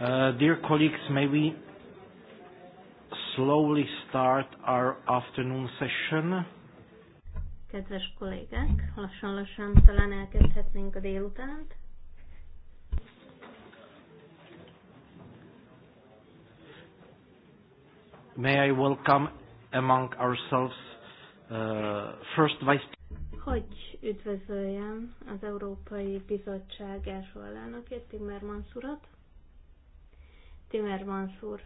Uh, dear colleagues, may we slowly start our afternoon session? Kedves kollégák, lassan-lassan talán elkezdhetnénk a délutánt. May I welcome among ourselves uh, first vice hogy üdvözöljem az Európai Bizottság első alelnökét, Timmermans urat? Timmermans Mansur.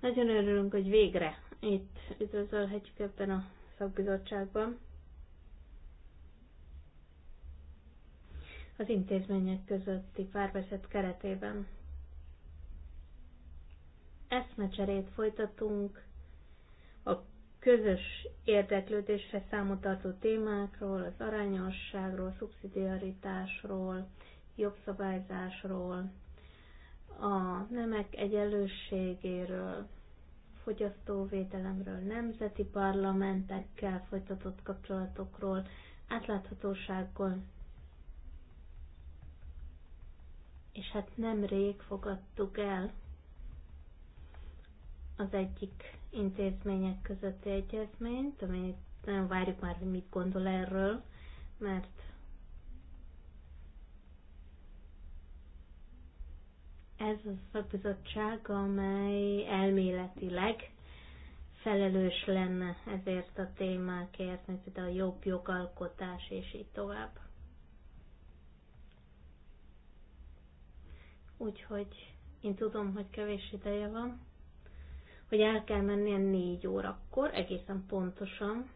nagyon örülünk, hogy végre itt üdvözölhetjük ebben a szakbizottságban. Az intézmények közötti párbeszéd keretében eszmecserét folytatunk közös érdeklődésre számot adó témákról, az arányosságról, szubszidiaritásról, jobb szabályzásról, a nemek egyenlőségéről, fogyasztóvédelemről, nemzeti parlamentekkel folytatott kapcsolatokról, átláthatóságról. És hát nemrég fogadtuk el az egyik intézmények közötti egyezményt, amit nagyon várjuk már, hogy mit gondol erről, mert ez a szakbizottság, amely elméletileg felelős lenne ezért a témákért, mint például a jobb jogalkotás, és így tovább. Úgyhogy én tudom, hogy kevés ideje van hogy el kell mennie négy órakor, egészen pontosan.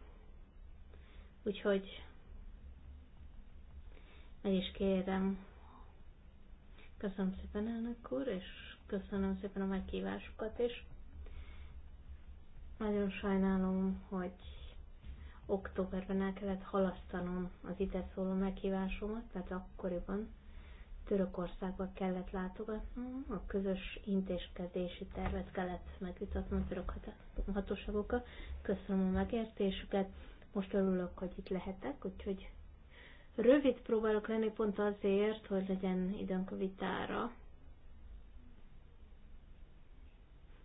Úgyhogy meg is kérem. Köszönöm szépen, elnök úr, és köszönöm szépen a meghívásukat is. Nagyon sajnálom, hogy októberben el kellett halasztanom az ide szóló meghívásomat, tehát akkoriban Törökországba kellett látogatnom, a közös intézkedési tervet kellett megvitatnom a török hatóságokkal. Köszönöm a megértésüket, most örülök, hogy itt lehetek, úgyhogy rövid próbálok lenni pont azért, hogy legyen időnk a vitára.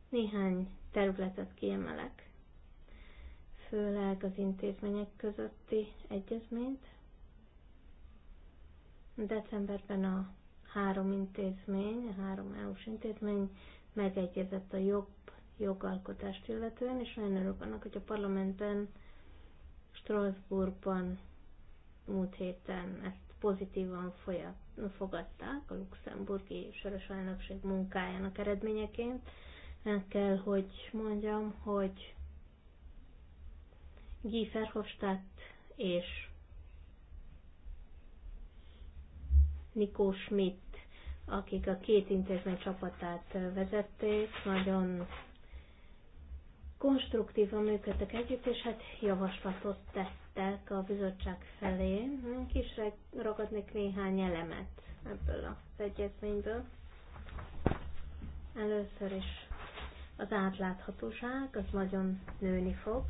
Néhány területet kiemelek, főleg az intézmények közötti egyezményt, Decemberben a három intézmény, a három EU-s intézmény megegyezett a jobb jogalkotást illetően, és nagyon örülök annak, hogy a parlamentben Strasbourgban múlt héten ezt pozitívan folyat, fogadták a luxemburgi soros elnökség munkájának eredményeként. El kell, hogy mondjam, hogy Guy Verhofstadt és Nikó Schmidt, akik a két intézmény csapatát vezették, nagyon konstruktívan működtek együtt, és hát javaslatot tettek a bizottság felé. Hm, kisre ragadnék néhány elemet ebből az egyezményből. Először is az átláthatóság, az nagyon nőni fog.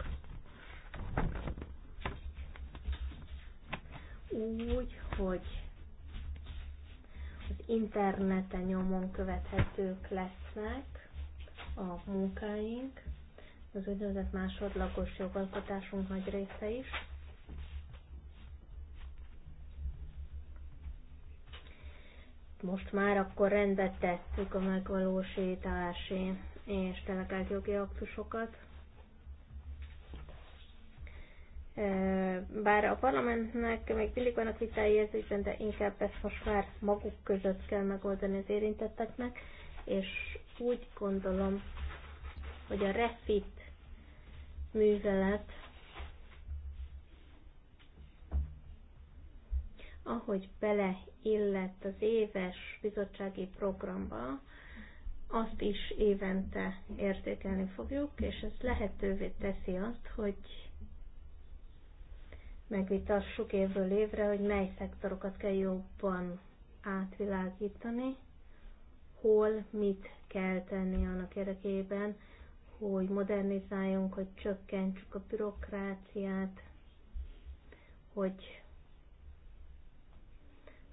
Úgy, hogy az interneten nyomon követhetők lesznek a munkáink, az úgynevezett másodlagos jogalkotásunk nagy része is. Most már akkor rendbe tettük a megvalósítási és delegált jogi aktusokat, Bár a parlamentnek még mindig vannak vitái érzésben, de inkább ezt most már maguk között kell megoldani az érintetteknek, és úgy gondolom, hogy a refit művelet, ahogy beleillett az éves bizottsági programba, azt is évente értékelni fogjuk, és ez lehetővé teszi azt, hogy megvitassuk évről évre, hogy mely szektorokat kell jobban átvilágítani, hol mit kell tenni annak érdekében, hogy modernizáljunk, hogy csökkentsük a bürokráciát, hogy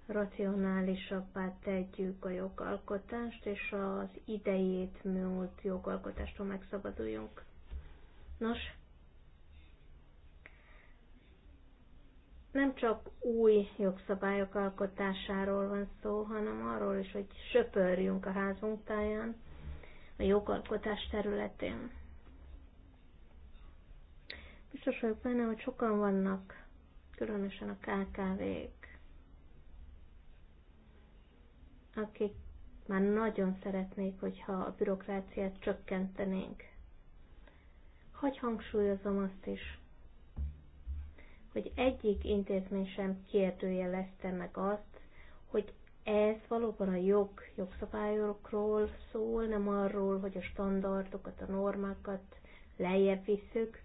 racionálisabbá tegyük a jogalkotást, és az idejét múlt jogalkotástól megszabaduljunk. Nos, nem csak új jogszabályok alkotásáról van szó, hanem arról is, hogy söpörjünk a házunk táján, a jogalkotás területén. Biztos vagyok benne, hogy sokan vannak, különösen a KKV-k, akik már nagyon szeretnék, hogyha a bürokráciát csökkentenénk. Hogy hangsúlyozom azt is, hogy egyik intézmény sem kérdőjelezte meg azt, hogy ez valóban a jog, jogszabályokról szól, nem arról, hogy a standardokat, a normákat lejjebb visszük,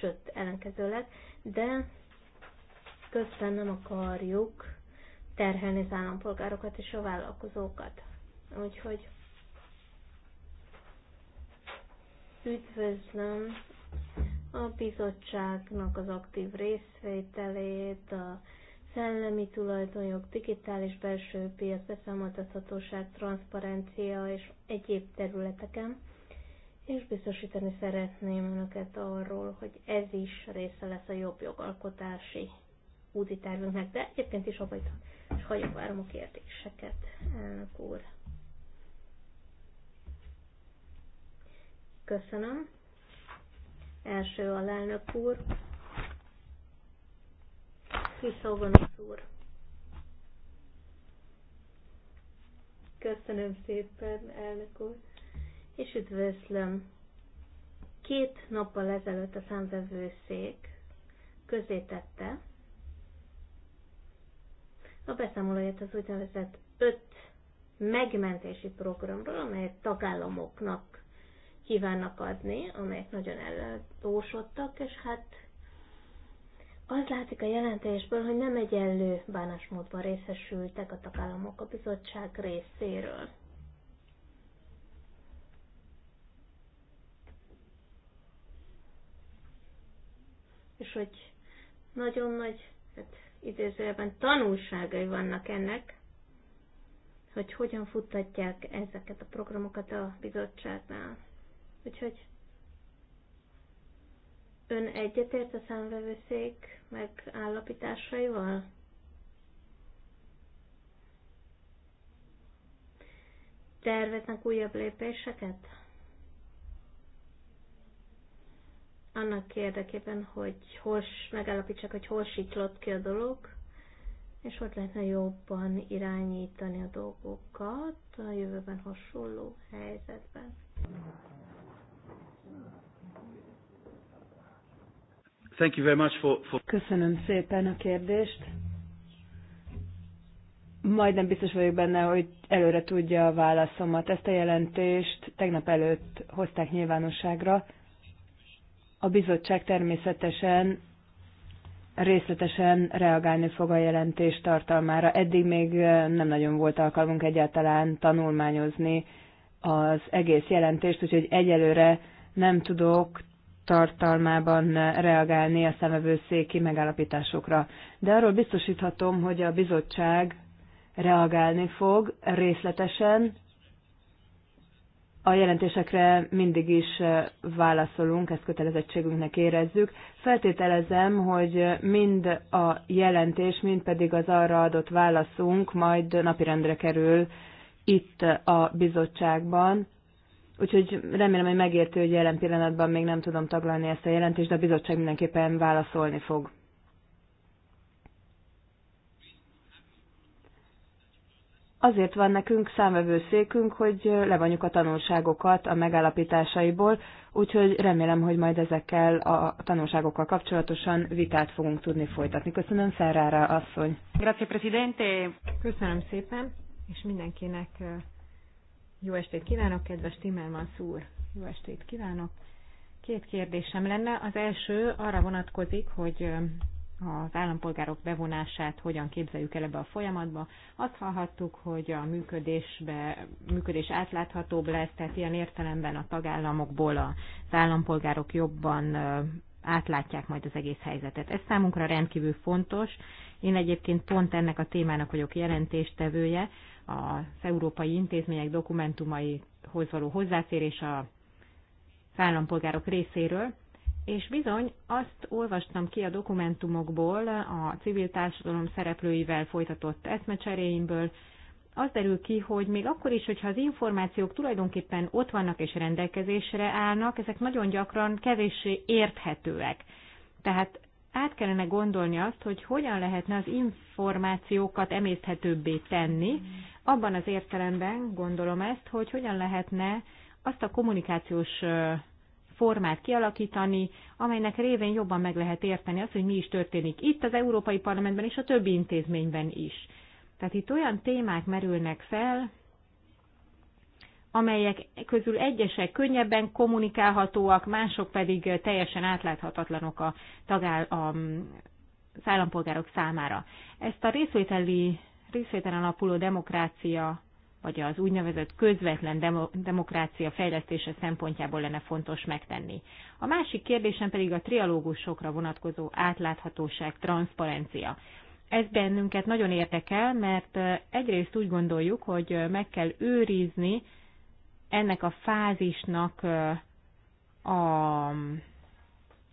sőt, ellenkezőleg, de közben nem akarjuk terhelni az állampolgárokat és a vállalkozókat. Úgyhogy üdvözlöm a bizottságnak az aktív részvételét, a szellemi tulajdonjog, digitális belső piac, beszámoltathatóság, transzparencia és egyéb területeken, és biztosítani szeretném önöket arról, hogy ez is része lesz a jobb jogalkotási úti tervünknek, de egyébként is abba és hagyom várom a kérdéseket, elnök úr. Köszönöm első alelnök úr, Krisztógonosz úr. Köszönöm szépen, elnök úr, és üdvözlöm. Két nappal ezelőtt a számvevőszék közé tette a beszámolóját az úgynevezett öt megmentési programról, amelyet tagállamoknak kívánnak adni, amelyek nagyon eladósodtak, és hát az látszik a jelentésből, hogy nem egyenlő bánásmódban részesültek a tagállamok a bizottság részéről. És hogy nagyon nagy, hát idézőjelben tanulságai vannak ennek, hogy hogyan futtatják ezeket a programokat a bizottságnál. Úgyhogy ön egyetért a számvevőszék állapításaival? Terveznek újabb lépéseket? Annak érdekében, hogy hol megállapítsak, hogy hol siklott ki a dolog, és hogy lehetne jobban irányítani a dolgokat a jövőben hasonló helyzetben. Thank you very much for, for... Köszönöm szépen a kérdést. Majdnem biztos vagyok benne, hogy előre tudja a válaszomat. Ezt a jelentést tegnap előtt hozták nyilvánosságra. A bizottság természetesen részletesen reagálni fog a jelentés tartalmára. Eddig még eh, nem nagyon volt alkalmunk egyáltalán tanulmányozni az egész jelentést, úgyhogy egyelőre nem tudok tartalmában reagálni a szemevőszéki megállapításokra. De arról biztosíthatom, hogy a bizottság reagálni fog részletesen. A jelentésekre mindig is válaszolunk, ezt kötelezettségünknek érezzük. Feltételezem, hogy mind a jelentés, mind pedig az arra adott válaszunk majd napirendre kerül itt a bizottságban, Úgyhogy remélem, hogy megértő, hogy jelen pillanatban még nem tudom taglalni ezt a jelentést, de a bizottság mindenképpen válaszolni fog. Azért van nekünk számvevőszékünk, hogy levonjuk a tanulságokat a megállapításaiból, úgyhogy remélem, hogy majd ezekkel a tanulságokkal kapcsolatosan vitát fogunk tudni folytatni. Köszönöm Ferrara asszony. Grazie, Presidente. Köszönöm szépen, és mindenkinek jó estét kívánok, kedves Timmermans úr! Jó estét kívánok! Két kérdésem lenne. Az első arra vonatkozik, hogy az állampolgárok bevonását hogyan képzeljük el ebbe a folyamatba. Azt hallhattuk, hogy a működésbe, működés átláthatóbb lesz, tehát ilyen értelemben a tagállamokból az állampolgárok jobban átlátják majd az egész helyzetet. Ez számunkra rendkívül fontos. Én egyébként pont ennek a témának vagyok jelentéstevője, az európai intézmények dokumentumaihoz való hozzáférés a állampolgárok részéről, és bizony azt olvastam ki a dokumentumokból, a civil társadalom szereplőivel folytatott eszmecseréimből, az derül ki, hogy még akkor is, hogyha az információk tulajdonképpen ott vannak és rendelkezésre állnak, ezek nagyon gyakran kevéssé érthetőek. Tehát át kellene gondolni azt, hogy hogyan lehetne az információkat emészthetőbbé tenni, abban az értelemben gondolom ezt, hogy hogyan lehetne azt a kommunikációs formát kialakítani, amelynek révén jobban meg lehet érteni azt, hogy mi is történik itt az Európai Parlamentben és a többi intézményben is. Tehát itt olyan témák merülnek fel, amelyek közül egyesek könnyebben kommunikálhatóak, mások pedig teljesen átláthatatlanok a, tagál, a az állampolgárok számára. Ezt a részvételi, részvételen alapuló demokrácia, vagy az úgynevezett közvetlen demo, demokrácia fejlesztése szempontjából lenne fontos megtenni. A másik kérdésem pedig a trialógusokra vonatkozó átláthatóság, transzparencia. Ez bennünket nagyon érdekel, mert egyrészt úgy gondoljuk, hogy meg kell őrizni ennek a fázisnak a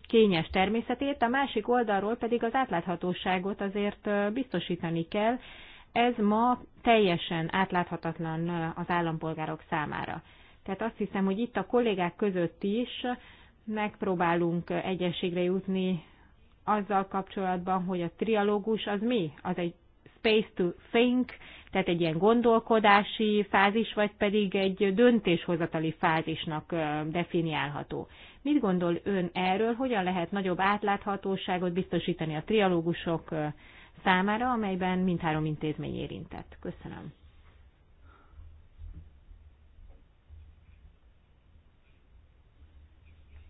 kényes természetét, a másik oldalról pedig az átláthatóságot azért biztosítani kell. Ez ma teljesen átláthatatlan az állampolgárok számára. Tehát azt hiszem, hogy itt a kollégák között is megpróbálunk egyességre jutni azzal kapcsolatban, hogy a trialógus az mi? Az egy space to think, tehát egy ilyen gondolkodási fázis, vagy pedig egy döntéshozatali fázisnak definiálható. Mit gondol ön erről, hogyan lehet nagyobb átláthatóságot biztosítani a trialógusok számára, amelyben mindhárom intézmény érintett? Köszönöm.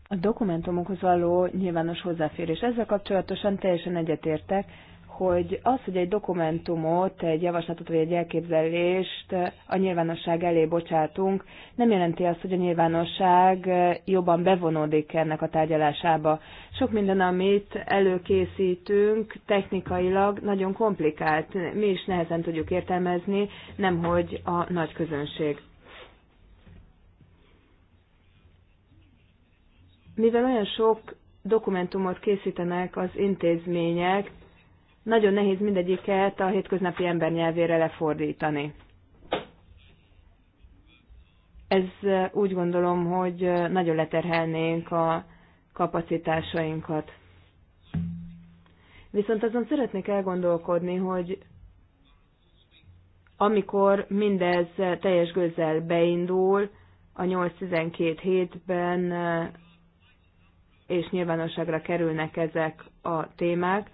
A dokumentumokhoz való nyilvános hozzáférés. Ezzel kapcsolatosan teljesen egyetértek hogy az, hogy egy dokumentumot, egy javaslatot vagy egy elképzelést a nyilvánosság elé bocsátunk, nem jelenti azt, hogy a nyilvánosság jobban bevonódik ennek a tárgyalásába. Sok minden, amit előkészítünk, technikailag nagyon komplikált. Mi is nehezen tudjuk értelmezni, nemhogy a nagy közönség. Mivel olyan sok dokumentumot készítenek az intézmények, nagyon nehéz mindegyiket a hétköznapi ember nyelvére lefordítani. Ez eh, úgy gondolom, hogy eh, nagyon leterhelnénk a kapacitásainkat. Viszont azon szeretnék elgondolkodni, hogy amikor mindez eh, teljes gőzzel beindul, a 8-12 hétben, és nyilvánosságra kerülnek ezek a témák,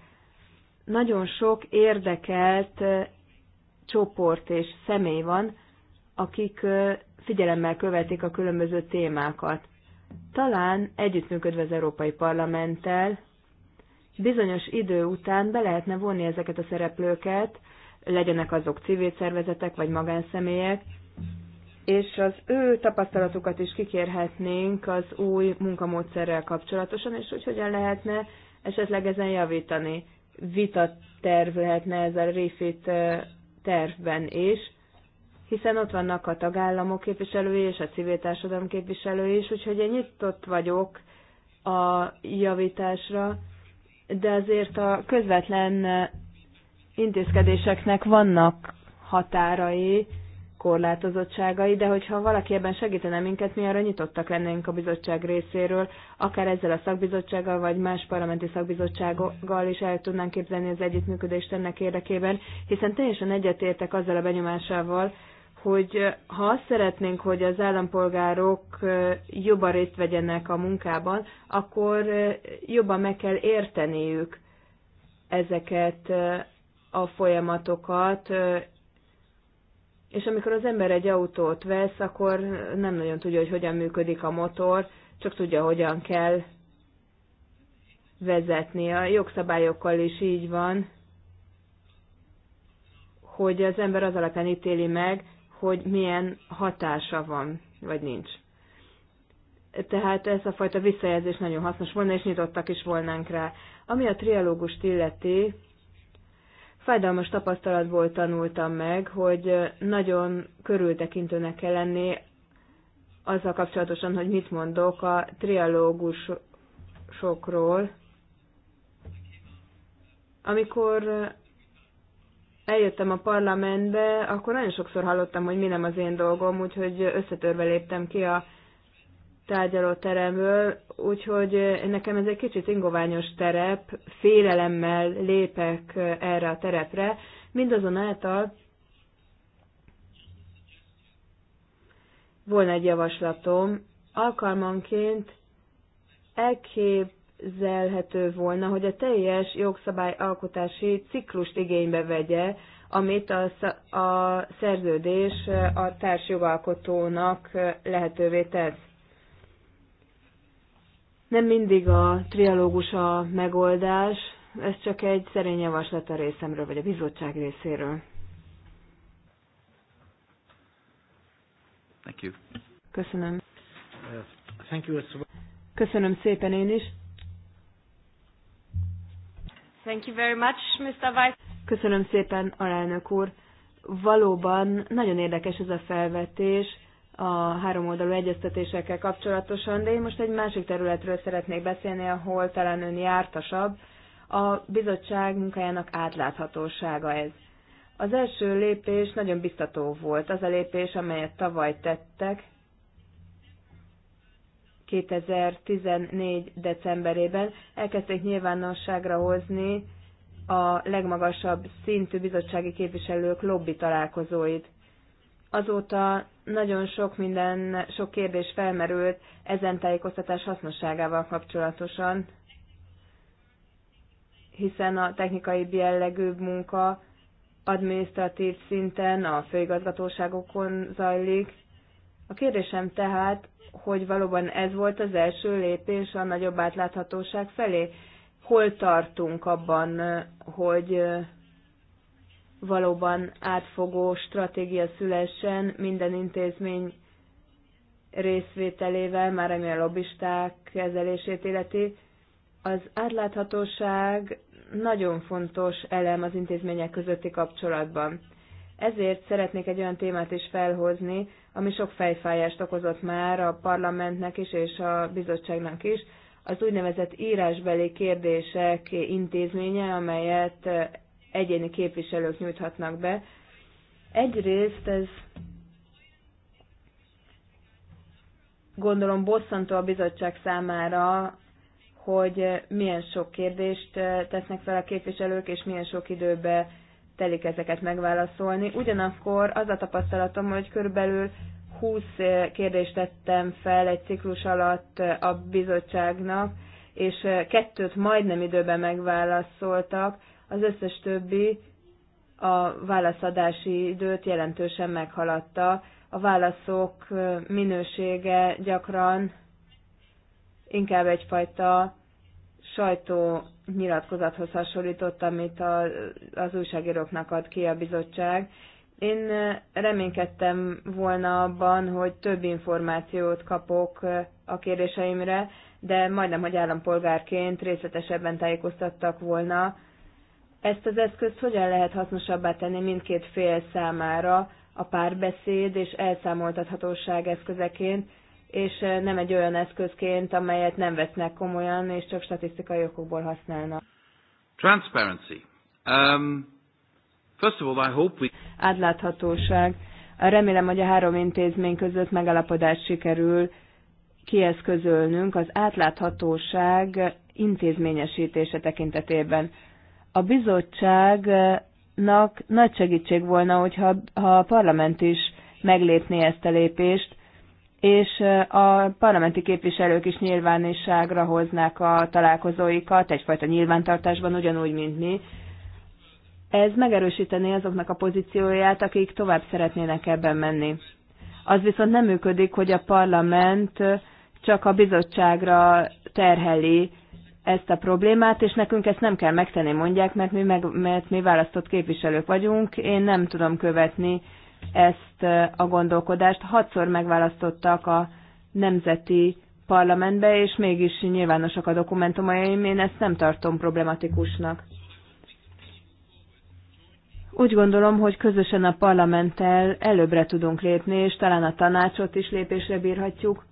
nagyon sok érdekelt csoport és személy van, akik figyelemmel követik a különböző témákat. Talán együttműködve az Európai Parlamenttel, bizonyos idő után be lehetne vonni ezeket a szereplőket, legyenek azok civil szervezetek vagy magánszemélyek, és az ő tapasztalatukat is kikérhetnénk az új munkamódszerrel kapcsolatosan, és hogy hogyan lehetne esetleg ezen javítani vitaterv lehetne ezzel részét tervben is, hiszen ott vannak a tagállamok képviselői és a civil társadalom képviselői is, úgyhogy én nyitott vagyok a javításra, de azért a közvetlen intézkedéseknek vannak határai, korlátozottságai, de hogyha valaki ebben segítene minket, mi arra nyitottak lennénk a bizottság részéről, akár ezzel a szakbizottsággal, vagy más parlamenti szakbizottsággal is el tudnánk képzelni az együttműködést ennek érdekében, hiszen teljesen egyetértek azzal a benyomásával, hogy ha azt szeretnénk, hogy az állampolgárok jobban részt vegyenek a munkában, akkor jobban meg kell érteniük ezeket a folyamatokat, és amikor az ember egy autót vesz, akkor nem nagyon tudja, hogy hogyan működik a motor, csak tudja, hogyan kell vezetni. A jogszabályokkal is így van, hogy az ember az alapján ítéli meg, hogy milyen hatása van, vagy nincs. Tehát ez a fajta visszajelzés nagyon hasznos volna, és nyitottak is volnánk rá. Ami a trialógust illeti, fájdalmas tapasztalatból tanultam meg, hogy nagyon körültekintőnek kell lenni azzal kapcsolatosan, hogy mit mondok a trialógusokról. Amikor eljöttem a parlamentbe, akkor nagyon sokszor hallottam, hogy mi nem az én dolgom, úgyhogy összetörve léptem ki a teremből, úgyhogy nekem ez egy kicsit ingoványos terep, félelemmel lépek erre a terepre, mindazonáltal volna egy javaslatom, alkalmanként elképzelhető volna, hogy a teljes jogszabályalkotási ciklust igénybe vegye, amit a, a szerződés a társjogalkotónak lehetővé tesz nem mindig a trialógus a megoldás, ez csak egy szerény javaslat a részemről, vagy a bizottság részéről. Thank you. Köszönöm. Uh, thank you. Köszönöm szépen én is. Thank you very much, Mr. Vice. Köszönöm szépen, alelnök úr. Valóban nagyon érdekes ez a felvetés, a háromoldalú egyeztetésekkel kapcsolatosan, de én most egy másik területről szeretnék beszélni, ahol talán ön jártasabb. A bizottság munkájának átláthatósága ez. Az első lépés nagyon biztató volt, az a lépés, amelyet tavaly tettek, 2014. decemberében elkezdték nyilvánosságra hozni a legmagasabb szintű bizottsági képviselők lobby találkozóit. Azóta nagyon sok minden, sok kérdés felmerült ezen tájékoztatás hasznosságával kapcsolatosan, hiszen a technikai jellegű munka adminisztratív szinten a főigazgatóságokon zajlik. A kérdésem tehát, hogy valóban ez volt az első lépés a nagyobb átláthatóság felé? Hol tartunk abban, hogy valóban átfogó stratégia szülessen minden intézmény részvételével, már ami a lobbisták kezelését illeti. Az átláthatóság nagyon fontos elem az intézmények közötti kapcsolatban. Ezért szeretnék egy olyan témát is felhozni, ami sok fejfájást okozott már a parlamentnek is és a bizottságnak is, az úgynevezett írásbeli kérdések intézménye, amelyet egyéni képviselők nyújthatnak be. Egyrészt ez gondolom bosszantó a bizottság számára, hogy milyen sok kérdést eh, tesznek fel a képviselők, és milyen sok időbe telik ezeket megválaszolni. Ugyanakkor az a tapasztalatom, hogy körülbelül 20 eh, kérdést tettem fel egy ciklus alatt eh, a bizottságnak, és kettőt majdnem időben megválaszoltak, az összes többi a válaszadási időt jelentősen meghaladta. A válaszok minősége gyakran inkább egyfajta nyilatkozathoz hasonlított, amit a, az újságíróknak ad ki a bizottság. Én reménykedtem volna abban, hogy több információt kapok a kéréseimre, de majdnem, hogy állampolgárként részletesebben tájékoztattak volna ezt az eszközt hogyan lehet hasznosabbá tenni mindkét fél számára a párbeszéd és elszámoltathatóság eszközeként, és eh, nem egy olyan eszközként, amelyet nem vesznek komolyan, és csak statisztikai okokból használnak. Transparency. Um, first of all, I hope we... Átláthatóság. Remélem, hogy a három intézmény között megalapodás sikerül kieszközölnünk az átláthatóság intézményesítése tekintetében. A bizottságnak nagy segítség volna, hogyha ha a parlament is meglépné ezt a lépést, és a parlamenti képviselők is nyilvánosságra hoznák a találkozóikat, egyfajta nyilvántartásban ugyanúgy, mint mi. Ez megerősítené azoknak a pozícióját, akik tovább szeretnének ebben menni. Az viszont nem működik, hogy a parlament csak a bizottságra terheli ezt a problémát, és nekünk ezt nem kell megtenni, mondják, mert mi, meg, mert mi választott képviselők vagyunk. Én nem tudom követni ezt a gondolkodást. Hatszor megválasztottak a nemzeti parlamentbe, és mégis nyilvánosak a dokumentumaim, én ezt nem tartom problematikusnak. Úgy gondolom, hogy közösen a parlamenttel előbbre tudunk lépni, és talán a tanácsot is lépésre bírhatjuk.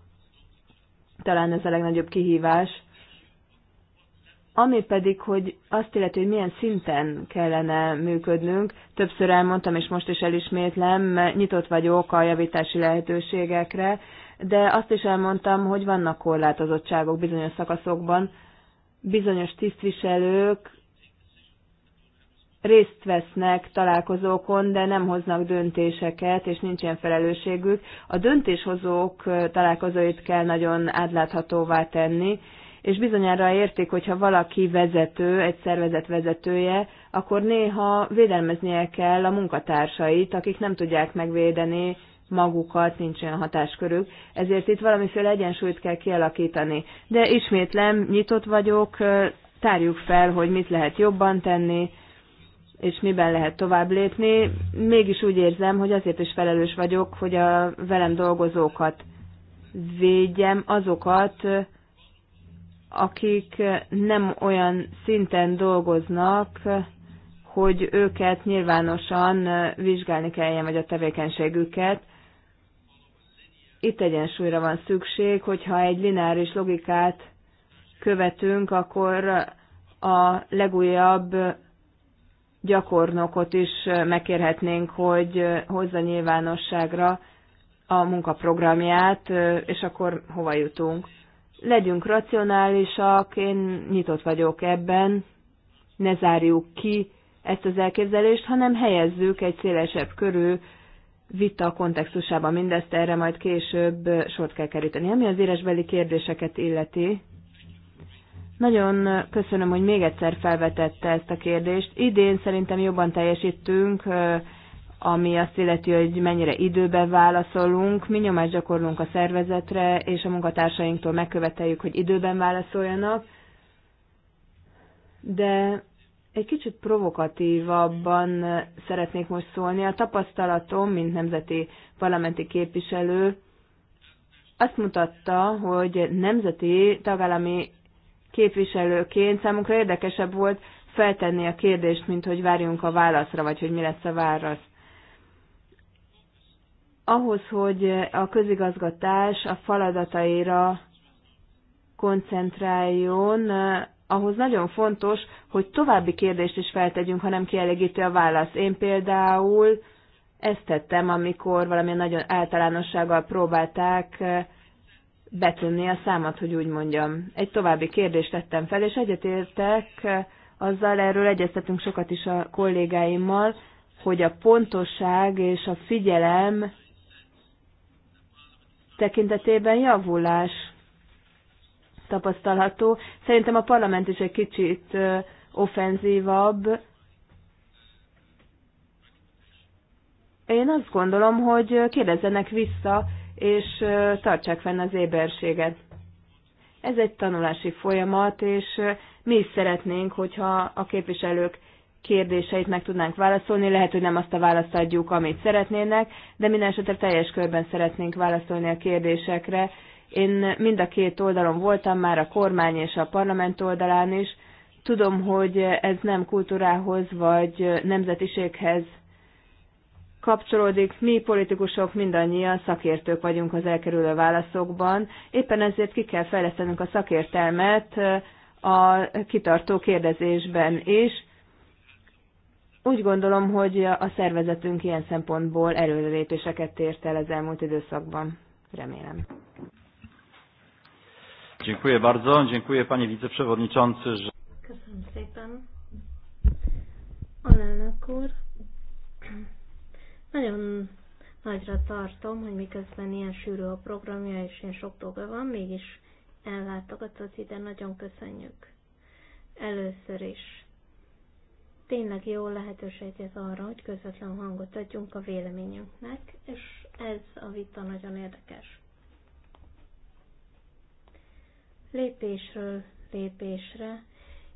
Talán ez a legnagyobb kihívás ami pedig, hogy azt illeti, hogy milyen szinten kellene működnünk, többször elmondtam, és most is elismétlem, nyitott vagyok a javítási lehetőségekre, de azt is elmondtam, hogy vannak korlátozottságok bizonyos szakaszokban, bizonyos tisztviselők részt vesznek találkozókon, de nem hoznak döntéseket, és nincs ilyen felelősségük. A döntéshozók találkozóit kell nagyon átláthatóvá tenni, és bizonyára érték, hogyha valaki vezető, egy szervezet vezetője, akkor néha védelmeznie kell a munkatársait, akik nem tudják megvédeni magukat, nincs olyan hatáskörük, ezért itt valamiféle egyensúlyt kell kialakítani. De ismétlem, nyitott vagyok, tárjuk fel, hogy mit lehet jobban tenni, és miben lehet tovább lépni. Mégis úgy érzem, hogy azért is felelős vagyok, hogy a velem dolgozókat védjem, azokat, akik nem olyan szinten dolgoznak, hogy őket nyilvánosan vizsgálni kelljen, vagy a tevékenységüket. Itt egyensúlyra van szükség, hogyha egy lineáris logikát követünk, akkor a legújabb gyakornokot is megkérhetnénk, hogy hozza nyilvánosságra a munkaprogramját, és akkor hova jutunk. Legyünk racionálisak, én nyitott vagyok ebben, ne zárjuk ki ezt az elképzelést, hanem helyezzük egy szélesebb körű vita kontextusában mindezt, erre majd később sort kell keríteni. Ami az írásbeli kérdéseket illeti, nagyon köszönöm, hogy még egyszer felvetette ezt a kérdést. Idén szerintem jobban teljesítünk, ami azt illeti, hogy mennyire időben válaszolunk, mi nyomást gyakorlunk a szervezetre, és a munkatársainktól megköveteljük, hogy időben válaszoljanak, de egy kicsit provokatívabban szeretnék most szólni. A tapasztalatom, mint nemzeti parlamenti képviselő, azt mutatta, hogy nemzeti tagállami képviselőként számunkra érdekesebb volt feltenni a kérdést, mint hogy várjunk a válaszra, vagy hogy mi lesz a válasz ahhoz, hogy a közigazgatás a feladataira koncentráljon, ahhoz nagyon fontos, hogy további kérdést is feltegyünk, ha nem kielégíti a válasz. Én például ezt tettem, amikor valamilyen nagyon általánossággal próbálták eh, betűnni a számot, hogy úgy mondjam. Egy további kérdést tettem fel, és egyetértek eh, azzal, erről egyeztetünk sokat is a kollégáimmal, hogy a pontosság és a figyelem tekintetében javulás tapasztalható. Szerintem a parlament is egy kicsit offenzívabb. Én azt gondolom, hogy kérdezzenek vissza, és tartsák fenn az éberséget. Ez egy tanulási folyamat, és mi is szeretnénk, hogyha a képviselők kérdéseit meg tudnánk válaszolni. Lehet, hogy nem azt a választ adjuk, amit szeretnének, de minden esetre teljes körben szeretnénk válaszolni a kérdésekre. Én mind a két oldalon voltam, már a kormány és a parlament oldalán is. Tudom, hogy ez nem kultúrához vagy nemzetiséghez kapcsolódik, mi politikusok mindannyian szakértők vagyunk az elkerülő válaszokban, éppen ezért ki kell fejlesztenünk a szakértelmet a kitartó kérdezésben is. Úgy gondolom, hogy a szervezetünk ilyen szempontból erőlépéseket ért el az elmúlt időszakban. Remélem. Dziękuję bardzo. Dziękuję panie wiceprzewodniczący. Że... Köszönöm szépen. Alelnök úr. Nagyon nagyra tartom, hogy miközben ilyen sűrű a programja és ilyen sok dolga van, mégis ellátogatott ide, nagyon köszönjük. Először is tényleg jó lehetőség ez arra, hogy közvetlen hangot adjunk a véleményünknek, és ez a vita nagyon érdekes. Lépésről lépésre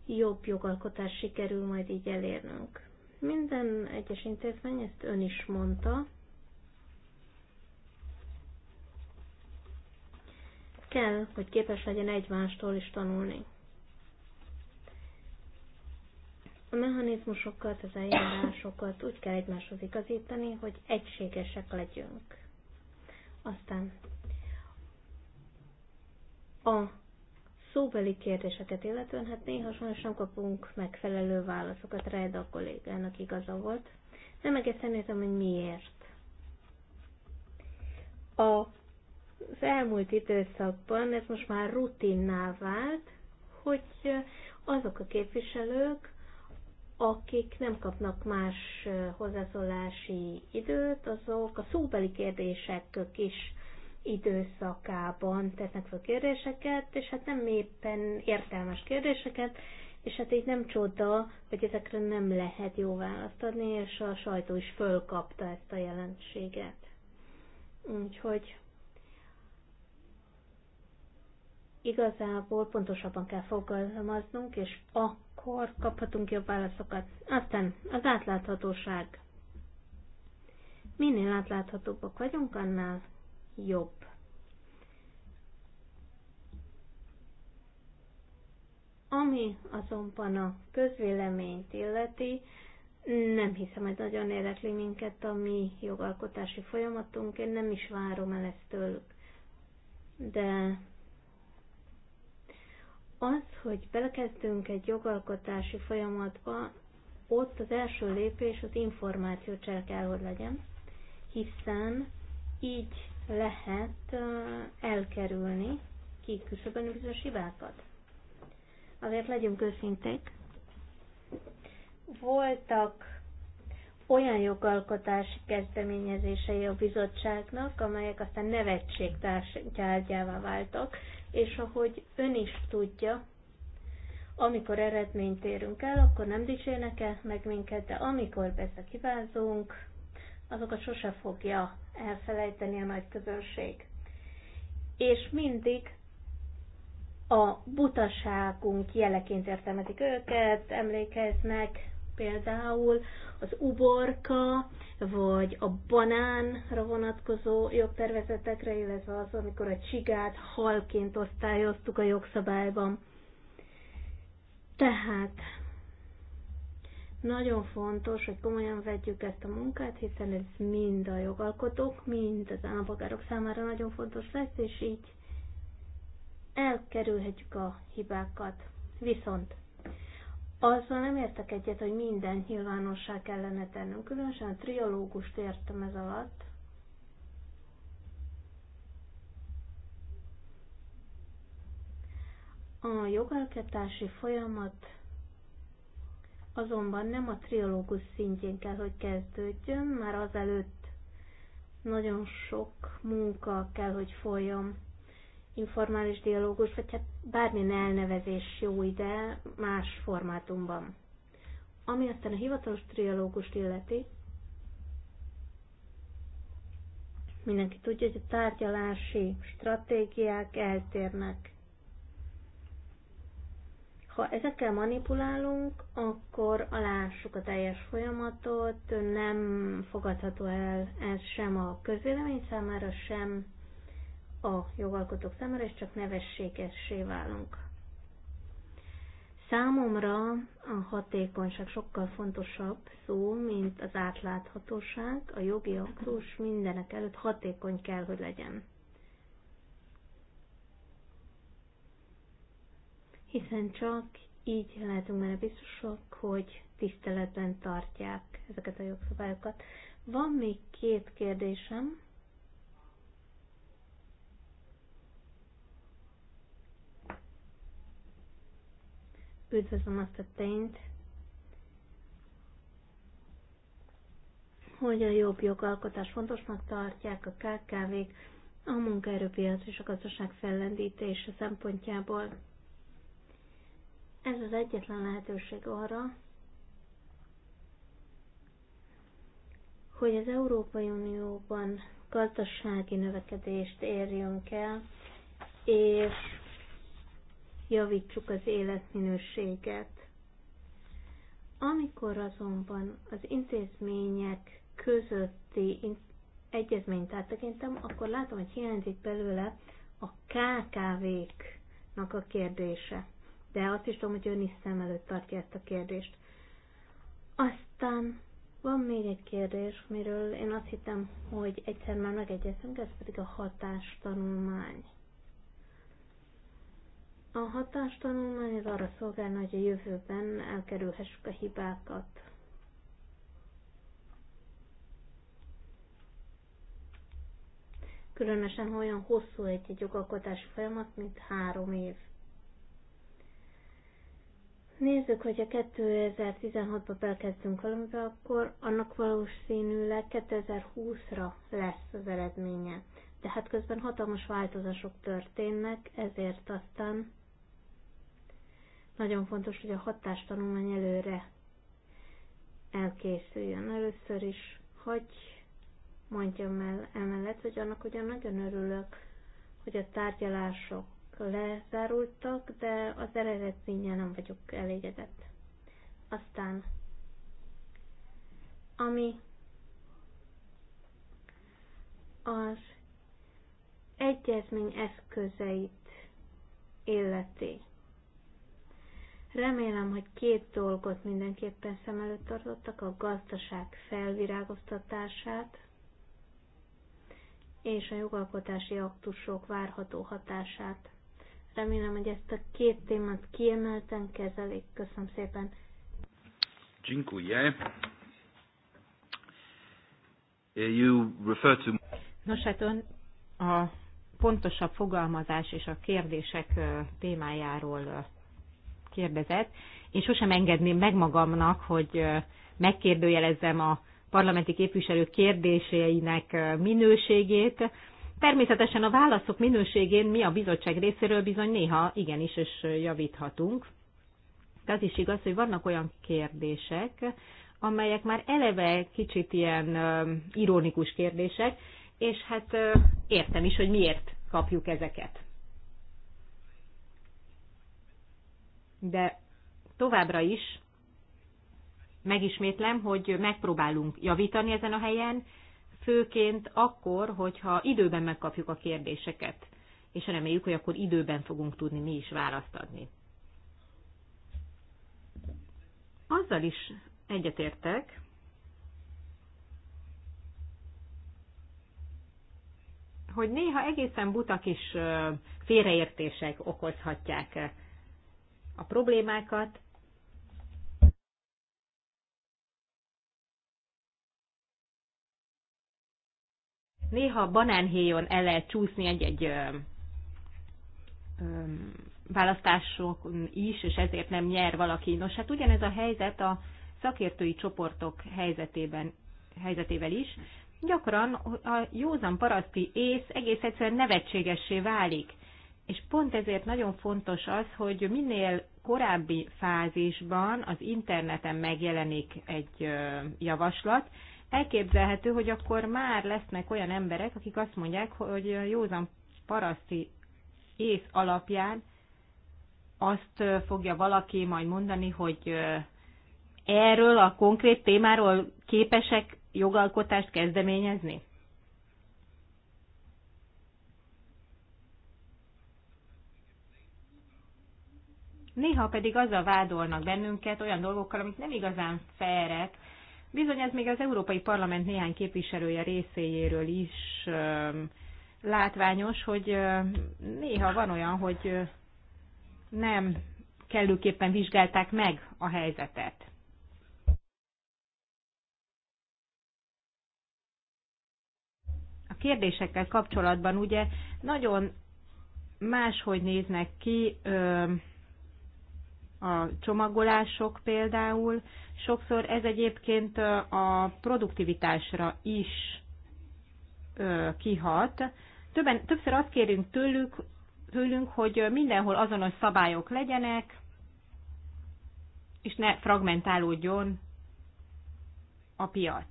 jobb jogalkotás sikerül majd így elérnünk. Minden egyes intézmény, ezt ön is mondta, kell, hogy képes legyen egymástól is tanulni. A mechanizmusokat, az eljárásokat úgy kell egymáshoz igazítani, hogy egységesek legyünk. Aztán a szóbeli kérdéseket illetően, hát néha sajnos nem kapunk megfelelő válaszokat, Rájda a kollégának igaza volt. Nem egészen értem, hogy miért. A, az elmúlt időszakban ez most már rutinná vált, hogy azok a képviselők, akik nem kapnak más hozzászólási időt, azok a szóbeli kérdések is időszakában tesznek fel kérdéseket, és hát nem éppen értelmes kérdéseket, és hát így nem csoda, hogy ezekre nem lehet jó választ adni, és a sajtó is fölkapta ezt a jelenséget. Úgyhogy igazából pontosabban kell fogalmaznunk, és a akkor kaphatunk jobb válaszokat. Aztán az átláthatóság. Minél átláthatóbbak vagyunk, annál jobb. Ami azonban a közvéleményt illeti, nem hiszem, hogy nagyon érdekli minket a mi jogalkotási folyamatunk, én nem is várom el ezt tőlük. De az, hogy belekezdünk egy jogalkotási folyamatba, ott az első lépés az információcsel kell, hogy legyen, hiszen így lehet elkerülni kiküszöbölni bizonyos hibákat. Azért legyünk őszinték. Voltak olyan jogalkotási kezdeményezései a bizottságnak, amelyek aztán nevetség tárgyává váltak, és ahogy ön is tudja, amikor eredményt érünk el, akkor nem dicsérnek el meg minket, de amikor bezekivázunk, azokat sose fogja elfelejteni a nagy közönség. És mindig a butaságunk jeleként értelmezik őket, emlékeznek például az uborka, vagy a banánra vonatkozó jogtervezetekre, illetve az, amikor a csigát halként osztályoztuk a jogszabályban. Tehát nagyon fontos, hogy komolyan vegyük ezt a munkát, hiszen ez mind a jogalkotók, mind az állampolgárok számára nagyon fontos lesz, és így elkerülhetjük a hibákat. Viszont azzal nem értek egyet, hogy minden nyilvánosság kellene tennünk, különösen a triológust értem ez alatt. A jogalkotási folyamat azonban nem a triológus szintjén kell, hogy kezdődjön, már azelőtt nagyon sok munka kell, hogy folyjon informális dialógus, vagy hát bármilyen elnevezés jó ide más formátumban. Ami aztán a hivatalos trialógust illeti, mindenki tudja, hogy a tárgyalási stratégiák eltérnek. Ha ezekkel manipulálunk, akkor alássuk a teljes folyamatot, nem fogadható el ez sem a közvélemény számára, sem a jogalkotók számára, és csak nevességessé válunk. Számomra a hatékonyság sokkal fontosabb szó, mint az átláthatóság. A jogi aktus mindenek előtt hatékony kell, hogy legyen. Hiszen csak így lehetünk benne biztosak, hogy tiszteletben tartják ezeket a jogszabályokat. Van még két kérdésem. üdvözlöm azt a tényt, hogy a jobb jogalkotás fontosnak tartják a KKV-k a munkaerőpiac és a gazdaság fellendítése szempontjából. Ez az egyetlen lehetőség arra, hogy az Európai Unióban gazdasági növekedést érjünk el, és javítsuk az életminőséget. Amikor azonban az intézmények közötti egyezményt áttekintem, akkor látom, hogy hiányzik belőle a KKV-knak a kérdése. De azt is tudom, hogy ön is szem előtt tartja ezt a kérdést. Aztán van még egy kérdés, miről én azt hittem, hogy egyszer már megegyeztünk, ez pedig a hatástanulmány. A hatástanulmány az arra szolgálna, hogy a jövőben elkerülhessük a hibákat. Különösen olyan hosszú egy jogalkotási folyamat, mint három év. Nézzük, hogy a 2016-ba belkezdünk valamibe, akkor annak valószínűleg 2020-ra lesz az eredménye. De hát közben hatalmas változások történnek, ezért aztán nagyon fontos, hogy a hatástanulmány előre elkészüljön először is, hogy mondjam el emellett, hogy annak ugyan nagyon örülök, hogy a tárgyalások lezárultak, de az eredménnyel nem vagyok elégedett. Aztán, ami az egyezmény eszközeit illeti. Remélem, hogy két dolgot mindenképpen szem előtt tartottak, a gazdaság felvirágoztatását és a jogalkotási aktusok várható hatását. Remélem, hogy ezt a két témát kiemelten kezelik. Köszönöm szépen. Dziękuję. You refer to... Nos, hát ön a pontosabb fogalmazás és a kérdések témájáról kérdezett. Én sosem engedném meg magamnak, hogy megkérdőjelezzem a parlamenti képviselők kérdéseinek minőségét. Természetesen a válaszok minőségén mi a bizottság részéről bizony néha igenis is javíthatunk. De az is igaz, hogy vannak olyan kérdések, amelyek már eleve kicsit ilyen ironikus kérdések, és hát értem is, hogy miért kapjuk ezeket. de továbbra is megismétlem, hogy megpróbálunk javítani ezen a helyen, főként akkor, hogyha időben megkapjuk a kérdéseket, és reméljük, hogy akkor időben fogunk tudni mi is választ adni. Azzal is egyetértek, hogy néha egészen butak is félreértések okozhatják a problémákat, Néha banánhéjon el lehet csúszni egy-egy választások is, és ezért nem nyer valaki. Nos, hát ugyanez a helyzet a szakértői csoportok helyzetében, helyzetével is. Gyakran a józan paraszti ész egész egyszerűen nevetségessé válik és pont ezért nagyon fontos az, hogy minél korábbi fázisban az interneten megjelenik egy javaslat, elképzelhető, hogy akkor már lesznek olyan emberek, akik azt mondják, hogy józan paraszti ész alapján azt fogja valaki majd mondani, hogy erről a konkrét témáról képesek jogalkotást kezdeményezni? Néha pedig azzal vádolnak bennünket olyan dolgokkal, amik nem igazán felrek. Bizony ez még az Európai Parlament néhány képviselője részéjéről is látványos, hogy néha van olyan, hogy nem kellőképpen vizsgálták meg a helyzetet. A kérdésekkel kapcsolatban ugye nagyon máshogy néznek ki a csomagolások például. Sokszor ez egyébként a produktivitásra is kihat. Többen, többször azt kérünk tőlük, tőlünk, hogy mindenhol azonos szabályok legyenek, és ne fragmentálódjon a piac.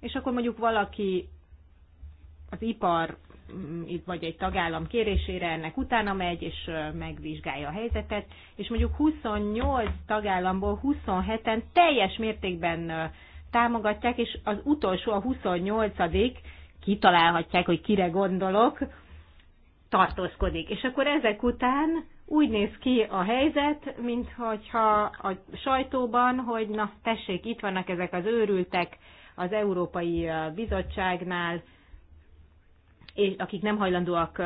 És akkor mondjuk valaki az ipar Mm, vagy egy tagállam kérésére ennek utána megy, és megvizsgálja a helyzetet, és mondjuk 28 tagállamból 27-en teljes mértékben támogatják, és az utolsó, a 28 kitalálhatják, hogy kire gondolok, tartózkodik. És akkor ezek után úgy néz ki a helyzet, mintha a sajtóban, hogy na tessék, itt vannak ezek az őrültek az Európai Bizottságnál, és akik nem hajlandóak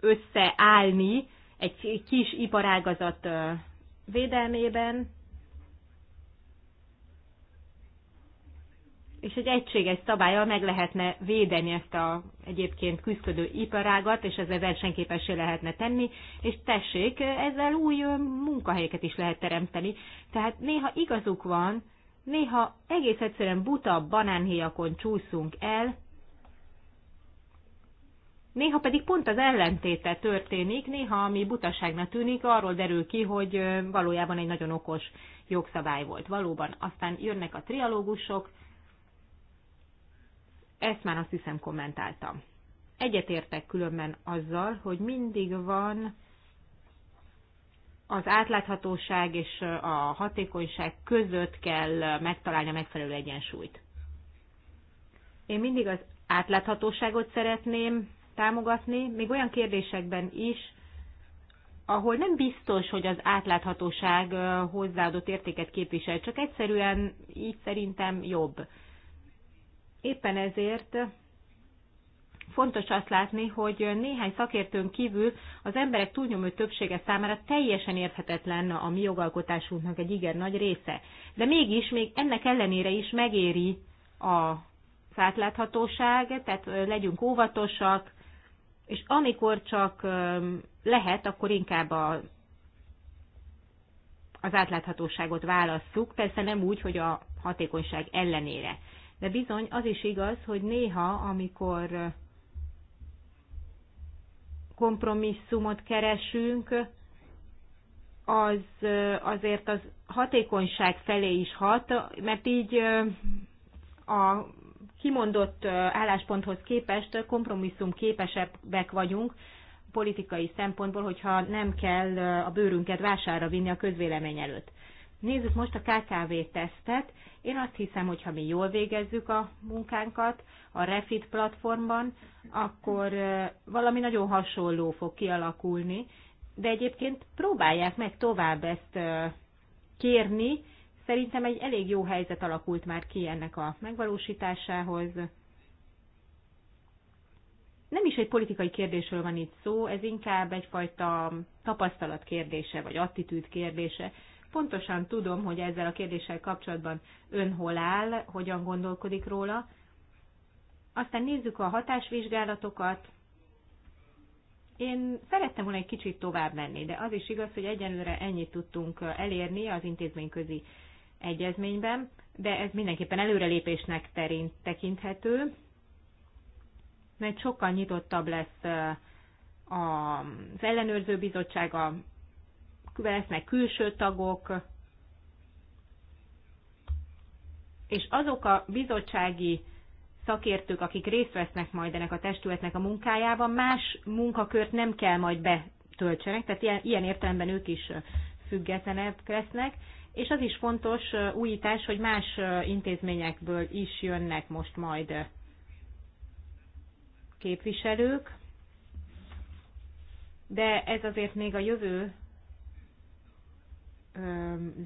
összeállni egy kis iparágazat védelmében, és egy egységes szabályal meg lehetne védeni ezt a egyébként küzdködő iparágat, és ezzel versenyképessé lehetne tenni, és tessék, ezzel új munkahelyeket is lehet teremteni. Tehát néha igazuk van, néha egész egyszerűen buta banánhéjakon csúszunk el, Néha pedig pont az ellentéte történik, néha ami butaságnak tűnik, arról derül ki, hogy valójában egy nagyon okos jogszabály volt valóban. Aztán jönnek a trialógusok, ezt már azt hiszem kommentáltam. Egyetértek különben azzal, hogy mindig van az átláthatóság és a hatékonyság között kell megtalálni a megfelelő egyensúlyt. Én mindig az átláthatóságot szeretném támogatni, még olyan kérdésekben is, ahol nem biztos, hogy az átláthatóság hozzáadott értéket képvisel, csak egyszerűen így szerintem jobb. Éppen ezért fontos azt látni, hogy néhány szakértőn kívül az emberek túlnyomó többsége számára teljesen érthetetlen a mi jogalkotásunknak egy igen nagy része. De mégis, még ennek ellenére is megéri a átláthatóság, tehát legyünk óvatosak, és amikor csak lehet, akkor inkább a, az átláthatóságot válasszuk, persze nem úgy, hogy a hatékonyság ellenére. De bizony az is igaz, hogy néha, amikor kompromisszumot keresünk, az azért az hatékonyság felé is hat, mert így a kimondott állásponthoz képest kompromisszum képesebbek vagyunk politikai szempontból, hogyha nem kell a bőrünket vására vinni a közvélemény előtt. Nézzük most a KKV tesztet. Én azt hiszem, hogy ha mi jól végezzük a munkánkat a Refit platformban, akkor valami nagyon hasonló fog kialakulni, de egyébként próbálják meg tovább ezt kérni, Szerintem egy elég jó helyzet alakult már ki ennek a megvalósításához. Nem is egy politikai kérdésről van itt szó, ez inkább egyfajta tapasztalat kérdése, vagy attitűd kérdése. Pontosan tudom, hogy ezzel a kérdéssel kapcsolatban ön hol áll, hogyan gondolkodik róla. Aztán nézzük a hatásvizsgálatokat, én szerettem volna egy kicsit tovább menni, de az is igaz, hogy egyenlőre ennyit tudtunk elérni az intézményközi egyezményben, de ez mindenképpen előrelépésnek terint tekinthető, mert sokkal nyitottabb lesz az ellenőrző bizottsága, lesznek külső tagok, és azok a bizottsági szakértők, akik részt vesznek majd ennek a testületnek a munkájában, más munkakört nem kell majd betöltsenek, tehát ilyen, ilyen értelemben ők is függetlenek lesznek, és az is fontos újítás, hogy más intézményekből is jönnek most majd képviselők, de ez azért még a jövő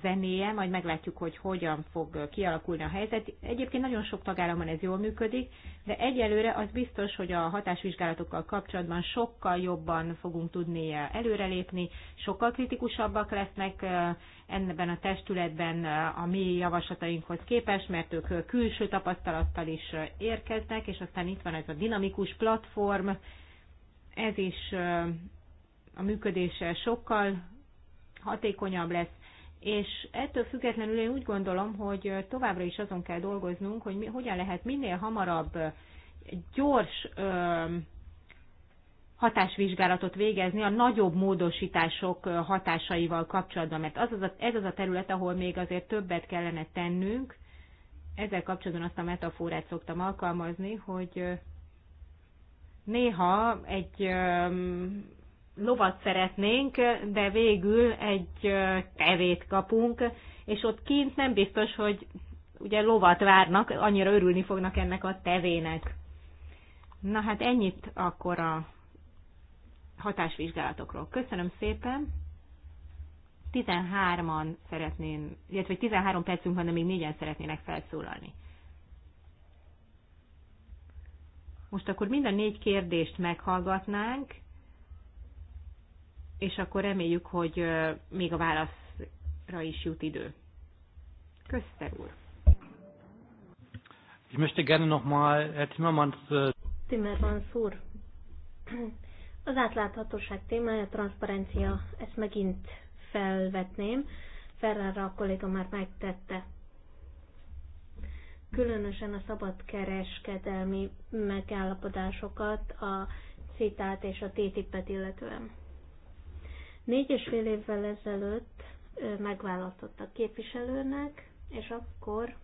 zenéje, majd meglátjuk, hogy hogyan fog kialakulni a helyzet. Egyébként nagyon sok tagállamban ez jól működik, de egyelőre az biztos, hogy a hatásvizsgálatokkal kapcsolatban sokkal jobban fogunk tudni előrelépni, sokkal kritikusabbak lesznek ebben a testületben a mi javaslatainkhoz képest, mert ők külső tapasztalattal is érkeznek, és aztán itt van ez a dinamikus platform, ez is a működése sokkal hatékonyabb lesz, és ettől függetlenül én úgy gondolom, hogy továbbra is azon kell dolgoznunk, hogy mi, hogyan lehet minél hamarabb gyors ö, hatásvizsgálatot végezni a nagyobb módosítások hatásaival kapcsolatban, mert az az a, ez az a terület, ahol még azért többet kellene tennünk. Ezzel kapcsolatban azt a metaforát szoktam alkalmazni, hogy néha egy lovat szeretnénk, de végül egy tevét kapunk, és ott kint nem biztos, hogy ugye lovat várnak, annyira örülni fognak ennek a tevének. Na hát ennyit akkor a hatásvizsgálatokról. Köszönöm szépen. 13-an szeretnén, illetve 13 percünk van, de még négyen szeretnének felszólalni. Most akkor mind a négy kérdést meghallgatnánk, és akkor reméljük, hogy még a válaszra is jut idő. Köszter úr! Ich möchte gerne mal Herr Timmermans... Äh, Timmermans úr, az átláthatóság témája, transzparencia, ezt megint felvetném. Ferrara a kolléga már megtette. Különösen a szabadkereskedelmi megállapodásokat, a CITÁT és a TTIP-et illetően. Négy és fél évvel ezelőtt megválasztottak képviselőnek, és akkor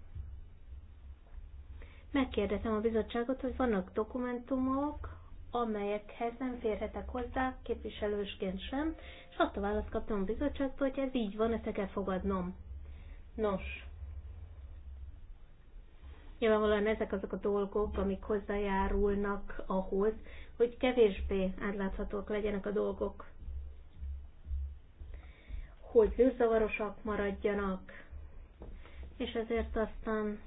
megkérdeztem a bizottságot, hogy vannak dokumentumok, amelyekhez nem férhetek hozzá képviselősként sem, és azt a választ kaptam a bizottságtól, hogy ez így van, ezt kell fogadnom. Nos, nyilvánvalóan ezek azok a dolgok, amik hozzájárulnak ahhoz, hogy kevésbé átláthatók legyenek a dolgok hogy zűrzavarosak maradjanak. És ezért aztán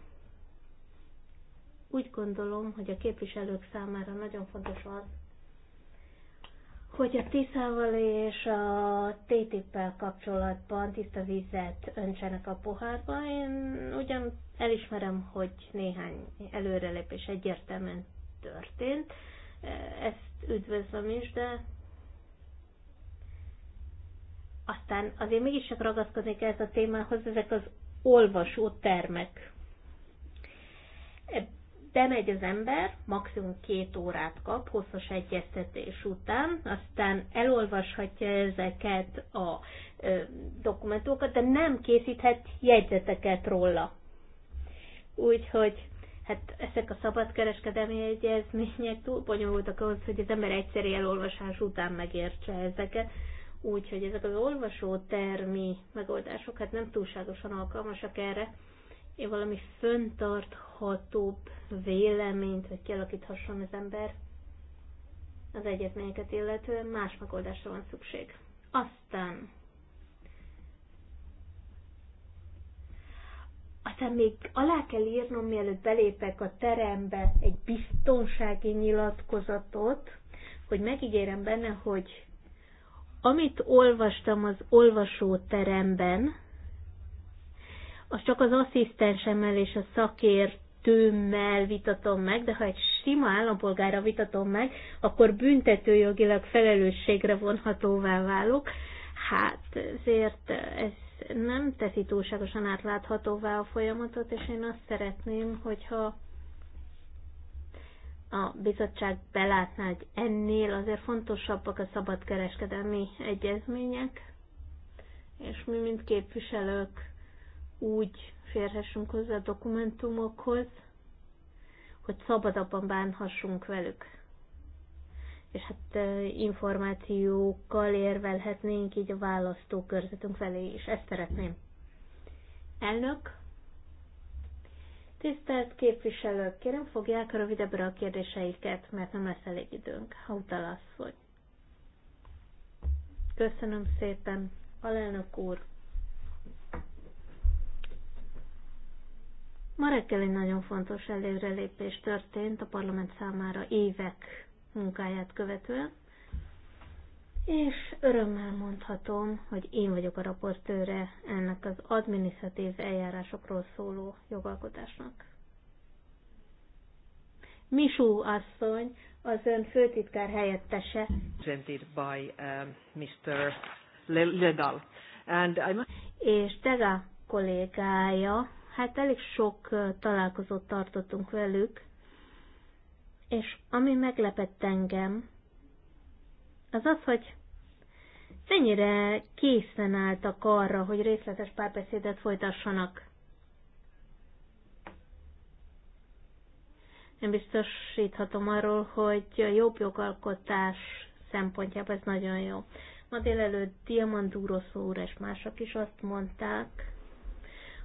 úgy gondolom, hogy a képviselők számára nagyon fontos az, hogy a Tiszával és a TTIP-pel kapcsolatban tiszta vizet öntsenek a pohárba. Én ugyan elismerem, hogy néhány előrelépés egyértelműen történt, ezt üdvözlöm is, de aztán azért mégiscsak kell ez a témához, ezek az olvasó termek. Bemegy az ember, maximum két órát kap hosszas egyeztetés után, aztán elolvashatja ezeket a ö, dokumentumokat, de nem készíthet jegyzeteket róla. Úgyhogy hát ezek a szabadkereskedelmi egyezmények túl bonyolultak ahhoz, hogy az ember egyszerű elolvasás után megértse ezeket. Úgyhogy ezek az olvasó termi megoldások hát nem túlságosan alkalmasak erre. Én valami föntarthatóbb véleményt, hogy kialakíthasson az ember az egyetményeket illetően, más megoldásra van szükség. Aztán aztán még alá kell írnom, mielőtt belépek a terembe egy biztonsági nyilatkozatot, hogy megígérem benne, hogy amit olvastam az olvasóteremben, az csak az asszisztensemmel és a szakértőmmel vitatom meg, de ha egy sima állampolgára vitatom meg, akkor büntetőjogilag felelősségre vonhatóvá válok. Hát ezért ez nem teszi túlságosan átláthatóvá a folyamatot, és én azt szeretném, hogyha a bizottság belátná, hogy ennél azért fontosabbak a szabadkereskedelmi egyezmények, és mi, mint képviselők úgy férhessünk hozzá a dokumentumokhoz, hogy szabadabban bánhassunk velük. És hát információkkal érvelhetnénk így a választókörzetünk felé, is ezt szeretném. Elnök, Tisztelt képviselők, kérem fogják rövidebbre a kérdéseiket, mert nem lesz elég időnk. Hautala asszony. Köszönöm szépen, alelnök úr. Ma reggel egy nagyon fontos előrelépés történt a parlament számára évek munkáját követően és örömmel mondhatom, hogy én vagyok a raportőre ennek az adminisztratív eljárásokról szóló jogalkotásnak. Misú asszony, az ön főtitkár helyettese. Presented by um, uh, Mr. Legal. And I'm... És Tega kollégája, hát elég sok uh, találkozót tartottunk velük, és ami meglepett engem, az az, hogy mennyire készen álltak arra, hogy részletes párbeszédet folytassanak? Én biztosíthatom arról, hogy a jobb jogalkotás szempontjából ez nagyon jó. Ma délelőtt Diamandúrosz úr és mások is azt mondták,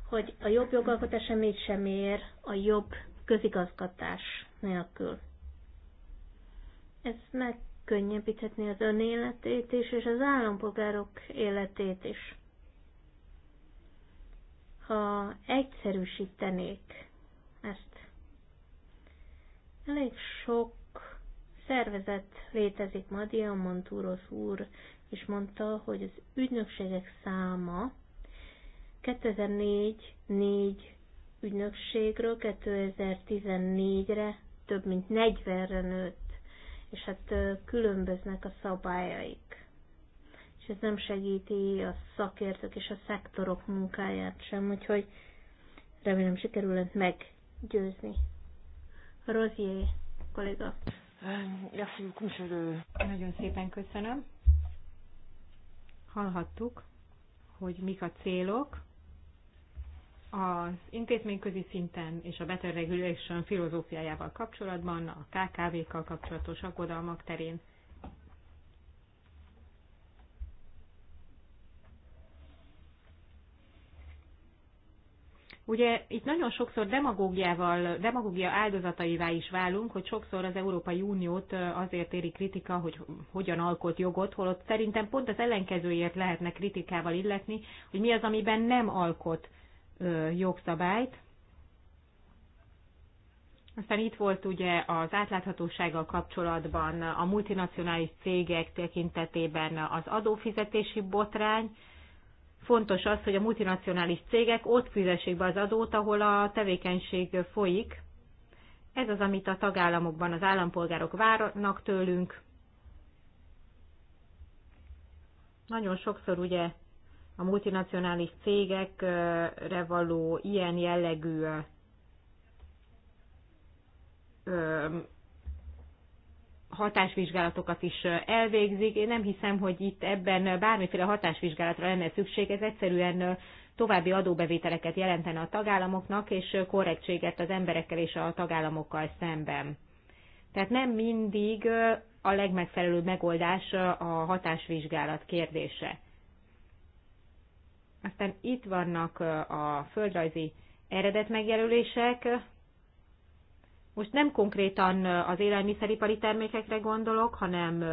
hogy a jobb jogalkotás semmit sem ér a jobb közigazgatás nélkül. Ez meg könnyebbíthetni az ön életét is, és az állampolgárok életét is. Ha egyszerűsítenék ezt, elég sok szervezet létezik Madia Diamantúros úr is mondta, hogy az ügynökségek száma 2004 4 ügynökségről 2014-re több mint 40-re nőtt és hát különböznek a szabályaik. És ez nem segíti a szakértők és a szektorok munkáját sem, úgyhogy remélem sikerül ezt meggyőzni. rozié, kolléga. Um, merci Nagyon szépen köszönöm. Hallhattuk, hogy mik a célok, az intézményközi szinten és a Better Regulation filozófiájával kapcsolatban, a KKV-kkal kapcsolatos aggodalmak terén. Ugye itt nagyon sokszor demagógiával, demagógia áldozataivá is válunk, hogy sokszor az Európai Uniót azért éri kritika, hogy hogyan alkot jogot, holott szerintem pont az ellenkezőért lehetne kritikával illetni, hogy mi az, amiben nem alkot jogszabályt. Aztán itt volt ugye az átláthatósággal kapcsolatban a multinacionális cégek tekintetében az adófizetési botrány. Fontos az, hogy a multinacionális cégek ott fizessék be az adót, ahol a tevékenység folyik. Ez az, amit a tagállamokban az állampolgárok várnak tőlünk. Nagyon sokszor ugye a multinacionális cégekre való ilyen jellegű hatásvizsgálatokat is elvégzik. Én nem hiszem, hogy itt ebben bármiféle hatásvizsgálatra lenne szükség, ez egyszerűen további adóbevételeket jelentene a tagállamoknak, és korrektséget az emberekkel és a tagállamokkal szemben. Tehát nem mindig a legmegfelelőbb megoldás a hatásvizsgálat kérdése. Aztán itt vannak a földrajzi eredet Most nem konkrétan az élelmiszeripari termékekre gondolok, hanem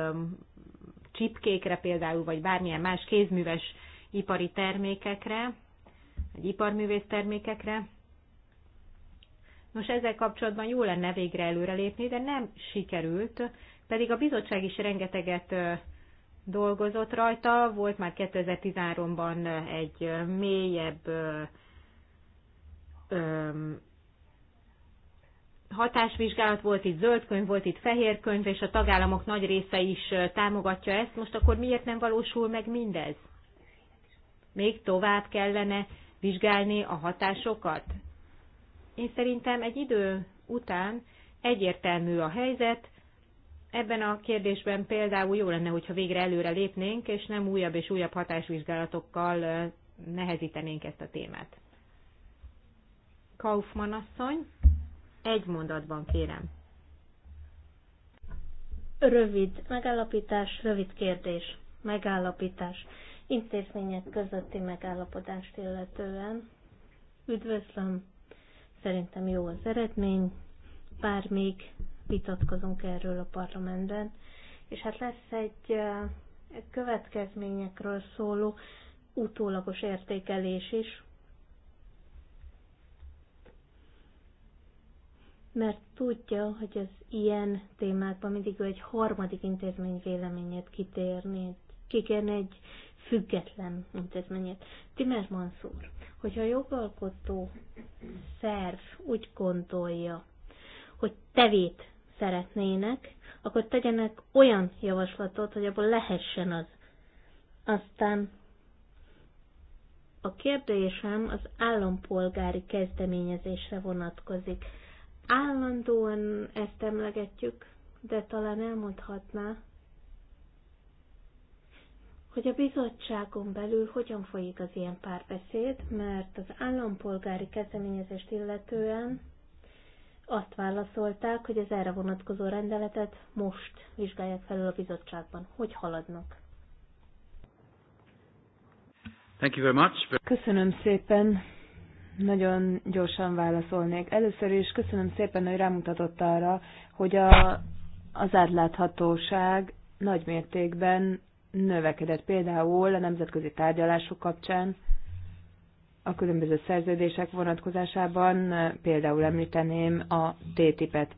csipkékre például, vagy bármilyen más kézműves ipari termékekre, vagy iparművész termékekre. Nos, ezzel kapcsolatban jó lenne végre előrelépni, de nem sikerült, pedig a bizottság is rengeteget dolgozott rajta, volt már 2013-ban egy mélyebb hatásvizsgálat volt itt zöld könyv, volt itt fehér könyv, és a tagállamok nagy része is támogatja ezt, most akkor miért nem valósul meg mindez? Még tovább kellene vizsgálni a hatásokat? Én szerintem egy idő után egyértelmű a helyzet, Ebben a kérdésben például jó lenne, hogyha végre előre lépnénk, és nem újabb és újabb hatásvizsgálatokkal nehezítenénk ezt a témát. Kaufmann asszony, egy mondatban kérem. Rövid megállapítás, rövid kérdés, megállapítás, intézmények közötti megállapodást illetően. Üdvözlöm, szerintem jó az eredmény, bár még vitatkozunk erről a parlamentben, és hát lesz egy következményekről szóló utólagos értékelés is, mert tudja, hogy az ilyen témákban mindig ő egy harmadik intézmény véleményét kitérni, kikérni egy független intézményét. Timer Mansur, hogyha a jogalkotó szerv úgy gondolja, hogy tevét szeretnének, akkor tegyenek olyan javaslatot, hogy abból lehessen az. Aztán a kérdésem az állampolgári kezdeményezésre vonatkozik. Állandóan ezt emlegetjük, de talán elmondhatná, hogy a bizottságon belül hogyan folyik az ilyen párbeszéd, mert az állampolgári kezdeményezést illetően azt válaszolták, hogy az erre vonatkozó rendeletet most vizsgálják felül a bizottságban. Hogy haladnak? Thank you very much. Köszönöm szépen. Nagyon gyorsan válaszolnék. Először is köszönöm szépen, hogy rámutatott arra, hogy a, az átláthatóság nagy mértékben növekedett például a nemzetközi tárgyalások kapcsán, a különböző szerződések vonatkozásában, például említeném a t tipet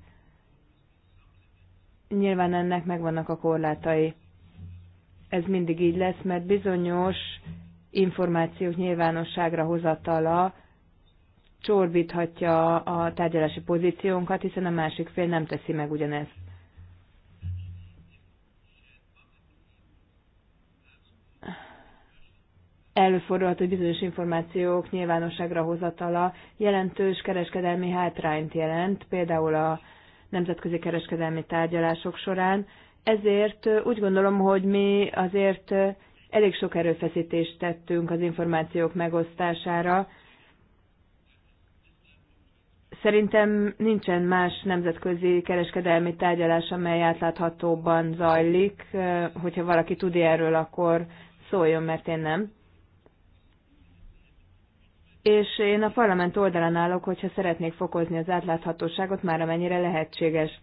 Nyilván ennek megvannak a korlátai. Ez mindig így lesz, mert bizonyos információk nyilvánosságra hozatala csorbíthatja a tárgyalási pozíciónkat, hiszen a másik fél nem teszi meg ugyanezt. előfordulhat, hogy bizonyos információk nyilvánosságra hozatala jelentős kereskedelmi hátrányt jelent, például a nemzetközi kereskedelmi tárgyalások során. Ezért úgy gondolom, hogy mi azért elég sok erőfeszítést tettünk az információk megosztására. Szerintem nincsen más nemzetközi kereskedelmi tárgyalás, amely átláthatóban zajlik. Hogyha valaki tud erről, akkor szóljon, mert én nem és én a parlament oldalán állok, hogyha szeretnék fokozni az átláthatóságot, már amennyire lehetséges.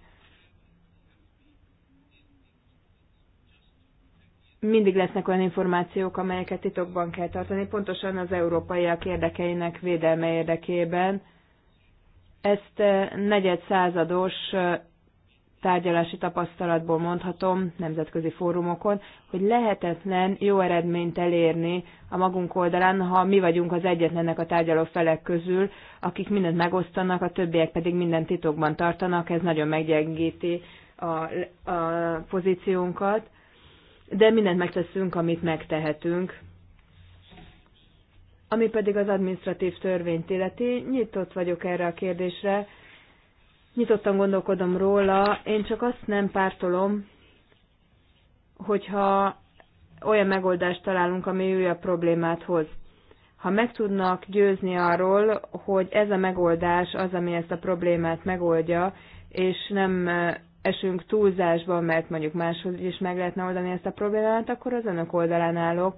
Mindig lesznek olyan információk, amelyeket titokban kell tartani, pontosan az európaiak érdekeinek védelme érdekében. Ezt eh, negyed százados eh, tárgyalási tapasztalatból mondhatom nemzetközi fórumokon, hogy lehetetlen jó eredményt elérni a magunk oldalán, ha mi vagyunk az egyetlenek a tárgyaló felek közül, akik mindent megosztanak, a többiek pedig mindent titokban tartanak, ez nagyon meggyengíti a, a pozíciónkat, de mindent megteszünk, amit megtehetünk. Ami pedig az administratív törvényt illeti, nyitott vagyok erre a kérdésre, Nyitottan gondolkodom róla, én csak azt nem pártolom, hogyha olyan megoldást találunk, ami újabb problémát hoz. Ha meg tudnak győzni arról, hogy ez a megoldás az, ami ezt a problémát megoldja, és nem e, esünk túlzásba, mert mondjuk máshoz is meg lehetne oldani ezt a problémát, akkor az önök oldalán állok.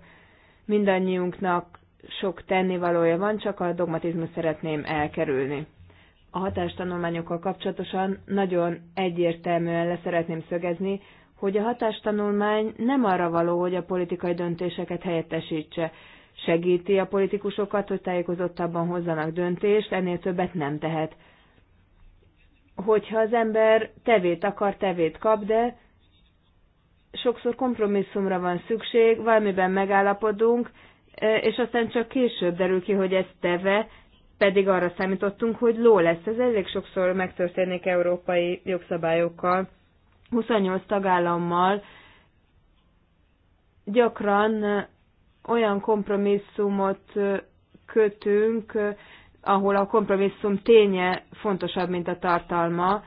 Mindannyiunknak sok tennivalója van, csak a dogmatizmus szeretném elkerülni a hatástanulmányokkal kapcsolatosan nagyon egyértelműen le szeretném szögezni, hogy a hatástanulmány nem arra való, hogy a politikai döntéseket helyettesítse. Segíti a politikusokat, hogy tájékozottabban hozzanak döntést, ennél többet nem tehet. Hogyha az ember tevét akar, tevét kap, de sokszor kompromisszumra van szükség, valamiben megállapodunk, eh, és aztán csak később derül ki, hogy ez teve, pedig arra számítottunk, hogy ló lesz. Ez elég sokszor megtörténik európai jogszabályokkal. 28 tagállammal gyakran olyan kompromisszumot kötünk, ahol a kompromisszum ténye fontosabb, mint a tartalma,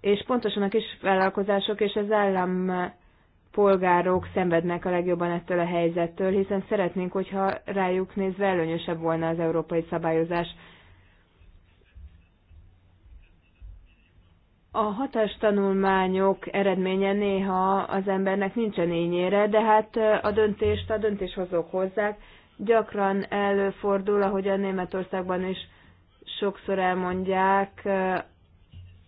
és pontosan a vállalkozások és az állam polgárok szenvednek a legjobban ettől a helyzettől, hiszen szeretnénk, hogyha rájuk nézve előnyösebb volna az európai szabályozás. A hatástanulmányok eredménye néha az embernek nincsen ényére, de hát a döntést a döntéshozók hozzák. Gyakran előfordul, ahogy a Németországban is sokszor elmondják,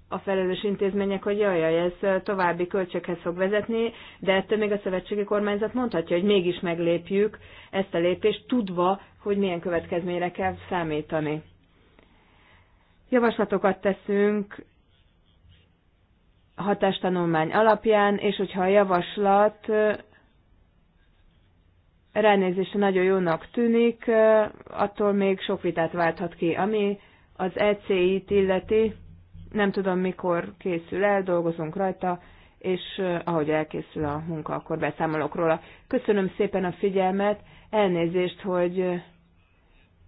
a felelős intézmények, hogy jaj, jaj, ez további költséghez fog vezetni, de ettől még a szövetségi kormányzat mondhatja, hogy mégis meglépjük ezt a lépést, tudva, hogy milyen következményre kell számítani. Javaslatokat teszünk hatástanulmány alapján, és hogyha a javaslat ránézése nagyon jónak tűnik, attól még sok vitát válthat ki, ami az ECI-t illeti, nem tudom mikor készül el, dolgozunk rajta, és ahogy elkészül a munka, akkor beszámolok róla. Köszönöm szépen a figyelmet, elnézést, hogy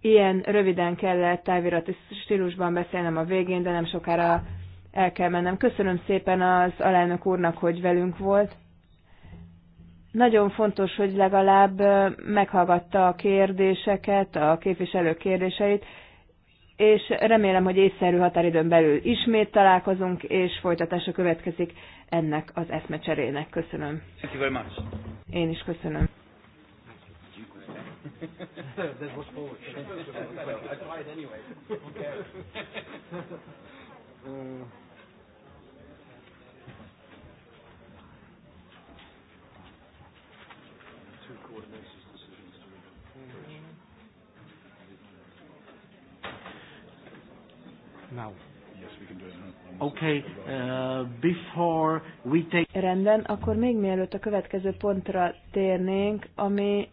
ilyen röviden kellett távirati stílusban beszélnem a végén, de nem sokára el kell mennem. Köszönöm szépen az alelnök úrnak, hogy velünk volt. Nagyon fontos, hogy legalább meghallgatta a kérdéseket, a képviselők kérdéseit, és remélem, hogy észszerű határidőn belül ismét találkozunk, és folytatása következik ennek az eszmecserének. Köszönöm. Thank you very much. Én is köszönöm. two coordinations. now? Okay, uh, before we take... Rendben, akkor még mielőtt a következő pontra térnénk, ami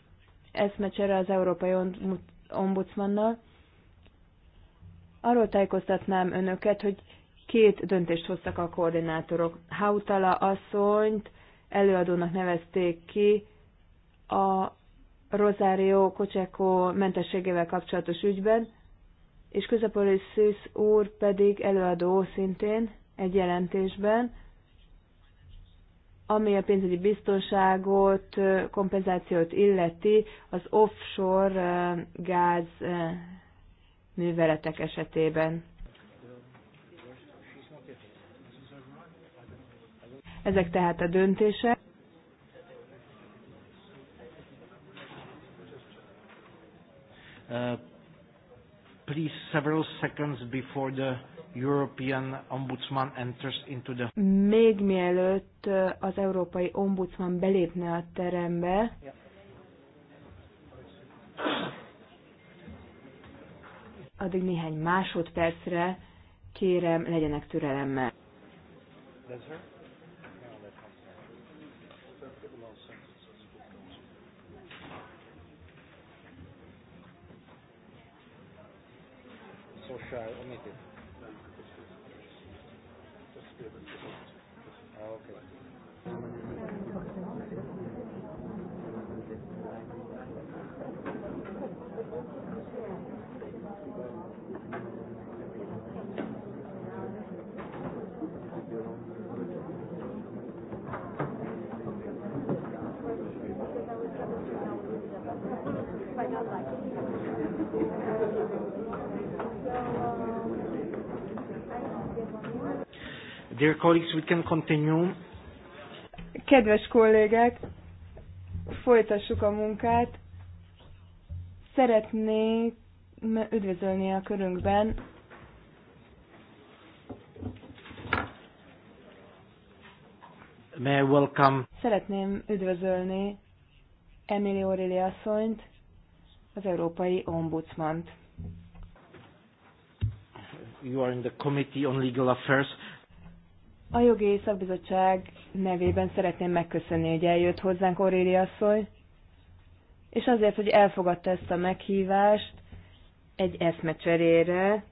eszmecsere az Európai Ombudsmannal, arról tájékoztatnám önöket, hogy két döntést hoztak a koordinátorok. Hautala asszonyt előadónak nevezték ki a Rosario Kocseko mentességével kapcsolatos ügyben, és Közepolis Szűz úr pedig előadó szintén egy jelentésben, ami a pénzügyi biztonságot, kompenzációt illeti az offshore gáz műveletek esetében. Ezek tehát a döntések. Uh, please several seconds before the European Ombudsman enters into the... Még mielőtt az Európai Ombudsman belépne a terembe, addig néhány másodpercre kérem, legyenek türelemmel. That's her? Köszönöm. omit it. Ah, Dear colleagues, we can continue. Kedves kollégák, folytassuk a munkát. Szeretnék üdvözölni a körünkben May I welcome. Szeretném üdvözölni Emily Aurélie asszonyt, az Európai Ombudsmant. You are in the Committee on Legal Affairs. A jogi szakbizottság nevében szeretném megköszönni, hogy eljött hozzánk Oréli asszony, és azért, hogy elfogadta ezt a meghívást egy eszmecserére,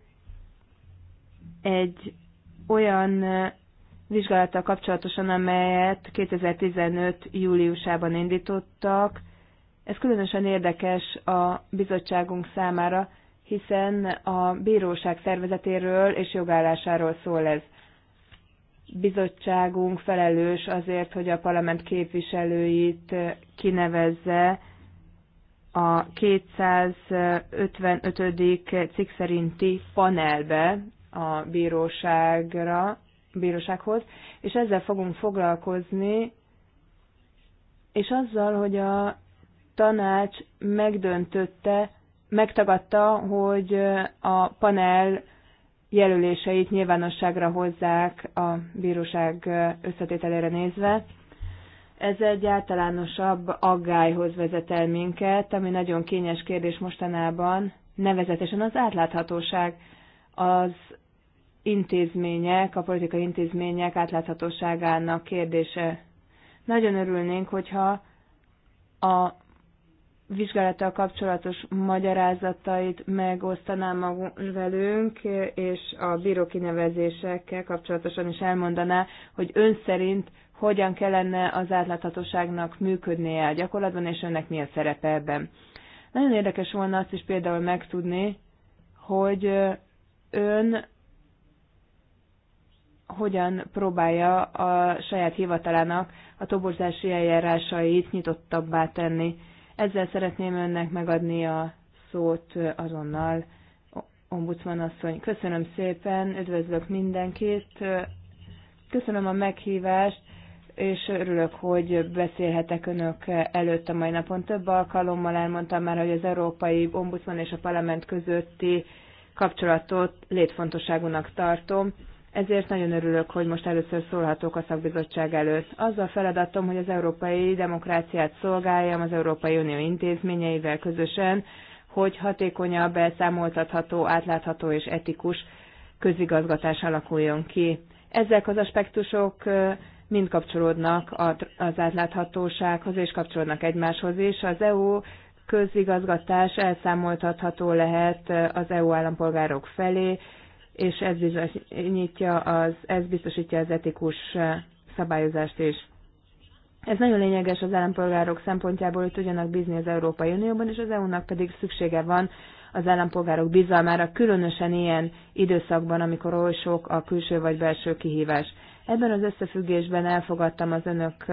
egy olyan vizsgálattal kapcsolatosan, amelyet 2015. júliusában indítottak. Ez különösen érdekes a bizottságunk számára, hiszen a bíróság szervezetéről és jogállásáról szól ez bizottságunk felelős azért, hogy a parlament képviselőit kinevezze a 255. cikk szerinti panelbe a bíróságra, bírósághoz, és ezzel fogunk foglalkozni, és azzal, hogy a tanács megdöntötte, megtagadta, hogy a panel jelöléseit nyilvánosságra hozzák a bíróság összetételére nézve. Ez egy általánosabb aggályhoz vezet el minket, ami nagyon kényes kérdés mostanában, nevezetesen az átláthatóság. Az intézmények, a politikai intézmények átláthatóságának kérdése. Nagyon örülnénk, hogyha a vizsgálattal kapcsolatos magyarázatait megosztaná magunk velünk, és a bírókinevezésekkel kapcsolatosan is elmondaná, hogy ön szerint hogyan kellene az átláthatóságnak működnie a gyakorlatban, és önnek mi a szerepe ebben. Nagyon érdekes volna azt is például megtudni, hogy ön hogyan próbálja a saját hivatalának a toborzási eljárásait nyitottabbá tenni ezzel szeretném önnek megadni a szót azonnal, ombudsman asszony. Köszönöm szépen, üdvözlök mindenkit, köszönöm a meghívást, és örülök, hogy beszélhetek önök előtt a mai napon. Több alkalommal elmondtam már, hogy az Európai Ombudsman és a Parlament közötti kapcsolatot létfontosságúnak tartom ezért nagyon örülök, hogy most először szólhatok a szakbizottság előtt. Az a feladatom, hogy az európai demokráciát szolgáljam az Európai Unió intézményeivel közösen, hogy hatékonyabb, elszámoltatható, átlátható és etikus közigazgatás alakuljon ki. Ezek az aspektusok mind kapcsolódnak az átláthatósághoz, és kapcsolódnak egymáshoz is. Az EU közigazgatás elszámoltatható lehet az EU állampolgárok felé, és ez bizonyítja az, ez biztosítja az etikus szabályozást is. Ez nagyon lényeges az állampolgárok szempontjából, hogy tudjanak bízni az Európai Unióban, és az EU-nak pedig szüksége van az állampolgárok bizalmára, különösen ilyen időszakban, amikor oly sok a külső vagy belső kihívás. Ebben az összefüggésben elfogadtam az önök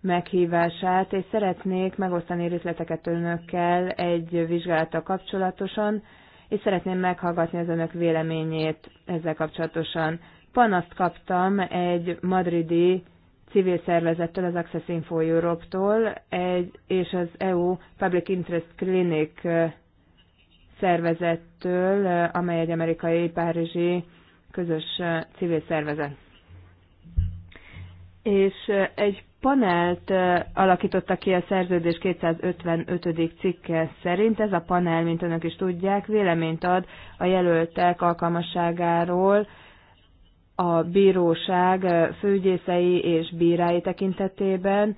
meghívását, és szeretnék megosztani részleteket önökkel egy vizsgálattal kapcsolatosan, és szeretném meghallgatni az önök véleményét ezzel kapcsolatosan. Panaszt kaptam egy madridi civil szervezettől, az Access Info Europe-tól, egy, és az EU Public Interest Clinic szervezettől, amely egy amerikai párizsi közös civil szervezet. És egy panelt alakítottak ki a szerződés 255. cikke szerint. Ez a panel, mint önök is tudják, véleményt ad a jelöltek alkalmasságáról a bíróság főügyészei és bírái tekintetében,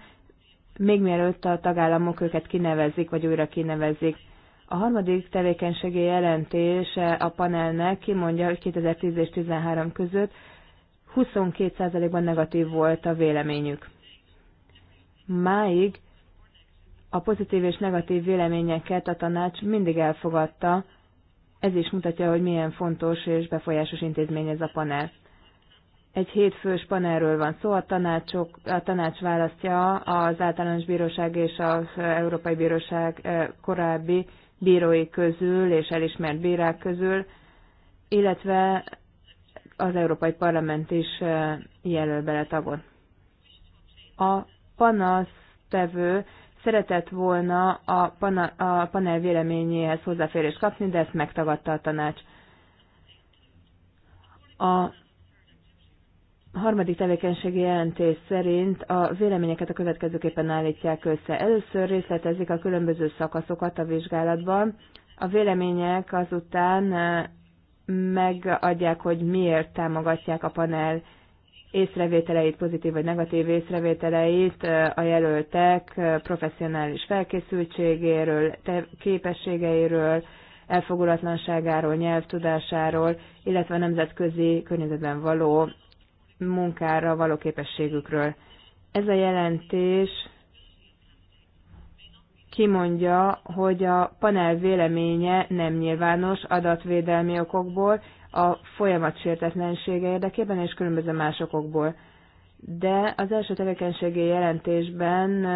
még mielőtt a tagállamok őket kinevezik, vagy újra kinevezik. A harmadik tevékenységi jelentés a panelnek kimondja, hogy 2010 és 2013 között 22%-ban negatív volt a véleményük máig a pozitív és negatív véleményeket a tanács mindig elfogadta, ez is mutatja, hogy milyen fontos és befolyásos intézmény ez a panel. Egy hétfős panelről van szó, a, tanácsok, a tanács választja az általános bíróság és az Európai Bíróság eh, korábbi bírói közül és elismert bírák közül, illetve az Európai Parlament is eh, jelöl bele tagot. A panasztevő szeretett volna a, pana, a panel véleményéhez hozzáférést kapni, de ezt megtagadta a tanács. A harmadik tevékenységi jelentés szerint a véleményeket a következőképpen állítják össze. Először részletezik a különböző szakaszokat a vizsgálatban, a vélemények azután eh, megadják, hogy miért támogatják a panel észrevételeit, pozitív vagy negatív észrevételeit a jelöltek professzionális felkészültségéről, képességeiről, elfogulatlanságáról, nyelvtudásáról, illetve a nemzetközi környezetben való munkára való képességükről. Ez a jelentés kimondja, hogy a panel véleménye nem nyilvános adatvédelmi okokból, a folyamat sértetlensége érdekében és különböző másokokból. De az első tevékenységi jelentésben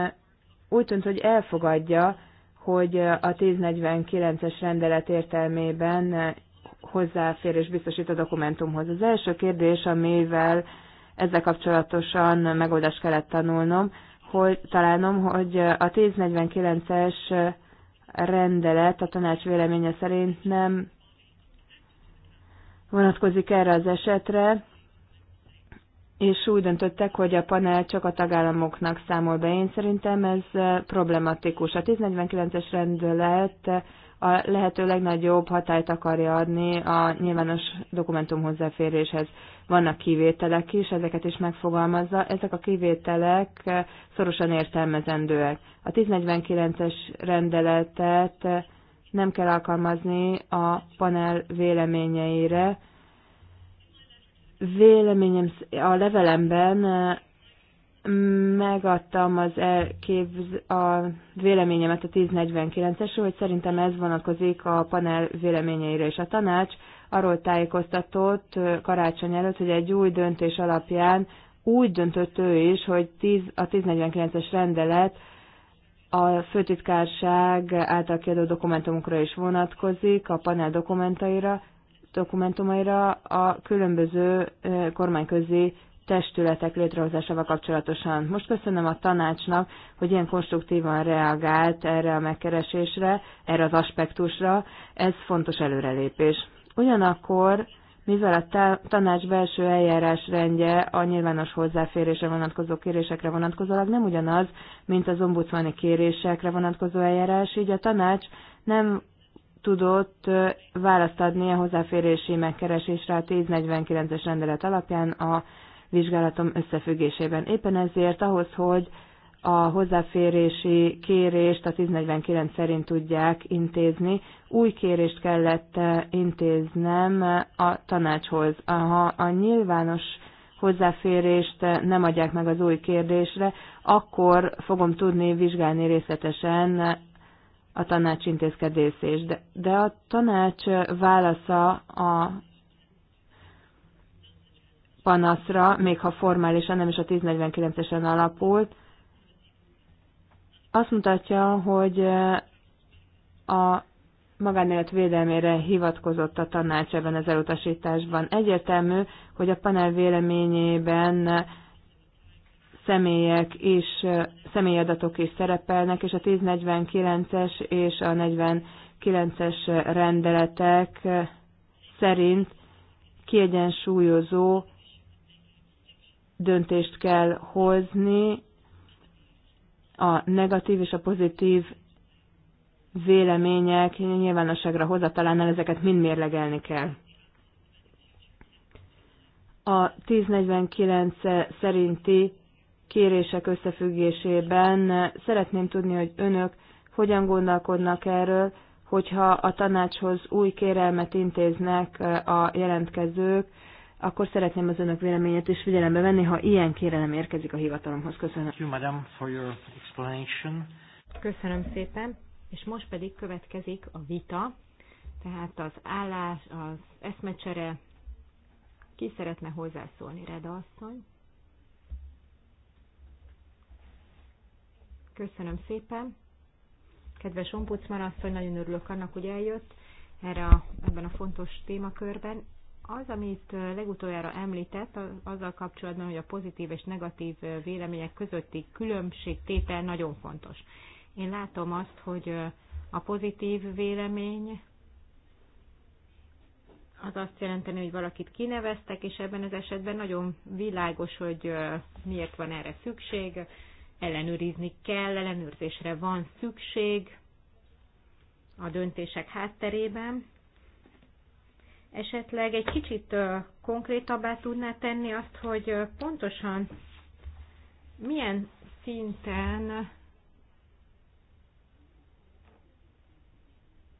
úgy tűnt, hogy elfogadja, hogy a 1049-es rendelet értelmében hozzáférés biztosít a dokumentumhoz. Az első kérdés, amivel ezzel kapcsolatosan megoldást kellett tanulnom, hogy találnom, hogy a 1049-es rendelet a tanács véleménye szerint nem vonatkozik erre az esetre, és úgy döntöttek, hogy a panel csak a tagállamoknak számol be. Én szerintem ez eh, problematikus. A 1049-es rendelet eh, a lehető legnagyobb hatályt akarja adni a nyilvános dokumentum hozzáféréshez. Vannak kivételek is, ezeket is megfogalmazza. Ezek a kivételek eh, szorosan értelmezendőek. A 1049-es rendeletet nem kell alkalmazni a panel véleményeire. Véleményem a levelemben megadtam az elképz, a véleményemet a 1049-esről, hogy szerintem ez vonatkozik a panel véleményeire és a tanács arról tájékoztatott karácsony előtt, hogy egy új döntés alapján úgy döntött ő is, hogy 10, a 1049-es rendelet a főtitkárság által kiadó dokumentumokra is vonatkozik, a panel dokumentaira, dokumentumaira a különböző kormányközi testületek létrehozásával kapcsolatosan. Most köszönöm a tanácsnak, hogy ilyen konstruktívan reagált erre a megkeresésre, erre az aspektusra. Ez fontos előrelépés. Ugyanakkor mivel a tanács belső eljárás rendje a nyilvános hozzáférésre vonatkozó kérésekre vonatkozólag nem ugyanaz, mint az ombudsmani kérésekre vonatkozó eljárás, így a tanács nem tudott választ adni a hozzáférési megkeresésre a 1049-es rendelet alapján a vizsgálatom összefüggésében. Éppen ezért ahhoz, hogy a hozzáférési kérést a 1049 szerint tudják intézni. Új kérést kellett eh, intéznem a tanácshoz. Ha a nyilvános hozzáférést eh, nem adják meg az új kérdésre, akkor fogom tudni vizsgálni részletesen eh, a tanács intézkedését. De, de a tanács válasza a panaszra, még ha formálisan nem is a 1049-esen alapult, azt mutatja, hogy eh, a magánélet védelmére hivatkozott a tanács ebben az elutasításban. Egyértelmű, hogy a panel véleményében személyek és személyadatok is szerepelnek, és a 1049-es és a 49-es rendeletek szerint kiegyensúlyozó döntést kell hozni, a negatív és a pozitív vélemények nyilvánosságra hozatalánál ezeket mind mérlegelni kell. A 1049 szerinti kérések összefüggésében szeretném tudni, hogy önök hogyan gondolkodnak erről, hogyha a tanácshoz új kérelmet intéznek a jelentkezők, akkor szeretném az önök véleményét is figyelembe venni, ha ilyen kérelem érkezik a hivatalomhoz. Köszönöm. You, madam, for your explanation. Köszönöm szépen, és most pedig következik a vita, tehát az állás, az eszmecsere. Ki szeretne hozzászólni, Reda asszony? Köszönöm szépen. Kedves ombudsman asszony, nagyon örülök annak, hogy eljött erre a, ebben a fontos témakörben. Az, amit legutoljára említett, azzal kapcsolatban, hogy a pozitív és negatív vélemények közötti különbségtétel nagyon fontos. Én látom azt, hogy a pozitív vélemény az azt jelenteni, hogy valakit kineveztek, és ebben az esetben nagyon világos, hogy miért van erre szükség, ellenőrizni kell, ellenőrzésre van szükség a döntések hátterében, esetleg egy kicsit konkrétabbá tudná tenni azt, hogy pontosan milyen szinten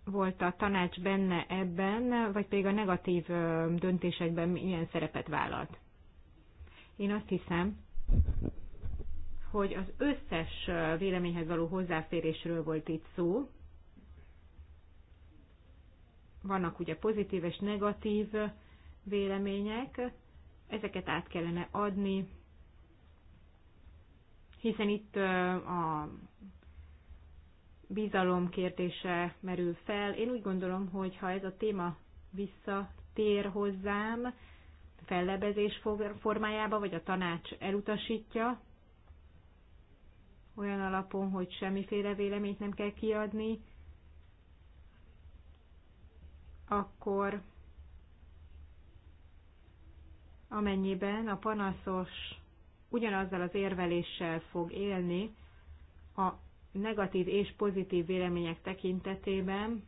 volt a tanács benne ebben, vagy pedig a negatív döntésekben milyen szerepet vállalt? Én azt hiszem, hogy az összes véleményhez való hozzáférésről volt itt szó, vannak ugye pozitív és negatív vélemények, ezeket át kellene adni, hiszen itt a bizalom kérdése merül fel. Én úgy gondolom, hogy ha ez a téma visszatér hozzám, fellebezés formájába, vagy a tanács elutasítja, olyan alapon, hogy semmiféle véleményt nem kell kiadni, akkor amennyiben a panaszos ugyanazzal az érveléssel fog élni a negatív és pozitív vélemények tekintetében,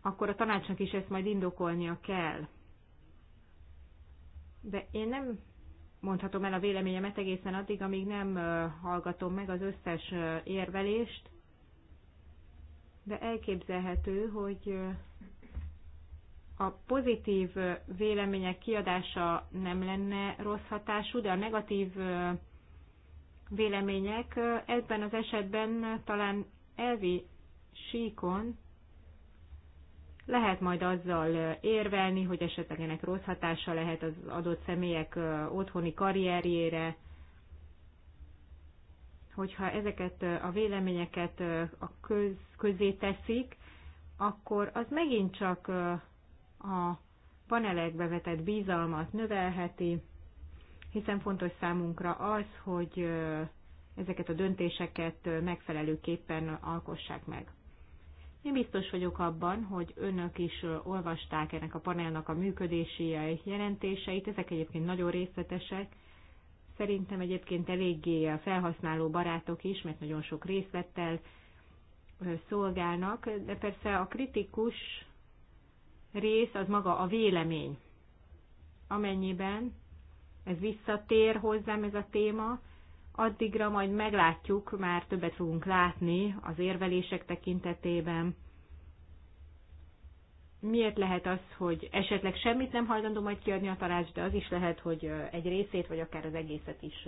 akkor a tanácsnak is ezt majd indokolnia kell. De én nem mondhatom el a véleményemet egészen addig, amíg nem hallgatom meg az összes érvelést, de elképzelhető, hogy a pozitív vélemények kiadása nem lenne rossz hatású, de a negatív vélemények ebben az esetben talán elvi síkon lehet majd azzal érvelni, hogy esetleg ennek rossz hatása lehet az adott személyek otthoni karrierjére, hogyha ezeket a véleményeket a köz, közé teszik, akkor az megint csak a panelekbe vetett bizalmat növelheti, hiszen fontos számunkra az, hogy ezeket a döntéseket megfelelőképpen alkossák meg. Én biztos vagyok abban, hogy önök is olvasták ennek a panelnak a működési jelentéseit, ezek egyébként nagyon részletesek, Szerintem egyébként eléggé felhasználó barátok is, mert nagyon sok részlettel szolgálnak, de persze a kritikus rész az maga a vélemény. Amennyiben ez visszatér hozzám ez a téma, addigra majd meglátjuk, már többet fogunk látni az érvelések tekintetében, miért lehet az, hogy esetleg semmit nem hajlandó majd kiadni a tanács, de az is lehet, hogy egy részét, vagy akár az egészet is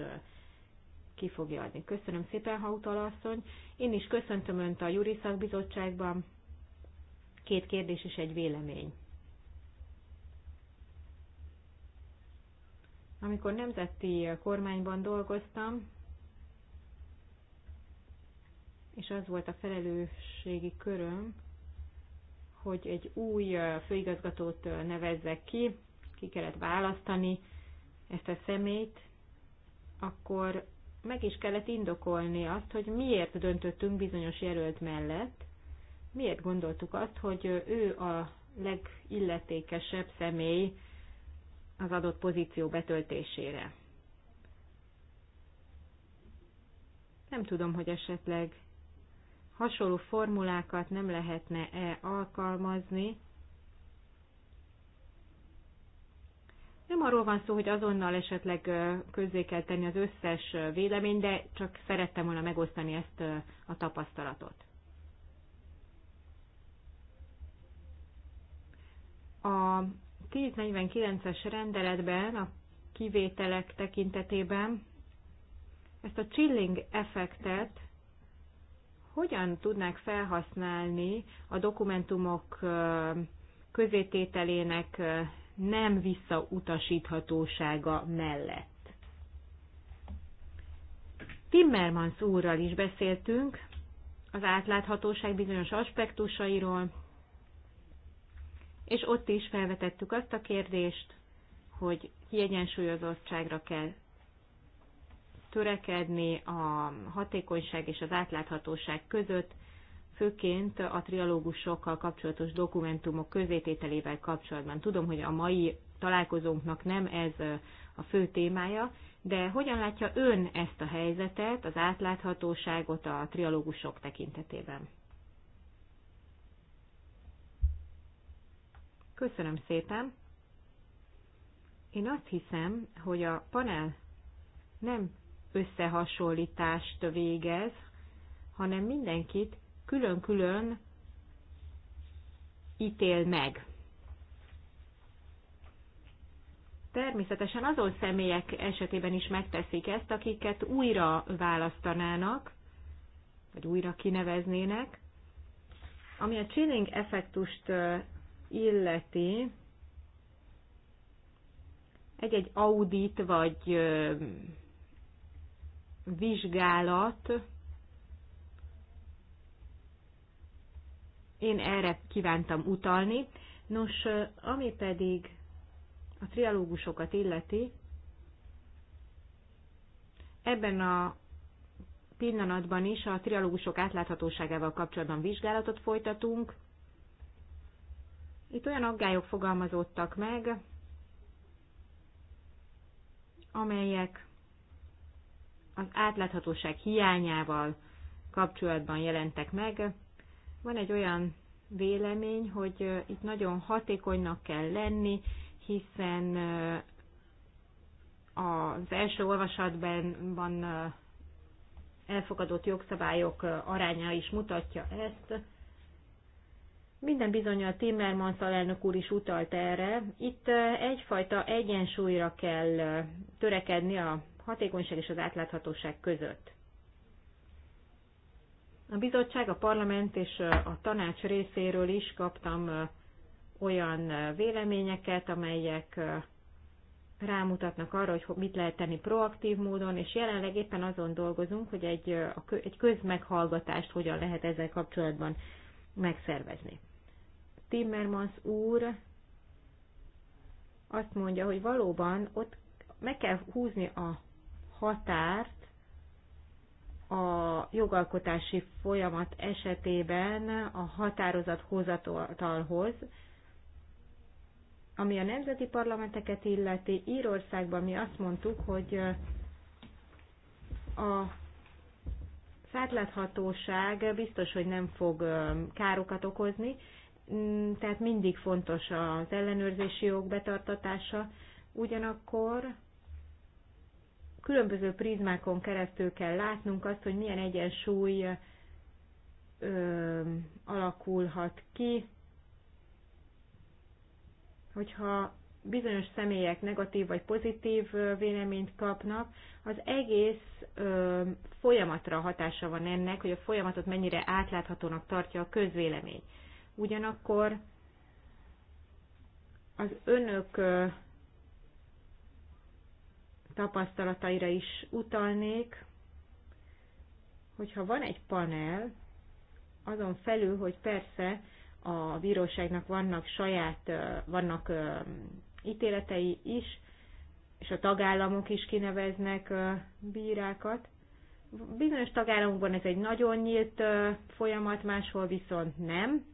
ki fogja adni. Köszönöm szépen, Hautala asszony. Én is köszöntöm Önt a Juri Szakbizottságban. Két kérdés és egy vélemény. Amikor nemzeti kormányban dolgoztam, és az volt a felelősségi köröm, hogy egy új főigazgatót nevezzek ki, ki kellett választani ezt a szemét, akkor meg is kellett indokolni azt, hogy miért döntöttünk bizonyos jelölt mellett, miért gondoltuk azt, hogy ő a legilletékesebb személy az adott pozíció betöltésére. Nem tudom, hogy esetleg hasonló formulákat nem lehetne-e alkalmazni. Nem arról van szó, hogy azonnal esetleg közzé kell tenni az összes vélemény, de csak szerettem volna megosztani ezt a tapasztalatot. A 1049-es rendeletben a kivételek tekintetében ezt a chilling effektet hogyan tudnák felhasználni a dokumentumok közétételének nem visszautasíthatósága mellett. Timmermans úrral is beszéltünk az átláthatóság bizonyos aspektusairól, és ott is felvetettük azt a kérdést, hogy kiegyensúlyozottságra kell törekedni a hatékonyság és az átláthatóság között, főként a trialógusokkal kapcsolatos dokumentumok közétételével kapcsolatban. Tudom, hogy a mai találkozónknak nem ez a fő témája, de hogyan látja ön ezt a helyzetet, az átláthatóságot a trialógusok tekintetében? Köszönöm szépen! Én azt hiszem, hogy a panel nem összehasonlítást végez, hanem mindenkit külön-külön ítél meg. Természetesen azon személyek esetében is megteszik ezt, akiket újra választanának, vagy újra kineveznének. Ami a chilling effektust illeti, egy-egy audit vagy vizsgálat, én erre kívántam utalni. Nos, ami pedig a trialógusokat illeti, ebben a pillanatban is a trialógusok átláthatóságával kapcsolatban vizsgálatot folytatunk. Itt olyan aggályok fogalmazódtak meg, amelyek az átláthatóság hiányával kapcsolatban jelentek meg. Van egy olyan vélemény, hogy itt nagyon hatékonynak kell lenni, hiszen az első olvasatban van elfogadott jogszabályok aránya is mutatja ezt. Minden a Timmermans alelnök úr is utalt erre. Itt egyfajta egyensúlyra kell törekedni a hatékonyság és az átláthatóság között. A bizottság, a parlament és a tanács részéről is kaptam olyan véleményeket, amelyek rámutatnak arra, hogy mit lehet tenni proaktív módon, és jelenleg éppen azon dolgozunk, hogy egy, egy közmeghallgatást hogyan lehet ezzel kapcsolatban megszervezni. Timmermans úr azt mondja, hogy valóban ott meg kell húzni a határt a jogalkotási folyamat esetében a határozat hozatalhoz, ami a nemzeti parlamenteket illeti, Írországban mi azt mondtuk, hogy a szátláthatóság biztos, hogy nem fog károkat okozni, mm, tehát mindig fontos az ellenőrzési jog betartatása, ugyanakkor különböző prizmákon keresztül kell látnunk azt, hogy milyen egyensúly ö, alakulhat ki, hogyha bizonyos személyek negatív vagy pozitív véleményt kapnak, az egész ö, folyamatra hatása van ennek, hogy a folyamatot mennyire átláthatónak tartja a közvélemény. Ugyanakkor az önök tapasztalataira is utalnék, hogyha van egy panel, azon felül, hogy persze a bíróságnak vannak saját, vannak ítéletei is, és a tagállamok is kineveznek bírákat. Bizonyos tagállamokban ez egy nagyon nyílt folyamat, máshol viszont nem.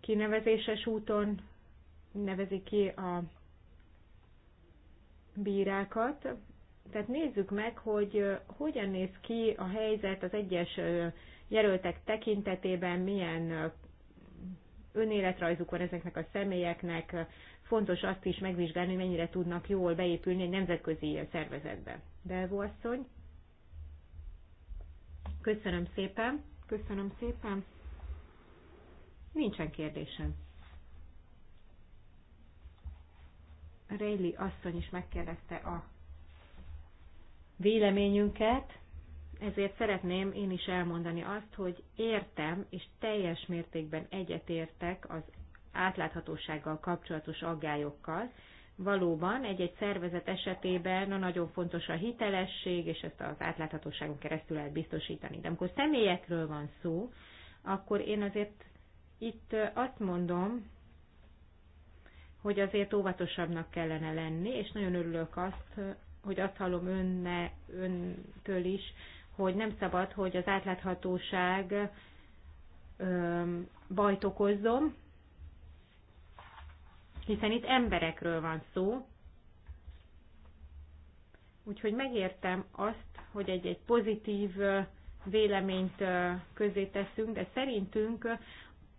Kinevezéses úton nevezik ki a bírákat. Tehát nézzük meg, hogy hogyan néz ki a helyzet az egyes jelöltek tekintetében, milyen önéletrajzuk van ezeknek a személyeknek. Fontos azt is megvizsgálni, hogy mennyire tudnak jól beépülni egy nemzetközi szervezetbe. Belvó asszony. Köszönöm szépen. Köszönöm szépen. Nincsen kérdésem. Réli asszony is megkérdezte a véleményünket, ezért szeretném én is elmondani azt, hogy értem és teljes mértékben egyetértek az átláthatósággal kapcsolatos aggályokkal. Valóban egy-egy szervezet esetében nagyon fontos a hitelesség, és ezt az átláthatóságon keresztül lehet biztosítani. De amikor személyekről van szó, akkor én azért itt azt mondom, hogy azért óvatosabbnak kellene lenni, és nagyon örülök azt, hogy azt hallom önne, öntől is, hogy nem szabad, hogy az átláthatóság öm, bajt okozzon, hiszen itt emberekről van szó. Úgyhogy megértem azt, hogy egy-egy pozitív véleményt közé teszünk, de szerintünk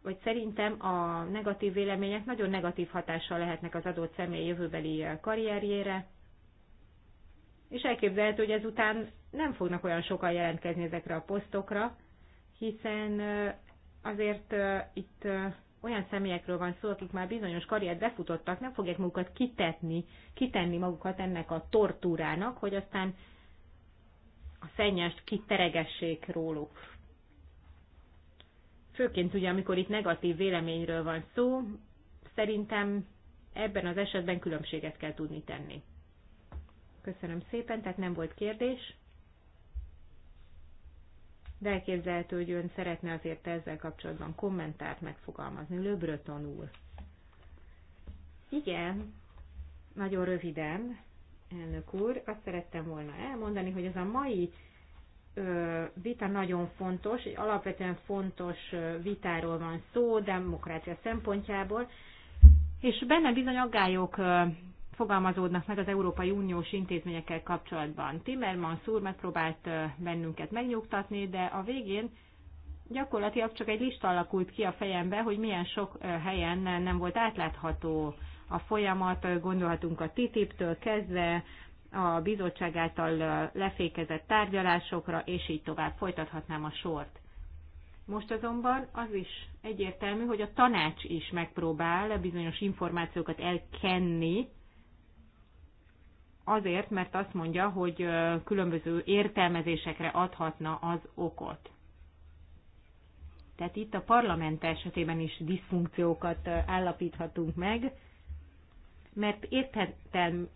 vagy szerintem a negatív vélemények nagyon negatív hatással lehetnek az adott személy jövőbeli eh, karrierjére, és elképzelhető, hogy ezután nem fognak olyan sokan jelentkezni ezekre a posztokra, hiszen eh, azért eh, itt olyan személyekről van szó, akik már bizonyos karriert befutottak, nem fogják magukat kitetni, kitenni magukat ennek a tortúrának, hogy aztán a szennyest kiteregessék róluk főként ugye, amikor itt negatív véleményről van szó, szerintem ebben az esetben különbséget kell tudni tenni. Köszönöm szépen, tehát nem volt kérdés. De elképzelhető, hogy ön szeretne azért ezzel kapcsolatban kommentárt megfogalmazni. Löbrö tanul. Igen, nagyon röviden, elnök úr, azt szerettem volna elmondani, hogy az a mai vita nagyon fontos, egy alapvetően fontos vitáról van szó demokrácia szempontjából, és benne bizony aggályok fogalmazódnak meg az Európai Uniós intézményekkel kapcsolatban. Timmermans úr megpróbált bennünket megnyugtatni, de a végén gyakorlatilag csak egy lista alakult ki a fejembe, hogy milyen sok helyen nem volt átlátható a folyamat, gondolhatunk a TTIP-től kezdve a bizottság által lefékezett tárgyalásokra, és így tovább folytathatnám a sort. Most azonban az is egyértelmű, hogy a tanács is megpróbál bizonyos információkat elkenni, azért, mert azt mondja, hogy különböző értelmezésekre adhatna az okot. Tehát itt a parlament esetében is diszfunkciókat állapíthatunk meg, mert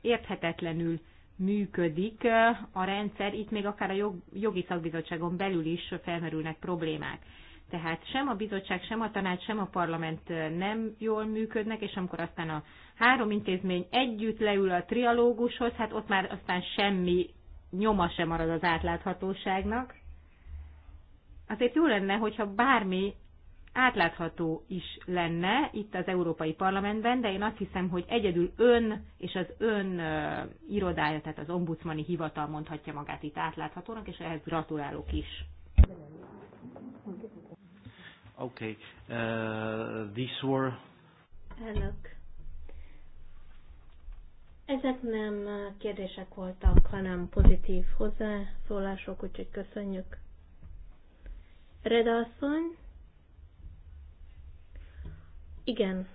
érthetetlenül működik a rendszer, itt még akár a jogi szakbizottságon belül is felmerülnek problémák. Tehát sem a bizottság, sem a tanács, sem a parlament nem jól működnek, és amikor aztán a három intézmény együtt leül a trialógushoz, hát ott már aztán semmi nyoma sem marad az átláthatóságnak. Azért jó lenne, hogyha bármi átlátható is lenne itt az Európai Parlamentben, de én azt hiszem, hogy egyedül ön és az ön irodája, tehát az ombudsmani hivatal mondhatja magát itt átláthatónak, és ehhez gratulálok is. Okay. Uh, this were... Elnök. Ezek nem kérdések voltak, hanem pozitív hozzászólások, úgyhogy köszönjük. Reda asszony, igen,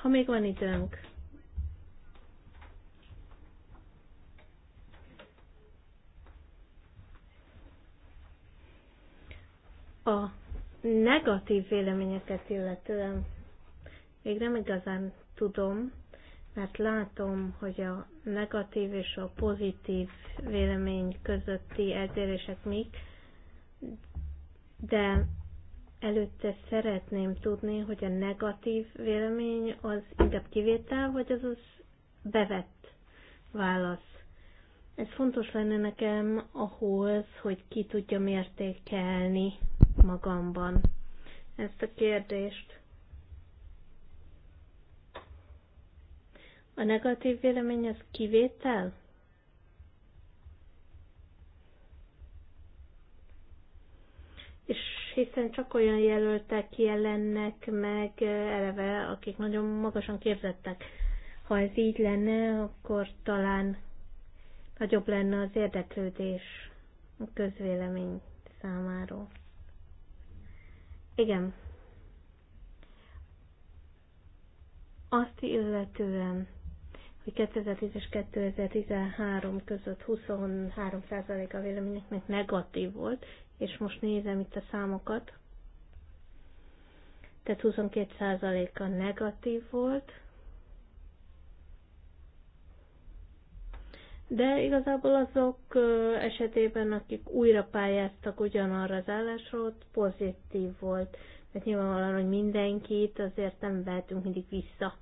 ha még van időnk. A negatív véleményeket illetően még nem igazán tudom, mert látom, hogy a negatív és a pozitív vélemény közötti eltérések mik, de Előtte szeretném tudni, hogy a negatív vélemény az inkább kivétel, vagy az az bevett válasz. Ez fontos lenne nekem ahhoz, hogy ki tudjam értékelni magamban ezt a kérdést. A negatív vélemény az kivétel? hiszen csak olyan jelöltek jelennek meg eleve, akik nagyon magasan képzettek. Ha ez így lenne, akkor talán nagyobb lenne az érdeklődés a közvélemény számáról. Igen. Azt illetően, hogy 2010 és 2013 között 23% a véleményeknek negatív volt, és most nézem itt a számokat, tehát 22%-a negatív volt, de igazából azok esetében, akik újra pályáztak ugyanarra az állásra, ott pozitív volt. Mert nyilvánvalóan, hogy mindenkit azért nem vehetünk mindig vissza.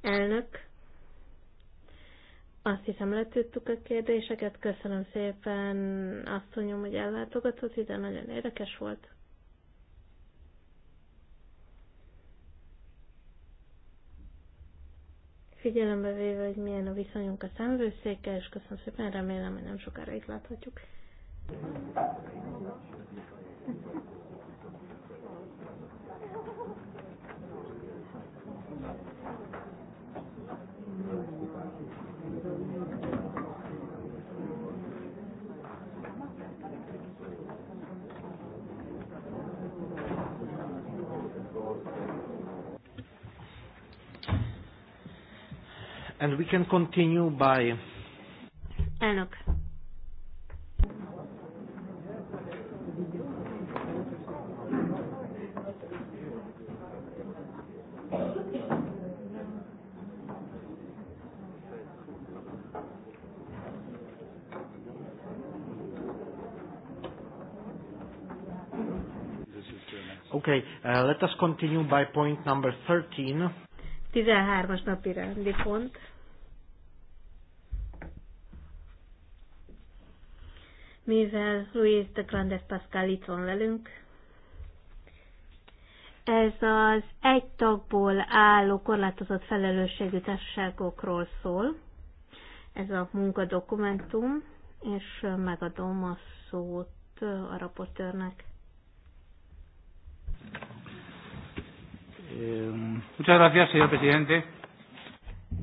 Elnök, azt hiszem, letudtuk a kérdéseket. Köszönöm szépen, asszonyom, hogy ellátogatott ide, nagyon érdekes volt. Figyelembe véve, hogy milyen a viszonyunk a számvőszékkel, és köszönöm szépen, remélem, hogy nem sokára itt láthatjuk. And we can continue by... Elnök. Okay, uh, let us continue by point number 13. 13-as napi rendi pont. mivel Luis de Grandes Pascal itt van velünk. Ez az egy tagból álló korlátozott felelősségű társaságokról szól. Ez a munkadokumentum, és megadom a szót a raportőrnek.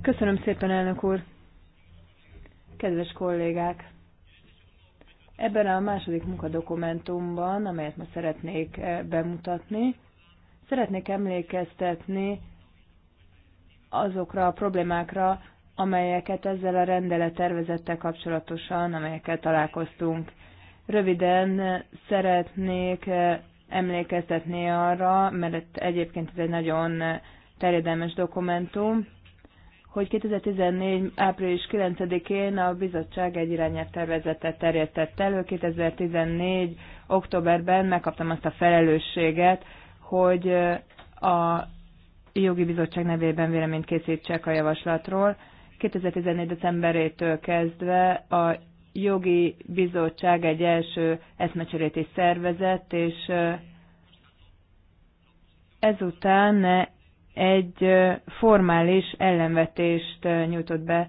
Köszönöm szépen, elnök úr! Kedves kollégák! Ebben a második munkadokumentumban, amelyet ma szeretnék eh, bemutatni, szeretnék emlékeztetni azokra a problémákra, amelyeket ezzel a rendelettervezettel kapcsolatosan, amelyekkel találkoztunk. Röviden eh, szeretnék eh, emlékeztetni arra, mert egyébként ez egy nagyon terjedelmes dokumentum, hogy 2014. április 9-én a bizottság egy irányelv tervezetet terjesztett elő. 2014. októberben megkaptam azt a felelősséget, hogy a jogi bizottság nevében véleményt készítsek a javaslatról. 2014. decemberétől kezdve a jogi bizottság egy első eszmecserét is szervezett, és ezután egy formális ellenvetést nyújtott be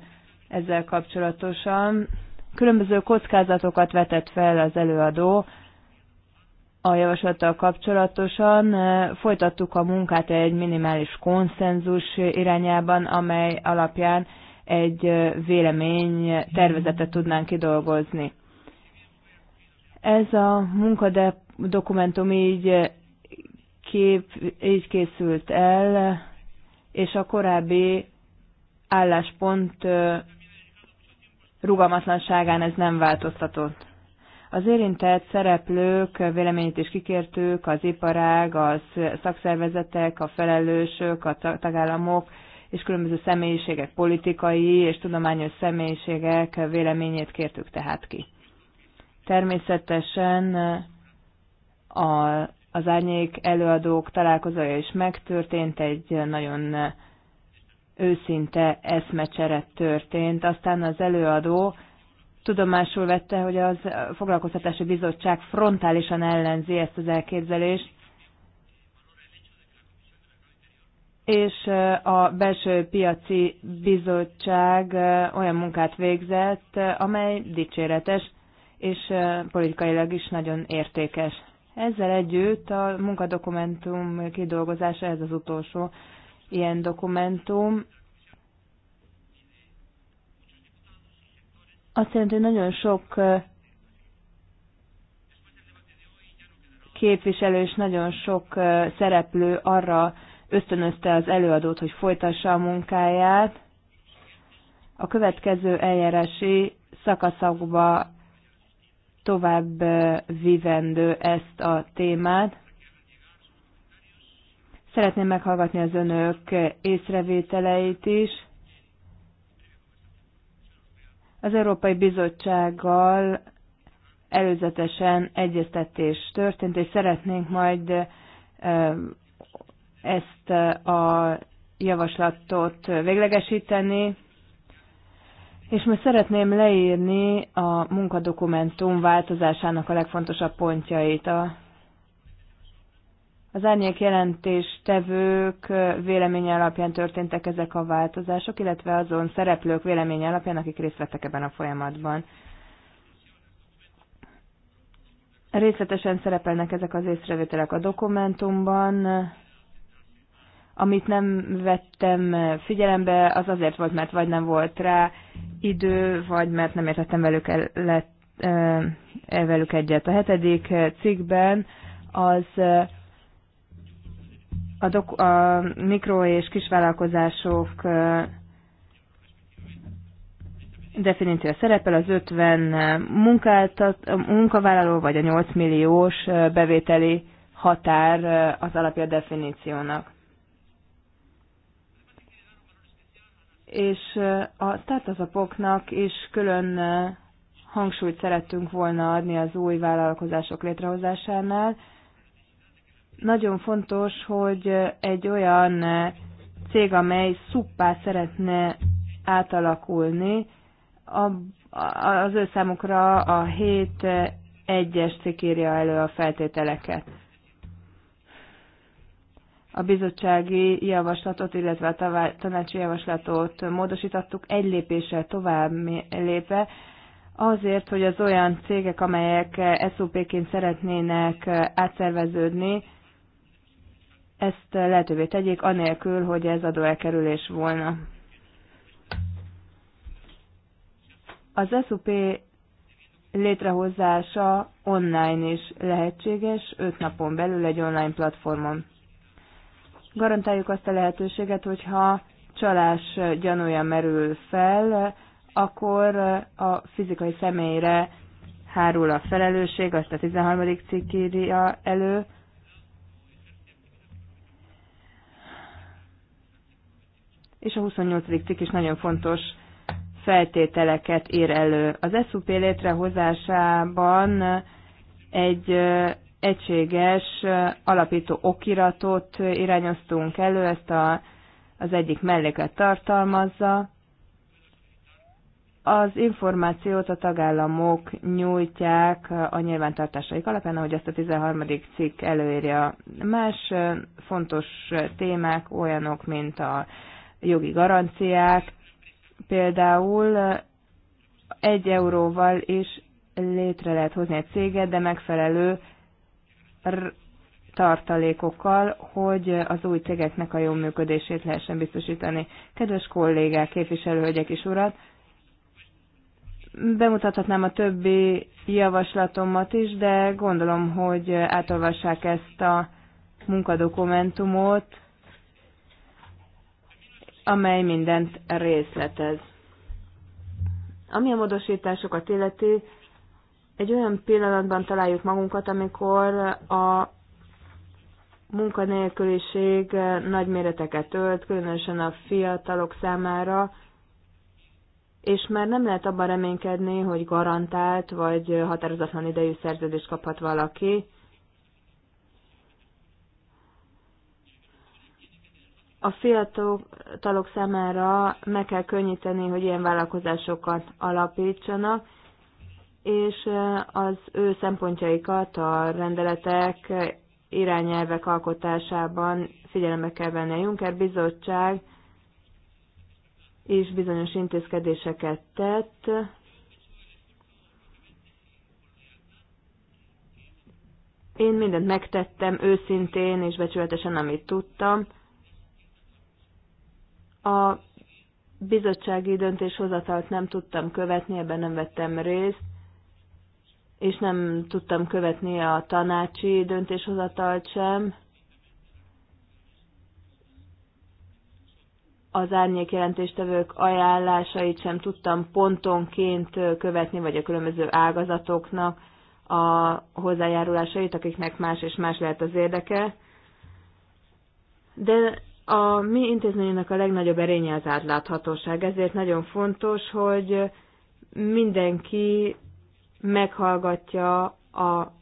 ezzel kapcsolatosan. Különböző kockázatokat vetett fel az előadó a javaslattal kapcsolatosan. Folytattuk a munkát egy minimális konszenzus irányában, amely alapján egy vélemény tervezetet tudnánk kidolgozni. Ez a munkadokumentum így kép így készült el, és a korábbi álláspont rugalmatlanságán ez nem változtatott. Az érintett szereplők véleményét is kikértők, az iparág, a szakszervezetek, a felelősök, a tagállamok és különböző személyiségek, politikai és tudományos személyiségek véleményét kértük tehát ki. Természetesen a az árnyék előadók találkozója is megtörtént, egy nagyon őszinte eszmecsere történt. Aztán az előadó tudomásul vette, hogy a foglalkoztatási bizottság frontálisan ellenzi ezt az elképzelést, és a belső piaci bizottság olyan munkát végzett, amely dicséretes, és politikailag is nagyon értékes. Ezzel együtt a munkadokumentum kidolgozása, ez az utolsó ilyen dokumentum. Azt jelenti, hogy nagyon sok képviselő és nagyon sok szereplő arra ösztönözte az előadót, hogy folytassa a munkáját. A következő eljárási szakaszokba tovább vivendő ezt a témát. Szeretném meghallgatni az önök észrevételeit is. Az Európai Bizottsággal előzetesen egyeztetés történt, és szeretnénk majd ezt a javaslatot véglegesíteni. És most szeretném leírni a munkadokumentum változásának a legfontosabb pontjait. A, az árnyék jelentés tevők véleménye alapján történtek ezek a változások, illetve azon szereplők véleménye alapján, akik részt vettek ebben a folyamatban. Részletesen szerepelnek ezek az észrevételek a dokumentumban, amit nem vettem figyelembe, az azért volt, mert vagy nem volt rá idő, vagy mert nem értettem velük, el, lett, e, velük egyet. A hetedik cikkben az a, doku, a mikro- és kisvállalkozások definíció szerepel az 50 munkáltat, munkavállaló vagy a 8 milliós bevételi határ az alapja definíciónak. és a startupoknak is külön hangsúlyt szerettünk volna adni az új vállalkozások létrehozásánál. Nagyon fontos, hogy egy olyan cég, amely szuppá szeretne átalakulni, az ő számukra a 7 egyes cikk írja elő a feltételeket a bizottsági javaslatot, illetve a tanácsi javaslatot módosítottuk egy lépéssel tovább lépve, azért, hogy az olyan cégek, amelyek sop ként szeretnének átszerveződni, ezt lehetővé tegyék, anélkül, hogy ez adóelkerülés volna. Az SUP létrehozása online is lehetséges, öt napon belül egy online platformon garantáljuk azt a lehetőséget, hogyha csalás gyanúja merül fel, akkor a fizikai személyre hárul a felelősség, azt a 13. cikk írja elő. És a 28. cikk is nagyon fontos feltételeket ír elő. Az SUP létrehozásában egy egységes alapító okiratot irányoztunk elő, ezt a, az egyik melléket tartalmazza. Az információt a tagállamok nyújtják a nyilvántartásaik alapján, ahogy ezt a 13. cikk előírja. Más fontos témák olyanok, mint a jogi garanciák, például egy euróval is létre lehet hozni egy céget, de megfelelő tartalékokkal, hogy az új cégeknek a jó működését lehessen biztosítani. Kedves kollégák, képviselőhölgyek és urat, bemutathatnám a többi javaslatomat is, de gondolom, hogy átolvassák ezt a munkadokumentumot, amely mindent részletez. Ami a módosításokat illeti, egy olyan pillanatban találjuk magunkat, amikor a munkanélküliség nagy méreteket ölt, különösen a fiatalok számára, és már nem lehet abban reménykedni, hogy garantált vagy határozatlan idejű szerződést kaphat valaki. A fiatalok számára meg kell könnyíteni, hogy ilyen vállalkozásokat alapítsanak, és az ő szempontjaikat a rendeletek irányelvek alkotásában figyelembe kell venni. A Juncker bizottság is bizonyos intézkedéseket tett, én mindent megtettem őszintén és becsületesen, amit tudtam. A bizottsági döntéshozatalt nem tudtam követni, ebben nem vettem részt, és nem tudtam követni a tanácsi döntéshozatalt sem. Az árnyék jelentéstevők ajánlásait sem tudtam pontonként követni, vagy a különböző ágazatoknak a hozzájárulásait, akiknek más és más lehet az érdeke. De a mi intézményünknek a legnagyobb erénye az átláthatóság, ezért nagyon fontos, hogy mindenki meghallgatja a,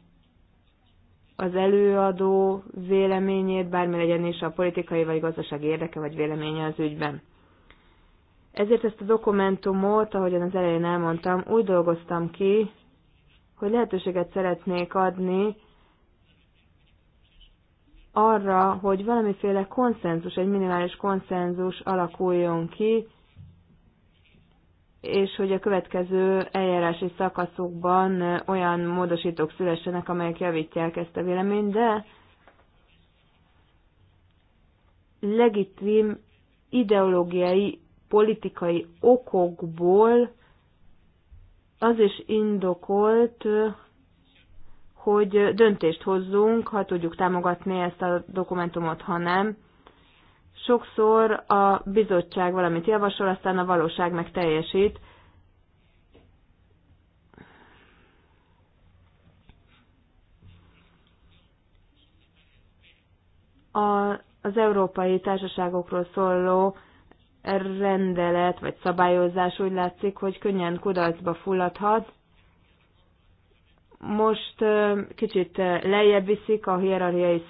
az előadó véleményét, bármi legyen is a politikai vagy gazdasági érdeke vagy véleménye az ügyben. Ezért ezt a dokumentumot, ahogyan az elején elmondtam, úgy dolgoztam ki, hogy lehetőséget szeretnék adni arra, hogy valamiféle konszenzus, egy minimális konszenzus alakuljon ki és hogy a következő eljárási szakaszokban olyan módosítók szülessenek, amelyek javítják ezt a véleményt, de legitim ideológiai, politikai okokból az is indokolt, hogy döntést hozzunk, ha tudjuk támogatni ezt a dokumentumot, ha nem sokszor a bizottság valamit javasol, aztán a valóság meg teljesít. A, az európai társaságokról szóló rendelet vagy szabályozás úgy látszik, hogy könnyen kudarcba fulladhat, most kicsit lejjebb viszik a hierarchiai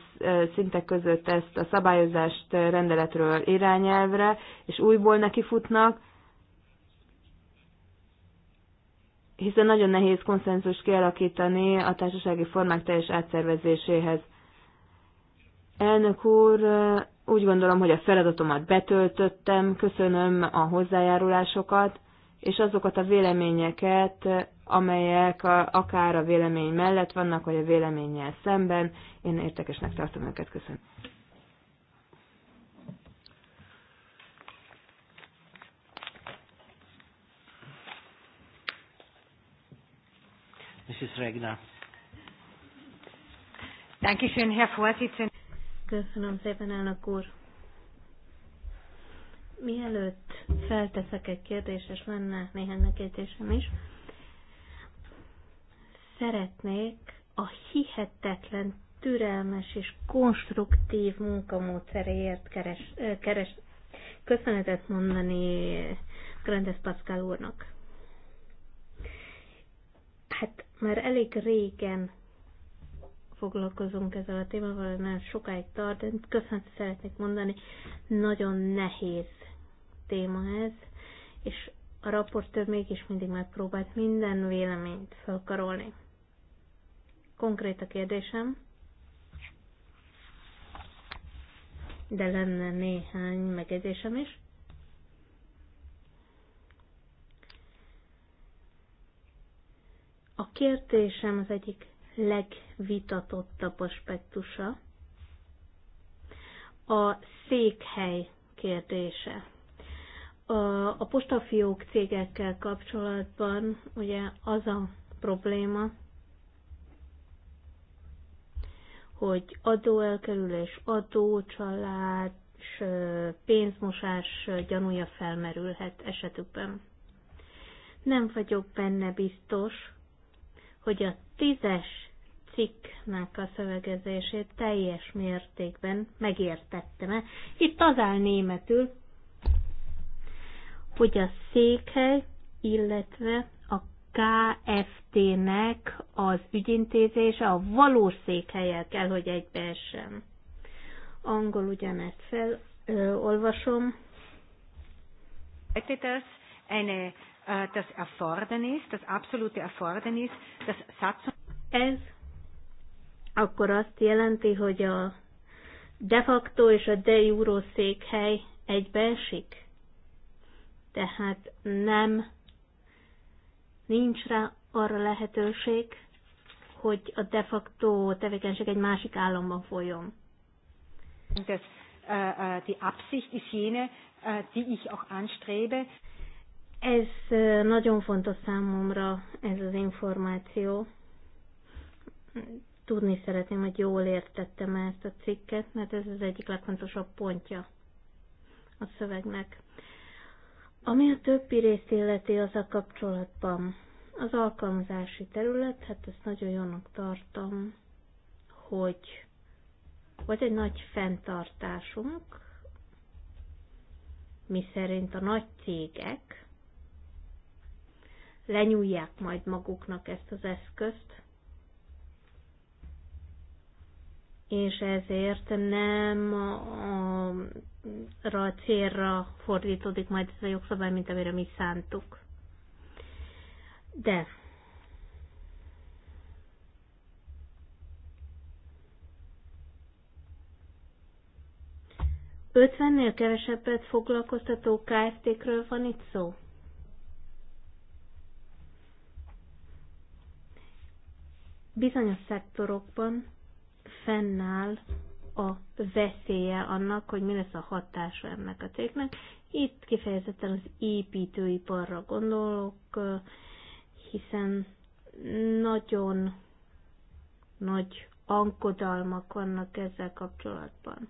szintek között ezt a szabályozást rendeletről irányelvre, és újból nekifutnak, hiszen nagyon nehéz konszenzust kialakítani a társasági formák teljes átszervezéséhez. Elnök úr, úgy gondolom, hogy a feladatomat betöltöttem, köszönöm a hozzájárulásokat, és azokat a véleményeket, amelyek a, akár a vélemény mellett vannak, vagy a véleménnyel szemben. Én értekesnek tartom őket. Köszönöm. Mrs. Regner. Dankeschön, Herr Vorsitzender. Köszönöm szépen, elnök úr. Mielőtt felteszek egy kérdést, és lenne néhány megjegyzésem is, szeretnék a hihetetlen türelmes és konstruktív munkamódszeréért keres, keres, köszönetet mondani Grandes Pascal úrnak. Hát már elég régen foglalkozunk ezzel a témával, nagyon sokáig tart, de szeretnék mondani. Nagyon nehéz téma ez, és a raportőr mégis mindig megpróbált minden véleményt felkarolni konkrét a kérdésem, de lenne néhány megjegyzésem is. A kérdésem az egyik legvitatottabb aspektusa a székhely kérdése. A postafiók cégekkel kapcsolatban ugye az a probléma, hogy adóelkerülés, adócsalás, pénzmosás gyanúja felmerülhet esetükben. Nem vagyok benne biztos, hogy a tízes cikknek a szövegezését teljes mértékben megértettem-e. Itt az áll németül, hogy a székhely, illetve KFT-nek az ügyintézése a valós székhelyel kell, hogy egybeessen. Angol ugyanezt felolvasom. Das eine, das Erfordernis, das absolute Erfordernis, das Satzung. Ez akkor azt jelenti, hogy a de facto és a de jure székhely egybeesik? Tehát nem nincs rá arra lehetőség, hogy a de facto tevékenység egy másik államban folyjon. Das, uh, die Absicht ist jene, uh, die ich auch anstrebe. Ez nagyon fontos számomra, ez az információ. Tudni szeretném, hogy jól értettem ezt a cikket, mert ez az egyik legfontosabb pontja a szövegnek. Ami a többi részt illeti az a kapcsolatban, az alkalmazási terület, hát ezt nagyon jónak tartom, hogy volt egy nagy fenntartásunk, mi szerint a nagy cégek lenyúlják majd maguknak ezt az eszközt, és ezért nem a célra fordítódik majd ez a jogszabály, mint amire mi szántuk. De ötvennél kevesebbet foglalkoztató KFT-kről van itt szó? Bizonyos szektorokban fennáll a veszélye annak, hogy mi lesz a hatása ennek a cégnek. Itt kifejezetten az építőiparra gondolok, hiszen nagyon nagy ankodalmak vannak ezzel kapcsolatban.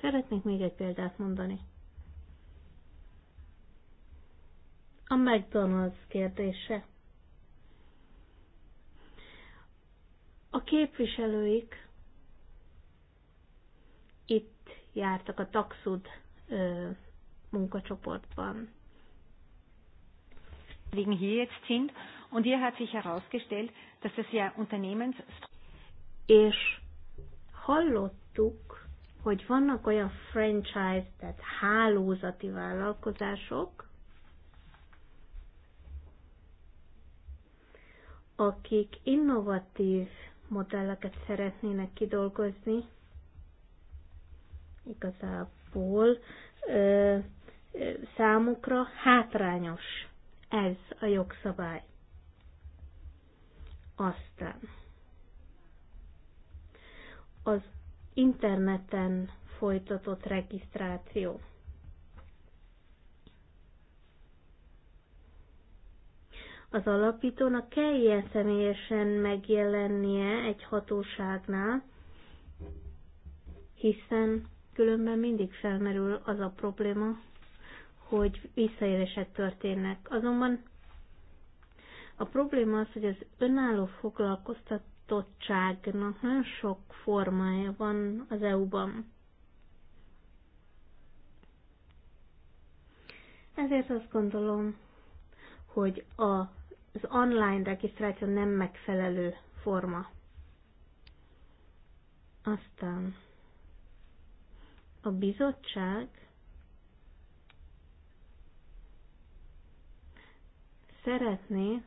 Szeretnék még egy példát mondani. A McDonald's kérdése. A képviselőik jártak a taxud ö, munkacsoportban. Wegen hier jetzt sind und hier hat sich herausgestellt, dass es ja Unternehmens és hallottuk, hogy vannak olyan franchise, tehát hálózati vállalkozások, akik innovatív modelleket szeretnének kidolgozni, igazából ö, ö, számukra hátrányos ez a jogszabály. Aztán az interneten folytatott regisztráció. Az alapítónak kell ilyen személyesen megjelennie egy hatóságnál, hiszen Különben mindig felmerül az a probléma, hogy visszaélések történnek. Azonban a probléma az, hogy az önálló foglalkoztatottságnak nagyon sok formája van az EU-ban. Ezért azt gondolom, hogy a, az online regisztráció nem megfelelő forma. Aztán a bizottság szeretné,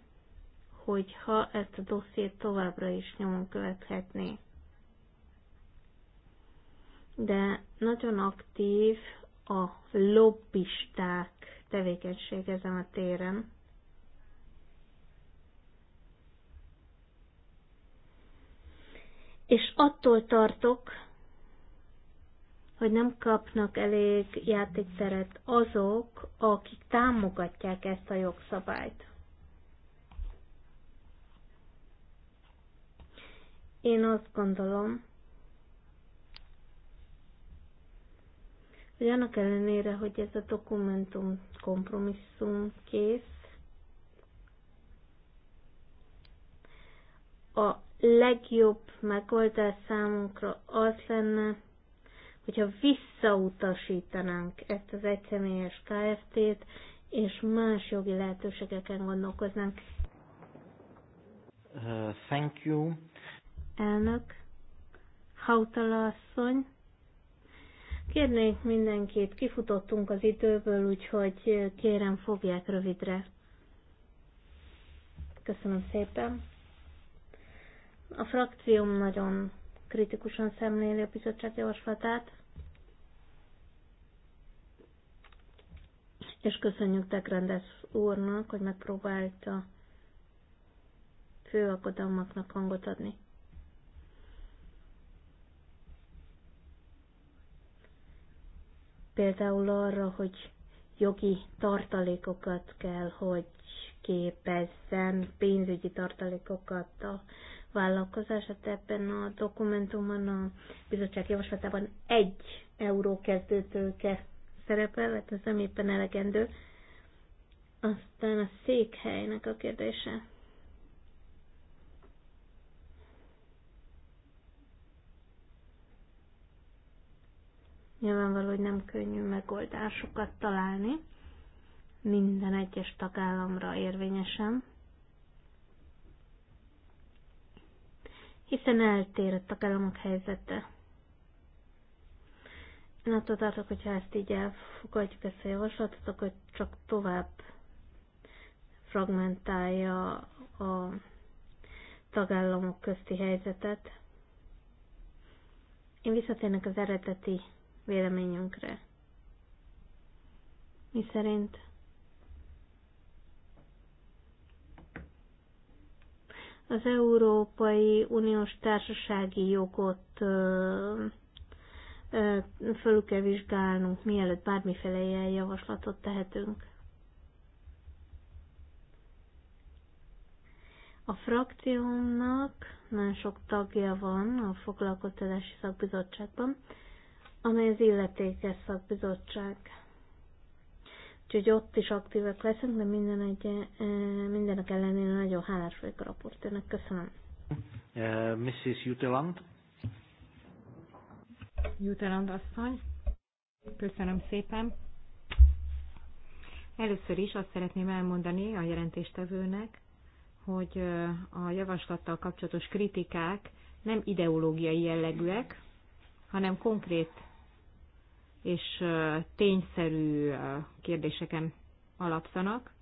hogyha ezt a dossziét továbbra is nyomon követhetné. De nagyon aktív a lobbisták tevékenység ezen a téren. És attól tartok, hogy nem kapnak elég játékteret azok, akik támogatják ezt a jogszabályt. Én azt gondolom, hogy annak ellenére, hogy ez a dokumentum kompromisszum kész, a legjobb megoldás számunkra az lenne, hogyha visszautasítanánk ezt az egyszemélyes KFT-t, és más jogi lehetőségeken gondolkoznánk. Uh, thank you. Elnök, Hautala asszony, kérnék mindenkit, kifutottunk az időből, úgyhogy kérem fogják rövidre. Köszönöm szépen. A frakcióm nagyon kritikusan szemléli a bizottság javaslatát, és köszönjük Tegrendes úrnak, hogy megpróbálta főakadalmaknak hangot adni. Például arra, hogy jogi tartalékokat kell, hogy képezzen pénzügyi tartalékokat a vállalkozását ebben a dokumentumban, a bizottság javaslatában egy euró kezdőtőke szerepel, hát ez nem éppen elegendő. Aztán a székhelynek a kérdése. Nyilvánvaló, hogy nem könnyű megoldásokat találni minden egyes tagállamra érvényesen. hiszen eltérett a tagállamok helyzete. Én attól tartok, hogyha ezt így elfogadjuk ezt a javaslatot, akkor csak tovább fragmentálja a tagállamok közti helyzetet. Én visszatérnek az eredeti véleményünkre. Mi szerint az Európai Uniós Társasági jogot fölül kell vizsgálnunk, mielőtt bármiféle ilyen javaslatot tehetünk. A frakciómnak nagyon sok tagja van a foglalkoztatási szakbizottságban, amely az illetékes szakbizottság. Úgyhogy ott is aktívak leszünk, de minden egy, eh, mindenek ellenére nagyon hálás vagyok a raportőrnek. Köszönöm. Uh, eh, Mrs. Juteland. Juteland asszony. Köszönöm szépen. Először is azt szeretném elmondani a jelentéstevőnek, hogy eh, a javaslattal kapcsolatos kritikák nem ideológiai jellegűek, hanem konkrét és tényszerű kérdéseken alapszanak.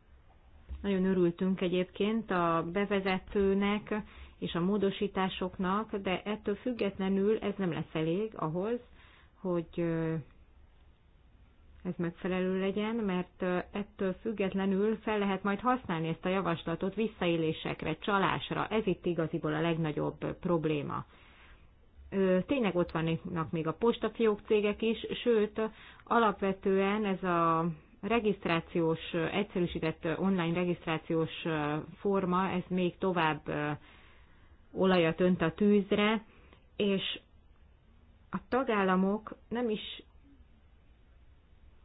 Nagyon örültünk egyébként a bevezetőnek és a módosításoknak, de ettől függetlenül ez nem lesz elég ahhoz, hogy ez megfelelő legyen, mert ettől függetlenül fel lehet majd használni ezt a javaslatot visszaélésekre, csalásra. Ez itt igaziból a legnagyobb probléma tényleg ott vannak még a postafiók cégek is, sőt, alapvetően ez a regisztrációs, egyszerűsített online regisztrációs forma, ez még tovább olajat önt a tűzre, és a tagállamok nem is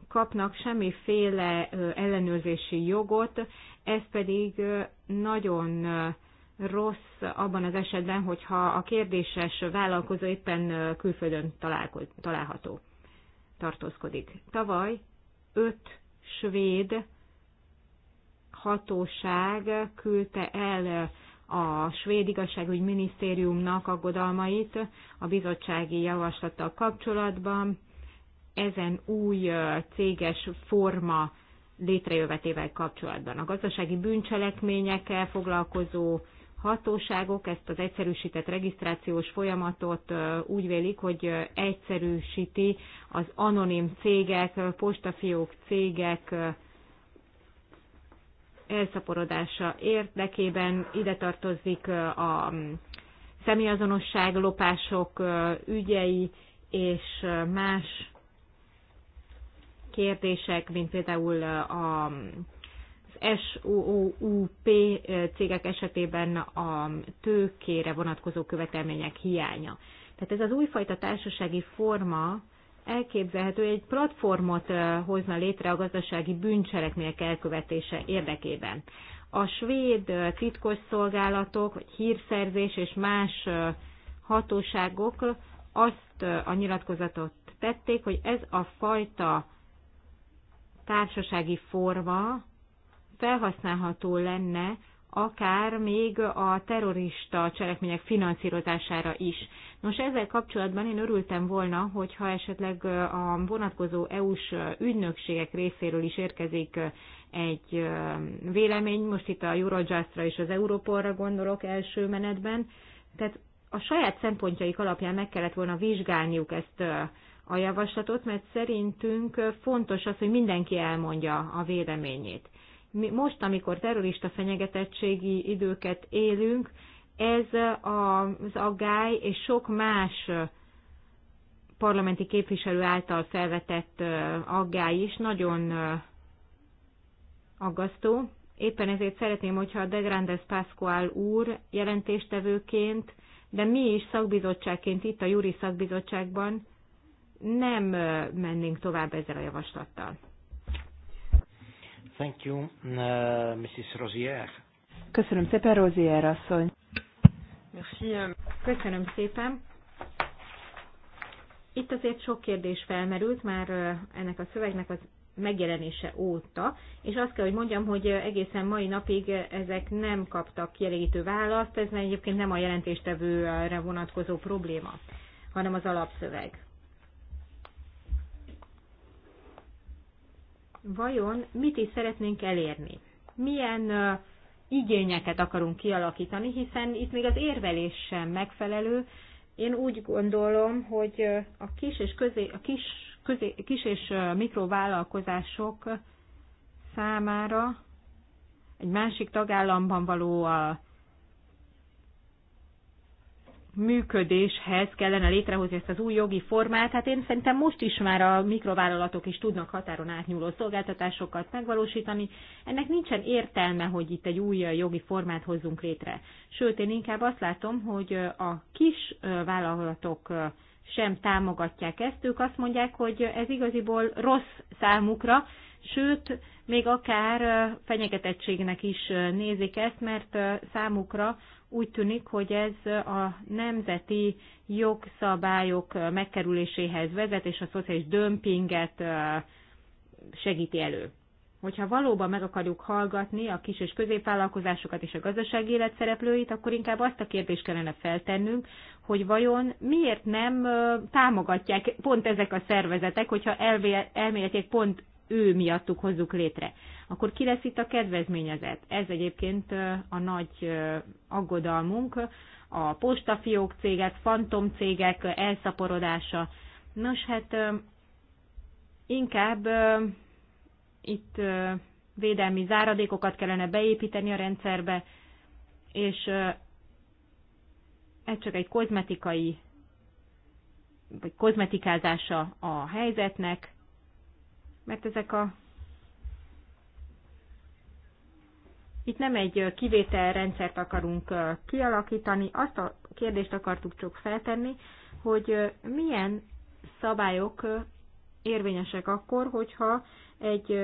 kapnak semmiféle ellenőrzési jogot, ez pedig nagyon rossz abban az esetben, hogyha a kérdéses vállalkozó éppen külföldön található, tartózkodik. Tavaly öt svéd hatóság küldte el a svéd igazságügy minisztériumnak aggodalmait a bizottsági javaslattal kapcsolatban, ezen új céges forma létrejövetével kapcsolatban. A gazdasági bűncselekményekkel foglalkozó hatóságok ezt az egyszerűsített regisztrációs folyamatot úgy vélik, hogy egyszerűsíti az anonim cégek, postafiók cégek elszaporodása érdekében. Ide tartozik a személyazonosság lopások ügyei és más kérdések, mint például a SOOP cégek esetében a tőkére vonatkozó követelmények hiánya. Tehát ez az újfajta társasági forma elképzelhető, hogy egy platformot hozna létre a gazdasági bűncselekmények elkövetése érdekében. A svéd titkos vagy hírszerzés és más hatóságok azt a nyilatkozatot tették, hogy ez a fajta társasági forma felhasználható lenne akár még a terrorista cselekmények finanszírozására is. Nos, ezzel kapcsolatban én örültem volna, hogyha esetleg a vonatkozó EU-s ügynökségek részéről is érkezik egy vélemény, most itt a Eurojustra és az Europolra gondolok első menetben, tehát a saját szempontjaik alapján meg kellett volna vizsgálniuk ezt a javaslatot, mert szerintünk fontos az, hogy mindenki elmondja a véleményét mi most, amikor terrorista fenyegetettségi időket élünk, ez az aggály és sok más parlamenti képviselő által felvetett aggály is nagyon aggasztó. Éppen ezért szeretném, hogyha a De Grandes Pascual úr jelentéstevőként, de mi is szakbizottságként itt a Júri szakbizottságban nem mennénk tovább ezzel a javaslattal. Thank you, uh, Mrs. Rosier. Köszönöm szépen, Rosier asszony. Merci. Euh, Köszönöm szépen. Itt azért sok kérdés felmerült már euh, ennek a szövegnek az megjelenése óta, és azt kell, hogy mondjam, hogy euh, egészen mai napig ezek nem kaptak kielégítő választ, ez egyébként nem a jelentéstevőre vonatkozó probléma, hanem az alapszöveg. vajon mit is szeretnénk elérni? Milyen igényeket akarunk kialakítani, hiszen itt még az érvelés sem megfelelő. Én úgy gondolom, hogy a kis és, közé, a kis, közé, kis és mikrovállalkozások számára egy másik tagállamban való a működéshez kellene létrehozni ezt az új jogi formát. Hát én szerintem most is már a mikrovállalatok is tudnak határon átnyúló szolgáltatásokat megvalósítani. Ennek nincsen értelme, hogy itt egy új jogi formát hozzunk létre. Sőt, én inkább azt látom, hogy a kis vállalatok sem támogatják ezt. Ők azt mondják, hogy ez igaziból rossz számukra, sőt, még akár fenyegetettségnek is nézik ezt, mert számukra úgy tűnik, hogy ez a nemzeti jogszabályok megkerüléséhez vezet, és a szociális dömpinget segíti elő. Hogyha valóban meg akarjuk hallgatni a kis és középvállalkozásokat és a gazdasági élet szereplőit, akkor inkább azt a kérdést kellene feltennünk, hogy vajon miért nem támogatják pont ezek a szervezetek, hogyha elméletileg pont ő miattuk hozzuk létre. Akkor ki lesz itt a kedvezményezett? Ez egyébként a nagy aggodalmunk, a postafiók cégek, fantom cégek elszaporodása. Nos, hát inkább itt védelmi záradékokat kellene beépíteni a rendszerbe, és ez csak egy kozmetikai, vagy kozmetikázása a helyzetnek, mert ezek a Itt nem egy kivételrendszert akarunk kialakítani, azt a kérdést akartuk csak feltenni, hogy milyen szabályok érvényesek akkor, hogyha egy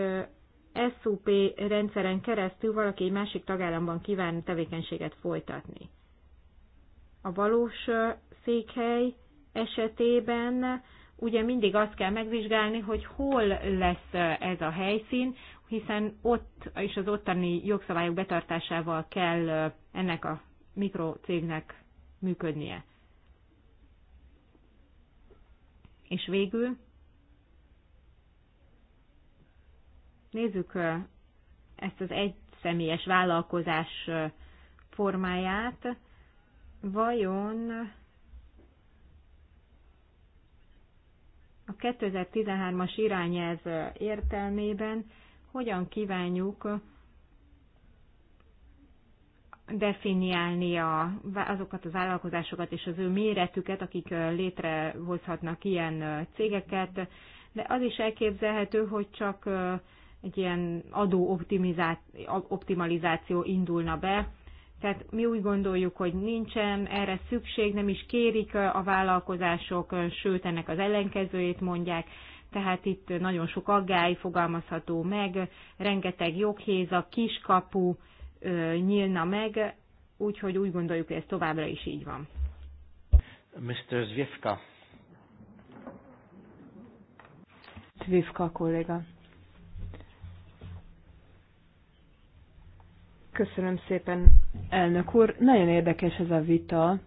SUP rendszeren keresztül valaki egy másik tagállamban kíván tevékenységet folytatni. A valós székhely esetében ugye mindig azt kell megvizsgálni, hogy hol lesz ez a helyszín, hiszen ott és az ottani jogszabályok betartásával kell ennek a mikrocégnek működnie. És végül nézzük ezt az egy személyes vállalkozás formáját. Vajon a 2013-as irányelv értelmében hogyan kívánjuk definiálni a, azokat az vállalkozásokat és az ő méretüket, akik létrehozhatnak ilyen cégeket, de az is elképzelhető, hogy csak egy ilyen adó indulna be tehát mi úgy gondoljuk, hogy nincsen erre szükség, nem is kérik a vállalkozások, sőt ennek az ellenkezőjét mondják. Tehát itt nagyon sok aggály fogalmazható meg, rengeteg joghéza, kiskapu nyílna meg, úgyhogy úgy gondoljuk, hogy ez továbbra is így van. Mr. Zvivka. Zvivka kolléga. Köszönöm szépen, elnök úr. Nagyon érdekes ez a vita.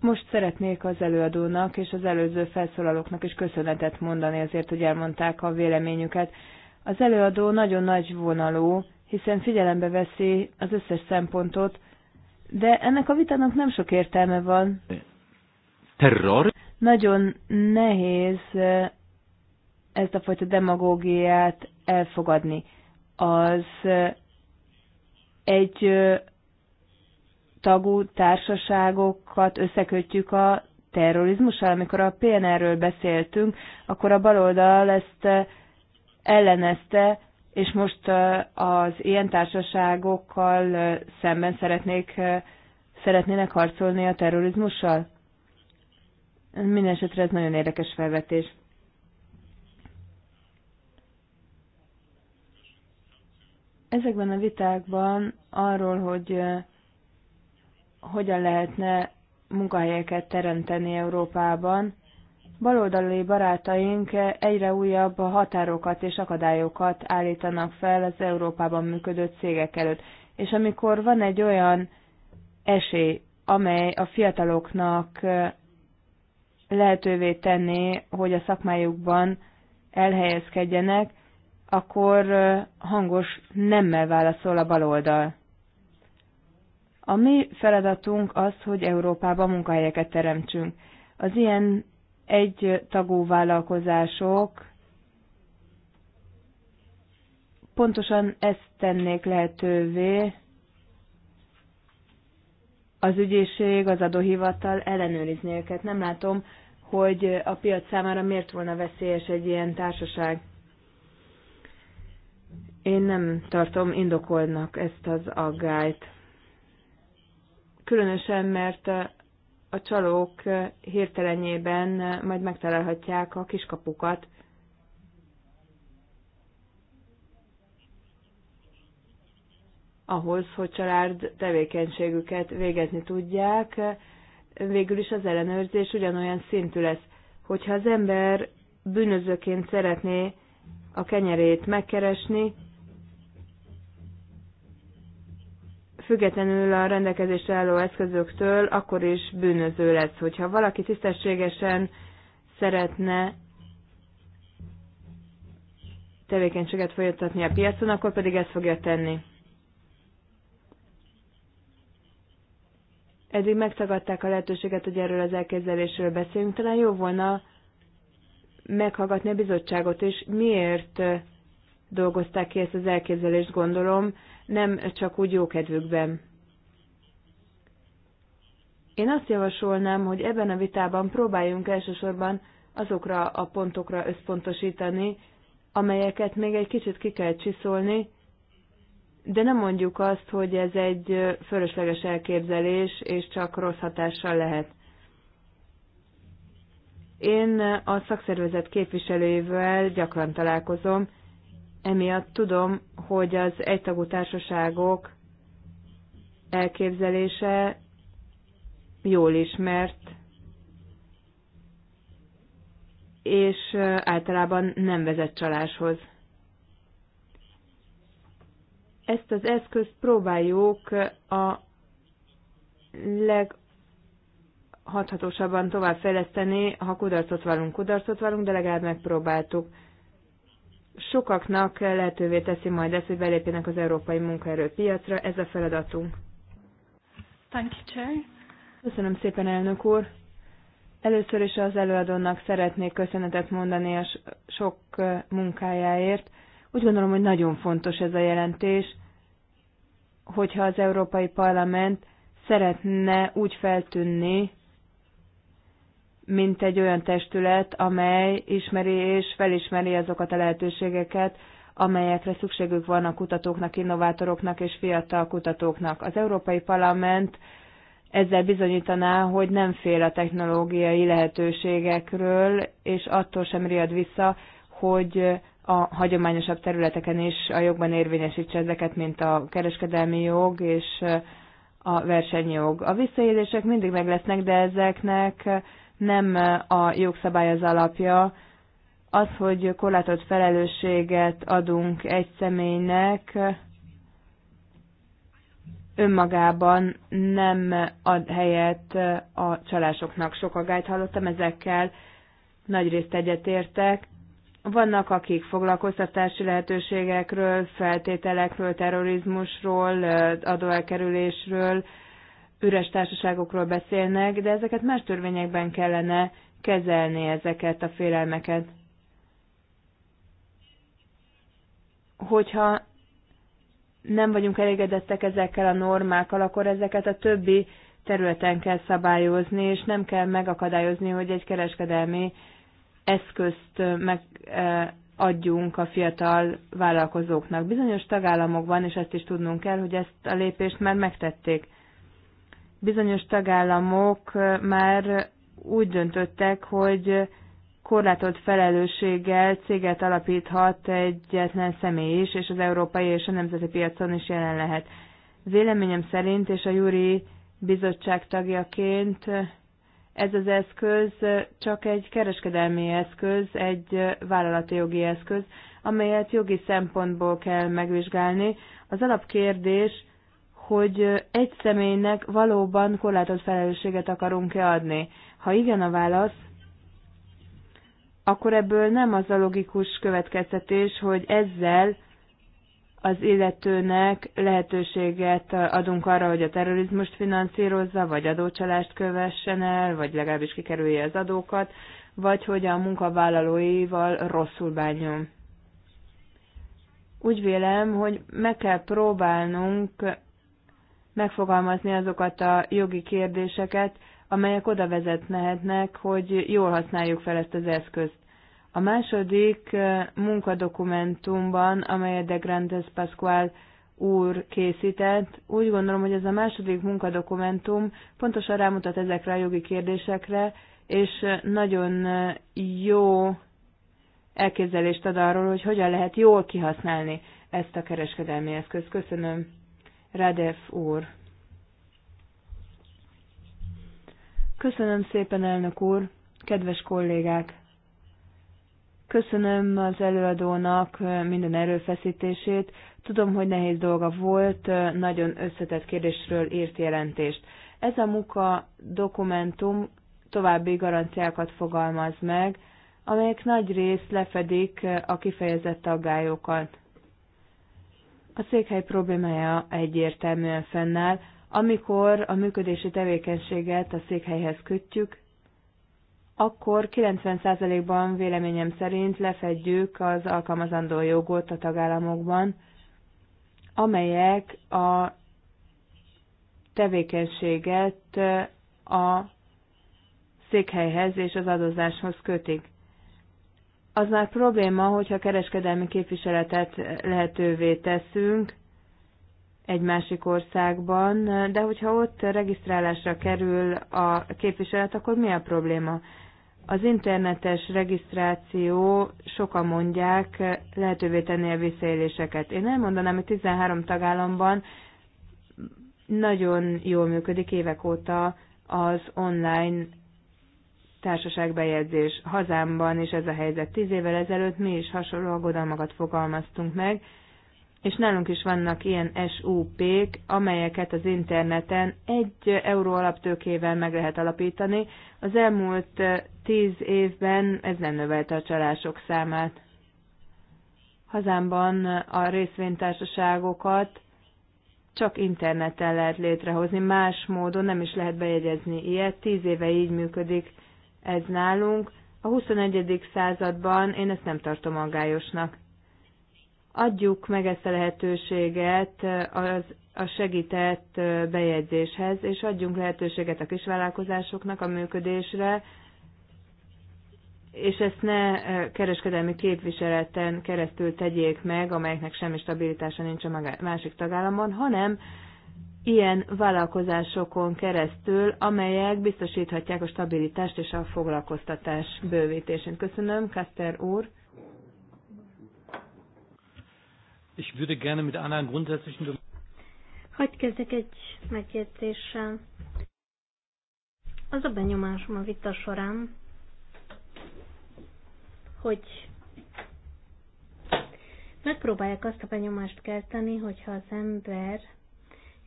Most szeretnék az előadónak és az előző felszólalóknak is köszönetet mondani azért, hogy elmondták a véleményüket. Az előadó nagyon nagy vonalú, hiszen figyelembe veszi az összes szempontot, de ennek a vitának nem sok értelme van. Terror? Nagyon nehéz eh, ezt a fajta demagógiát elfogadni. Az egy tagú társaságokat összekötjük a terrorizmussal. Amikor a PNR-ről beszéltünk, akkor a baloldal ezt ellenezte, és most az ilyen társaságokkal szemben szeretnék, szeretnének harcolni a terrorizmussal? Mindenesetre ez nagyon érdekes felvetés. Ezekben a vitákban arról, hogy hogyan lehetne munkahelyeket teremteni Európában, baloldali barátaink egyre újabb határokat és akadályokat állítanak fel az Európában működő cégek előtt. És amikor van egy olyan esély, amely a fiataloknak lehetővé tenni, hogy a szakmájukban elhelyezkedjenek, akkor hangos nemmel válaszol a baloldal. A mi feladatunk az, hogy Európában munkahelyeket teremtsünk. Az ilyen egy tagú vállalkozások pontosan ezt tennék lehetővé, az ügyészség, az adóhivatal ellenőrizni őket. Nem látom, hogy a piac számára miért volna veszélyes egy ilyen társaság. Én nem tartom indokolnak ezt az aggályt. Különösen, mert a csalók hirtelenjében majd megtalálhatják a kiskapukat. ahhoz, hogy család tevékenységüket végezni tudják, végül is az ellenőrzés ugyanolyan szintű lesz. Hogyha az ember bűnözőként szeretné a kenyerét megkeresni, függetlenül a rendelkezésre álló eszközöktől, akkor is bűnöző lesz. Hogyha valaki tisztességesen szeretne tevékenységet folytatni a piacon, akkor pedig ezt fogja tenni. Eddig megtagadták a lehetőséget, hogy erről az elképzelésről beszéljünk. Talán jó volna meghallgatni a bizottságot, és miért dolgozták ki ezt az elképzelést, gondolom, nem csak úgy jókedvükben. Én azt javasolnám, hogy ebben a vitában próbáljunk elsősorban azokra a pontokra összpontosítani, amelyeket még egy kicsit ki kell csiszolni, de nem mondjuk azt, hogy ez egy fölösleges elképzelés, és csak rossz hatással lehet. Én a szakszervezet képviselőivel gyakran találkozom, Emiatt tudom, hogy az egytagú társaságok elképzelése jól ismert, és általában nem vezet csaláshoz. Ezt az eszközt próbáljuk a leghathatósabban továbbfejleszteni, ha kudarcot vallunk, kudarcot vallunk, de legalább megpróbáltuk sokaknak lehetővé teszi majd ezt, hogy belépjenek az európai munkaerőpiacra. Ez a feladatunk. Thank you, Chair. Köszönöm szépen, elnök úr. Először is az előadónak szeretnék köszönetet mondani a sok munkájáért. Úgy gondolom, hogy nagyon fontos ez a jelentés, hogyha az Európai Parlament szeretne úgy feltűnni, mint egy olyan testület, amely ismeri és felismeri azokat a lehetőségeket, amelyekre szükségük van a kutatóknak, innovátoroknak és fiatal kutatóknak. Az Európai Parlament ezzel bizonyítaná, hogy nem fél a technológiai lehetőségekről, és attól sem riad vissza, hogy a hagyományosabb területeken is a jogban érvényesítse ezeket, mint a kereskedelmi jog és a versenyjog. A visszaélések mindig meg lesznek, de ezeknek nem a jogszabály az alapja. Az, hogy korlátott felelősséget adunk egy személynek, önmagában nem ad helyet a csalásoknak. Sok agályt hallottam ezekkel, nagyrészt egyetértek. Vannak, akik foglalkoztatási lehetőségekről, feltételekről, terrorizmusról, adóelkerülésről, üres társaságokról beszélnek, de ezeket más törvényekben kellene kezelni ezeket a félelmeket. Hogyha nem vagyunk elégedettek ezekkel a normákkal, akkor ezeket a többi területen kell szabályozni, és nem kell megakadályozni, hogy egy kereskedelmi eszközt megadjunk e, a fiatal vállalkozóknak. Bizonyos tagállamokban, és ezt is tudnunk kell, hogy ezt a lépést már megtették. Bizonyos tagállamok már úgy döntöttek, hogy korlátott felelősséggel céget alapíthat egyetlen személy is, és az európai és a nemzeti piacon is jelen lehet. Véleményem szerint és a Júri bizottság tagjaként ez az eszköz csak egy kereskedelmi eszköz, egy vállalati jogi eszköz, amelyet jogi szempontból kell megvizsgálni. Az alapkérdés hogy egy személynek valóban korlátott felelősséget akarunk-e adni. Ha igen a válasz, akkor ebből nem az a logikus következtetés, hogy ezzel az illetőnek lehetőséget adunk arra, hogy a terrorizmust finanszírozza, vagy adócsalást kövessen el, vagy legalábbis kikerülje az adókat, vagy hogy a munkavállalóival rosszul bánjon. Úgy vélem, hogy meg kell próbálnunk megfogalmazni azokat a jogi kérdéseket, amelyek oda vezetnehetnek, hogy jól használjuk fel ezt az eszközt. A második eh, munkadokumentumban, amelyet de Grandes Pascual úr készített, úgy gondolom, hogy ez a második munkadokumentum pontosan rámutat ezekre a jogi kérdésekre, és eh, nagyon eh, jó elképzelést ad arról, hogy hogyan lehet jól kihasználni ezt a kereskedelmi eszközt. Köszönöm. Radev úr. Köszönöm szépen, elnök úr, kedves kollégák! Köszönöm az előadónak minden erőfeszítését. Tudom, hogy nehéz dolga volt, nagyon összetett kérdésről írt jelentést. Ez a muka dokumentum további garanciákat fogalmaz meg, amelyek nagy rész lefedik a kifejezett aggályokat. A székhely problémája egyértelműen fennáll, amikor a működési tevékenységet a székhelyhez kötjük, akkor 90%-ban véleményem szerint lefedjük az alkalmazandó jogot a tagállamokban, amelyek a tevékenységet a székhelyhez és az adózáshoz kötik az már probléma, hogyha kereskedelmi képviseletet lehetővé teszünk egy másik országban, de hogyha ott regisztrálásra kerül a képviselet, akkor mi a probléma? Az internetes regisztráció, sokan mondják, lehetővé tenni a visszaéléseket. Én elmondanám, hogy 13 tagállamban nagyon jól működik évek óta az online társaság bejegyzés. Hazámban és ez a helyzet. Tíz évvel ezelőtt mi is hasonló aggodalmakat fogalmaztunk meg, és nálunk is vannak ilyen SUP-k, amelyeket az interneten egy euró alaptőkével meg lehet alapítani. Az elmúlt eh, tíz évben ez nem növelte a csalások számát. Hazámban eh, a részvénytársaságokat csak interneten lehet létrehozni, más módon nem is lehet bejegyezni ilyet. Tíz éve így működik ez nálunk. A 21. században én ezt nem tartom aggályosnak. Adjuk meg ezt a lehetőséget az, a segített bejegyzéshez, és adjunk lehetőséget a kisvállalkozásoknak a működésre, és ezt ne e, kereskedelmi képviseleten keresztül tegyék meg, amelyeknek semmi stabilitása nincs a másik tagállamban, hanem ilyen vállalkozásokon keresztül, amelyek biztosíthatják a stabilitást és a foglalkoztatás bővítését. Köszönöm, Kaster úr. Ich würde gerne mit einer grundsätzlichen Hogy kezdek egy megjegyzéssel. Az a benyomásom a vita során, hogy megpróbálják azt a benyomást kelteni, hogyha az ember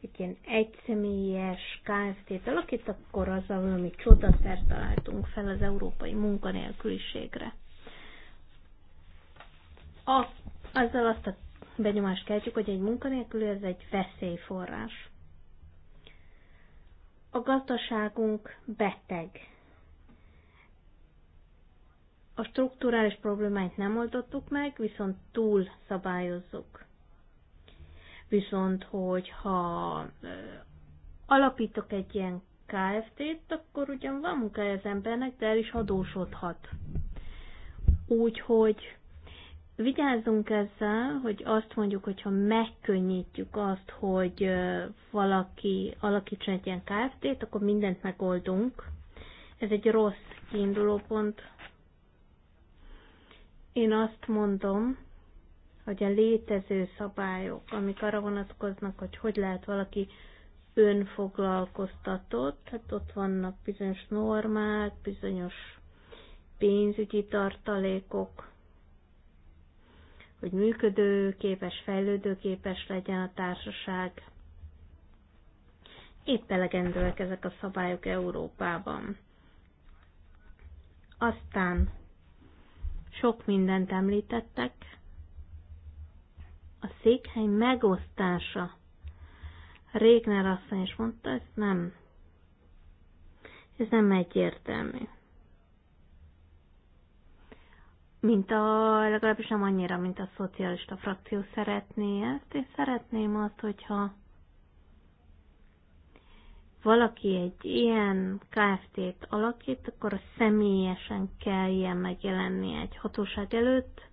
egy ilyen egyszemélyes kft alakít, akkor az valami csodaszert találtunk fel az európai munkanélküliségre. A, azzal azt a benyomást keltjük, hogy egy munkanélküli ez egy veszélyforrás. A gazdaságunk beteg. A strukturális problémáit nem oldottuk meg, viszont túl szabályozzuk Viszont, hogyha alapítok egy ilyen KFT-t, akkor ugyan van munkája az embernek, de el is adósodhat. Úgyhogy vigyázzunk ezzel, hogy azt mondjuk, hogyha megkönnyítjük azt, hogy valaki alakítson egy ilyen KFT-t, akkor mindent megoldunk. Ez egy rossz kiindulópont. Én azt mondom, hogy a létező szabályok, amik arra vonatkoznak, hogy hogy lehet valaki önfoglalkoztatott, hát ott vannak bizonyos normák, bizonyos pénzügyi tartalékok, hogy működőképes, fejlődőképes legyen a társaság. Épp elegendőek ezek a szabályok Európában. Aztán sok mindent említettek, a székhely megosztása. Régner asszony is mondta, ez nem, ez nem egyértelmű. Mint a, legalábbis nem annyira, mint a szocialista frakció szeretné ezt. Én szeretném azt, hogyha valaki egy ilyen KFT-t alakít, akkor a személyesen kelljen megjelenni egy hatóság előtt,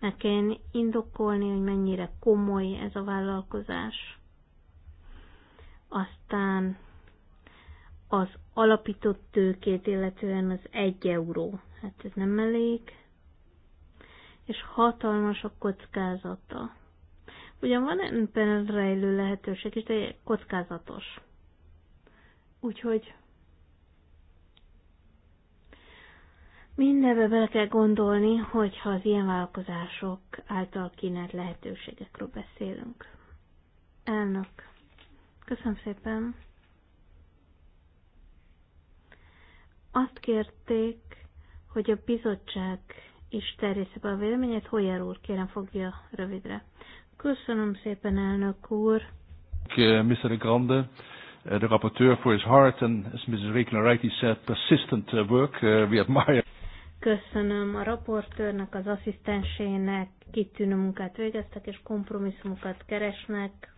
meg kell indokolni, hogy mennyire komoly ez a vállalkozás. Aztán az alapított tőkét, illetően az egy euró. Hát ez nem elég. És hatalmas a kockázata. Ugyan van ebben rejlő lehetőség is, de kockázatos. Úgyhogy Mindenbe bele kell gondolni, hogyha az ilyen vállalkozások által kínált lehetőségekről beszélünk. Elnök, köszönöm szépen. Azt kérték, hogy a bizottság is terjessze be a véleményét. Hoyer úr, kérem fogja rövidre. Köszönöm szépen, elnök úr. Eh, Mr. Grande, the eh, rapporteur for his heart and, as Mrs. Rekner rightly said, persistent eh, work. We admire Köszönöm a raportőrnek, az asszisztensének, kitűnő munkát végeztek, és kompromisszumokat keresnek,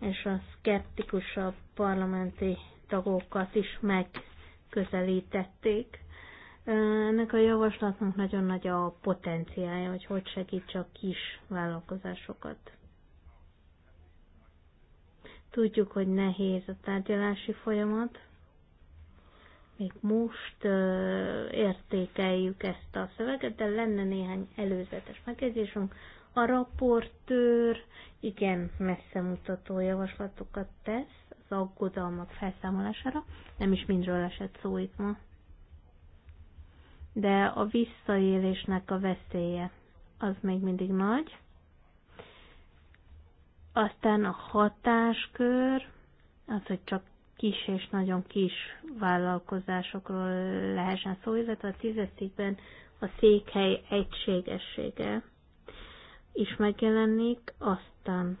és a szkeptikusabb parlamenti tagokat is megközelítették. Ennek a javaslatnak nagyon nagy a potenciája, hogy hogy segítse a kis vállalkozásokat. Tudjuk, hogy nehéz a tárgyalási folyamat, még most értékeljük ezt a szöveget, de lenne néhány előzetes megjegyzésünk. A raportőr igen messze mutató javaslatokat tesz az aggodalmak felszámolására, nem is mindről esett szó itt ma. De a visszaélésnek a veszélye az még mindig nagy. Aztán a hatáskör, az, hogy csak kis és nagyon kis vállalkozásokról lehessen szó, illetve a tizedikben a székhely egységessége is megjelenik, aztán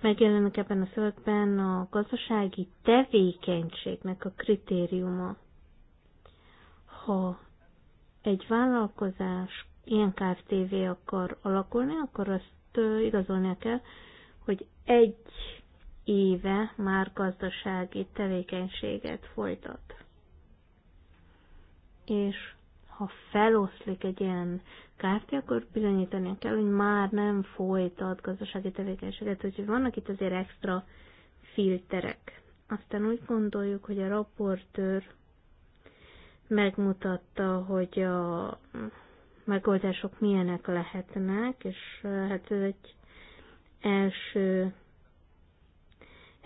megjelenik ebben a szövegben a gazdasági tevékenységnek a kritériuma. Ha egy vállalkozás ilyen KFTV akar alakulni, akkor azt igazolnia kell, hogy egy éve már gazdasági tevékenységet folytat. És ha feloszlik egy ilyen kártya, akkor bizonyítani kell, hogy már nem folytat gazdasági tevékenységet, úgyhogy vannak itt azért extra filterek. Aztán úgy gondoljuk, hogy a raportőr megmutatta, hogy a megoldások milyenek lehetnek, és eh, hát ez egy első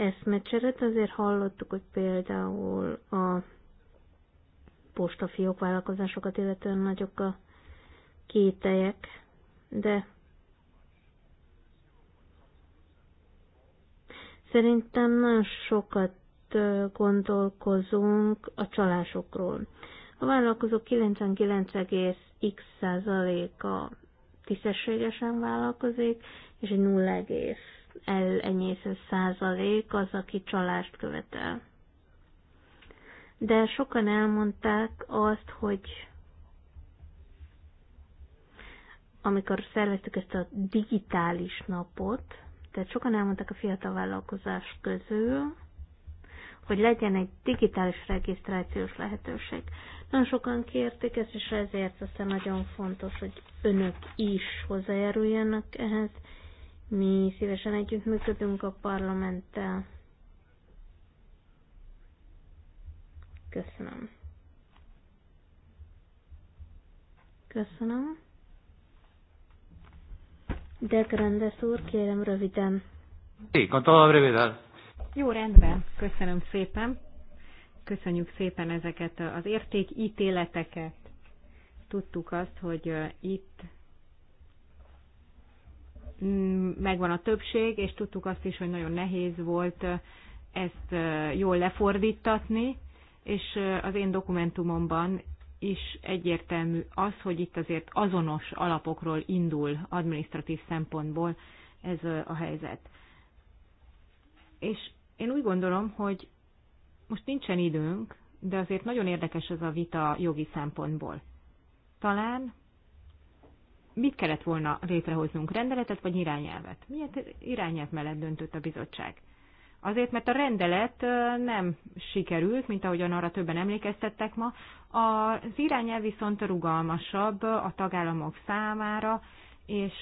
eszmecseret. Azért hallottuk, hogy például a postafiók vállalkozásokat illetően nagyok a kételyek, de szerintem nagyon sokat gondolkozunk a csalásokról. A vállalkozók 99x százaléka tisztességesen vállalkozik, és egy 0, elenyésző százalék az, aki csalást követel. De sokan elmondták azt, hogy amikor szerveztük ezt a digitális napot, tehát sokan elmondták a fiatal vállalkozás közül, hogy legyen egy digitális regisztrációs lehetőség. Nagyon sokan kérték ezt, és ezért aztán nagyon fontos, hogy önök is hozzájáruljanak ehhez, mi szívesen együttműködünk a parlamenttel. Köszönöm. Köszönöm. De Grandes úr, kérem röviden. Sí, con toda brevedad. Jó, rendben. Köszönöm szépen. Köszönjük szépen ezeket az értékítéleteket. Tudtuk azt, hogy itt megvan a többség, és tudtuk azt is, hogy nagyon nehéz volt ezt jól lefordítatni, és az én dokumentumomban is egyértelmű az, hogy itt azért azonos alapokról indul administratív szempontból ez a helyzet. És én úgy gondolom, hogy most nincsen időnk, de azért nagyon érdekes ez a vita jogi szempontból. Talán mit kellett volna létrehoznunk, rendeletet vagy irányelvet? Miért irányelv mellett döntött a bizottság? Azért, mert a rendelet nem sikerült, mint ahogyan arra többen emlékeztettek ma. Az irányelv viszont rugalmasabb a tagállamok számára, és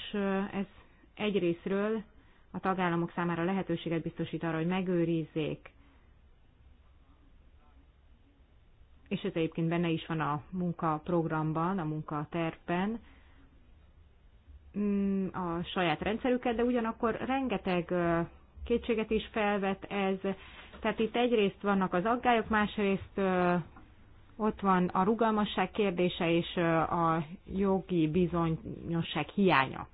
ez egyrésztről a tagállamok számára lehetőséget biztosít arra, hogy megőrizzék. És ez egyébként benne is van a munkaprogramban, a munkatervben, Mm, a saját rendszerüket, de ugyanakkor rengeteg kétséget is felvet ez. Tehát itt egyrészt vannak az aggályok, másrészt ott van a rugalmasság kérdése és a jogi bizonyosság hiánya.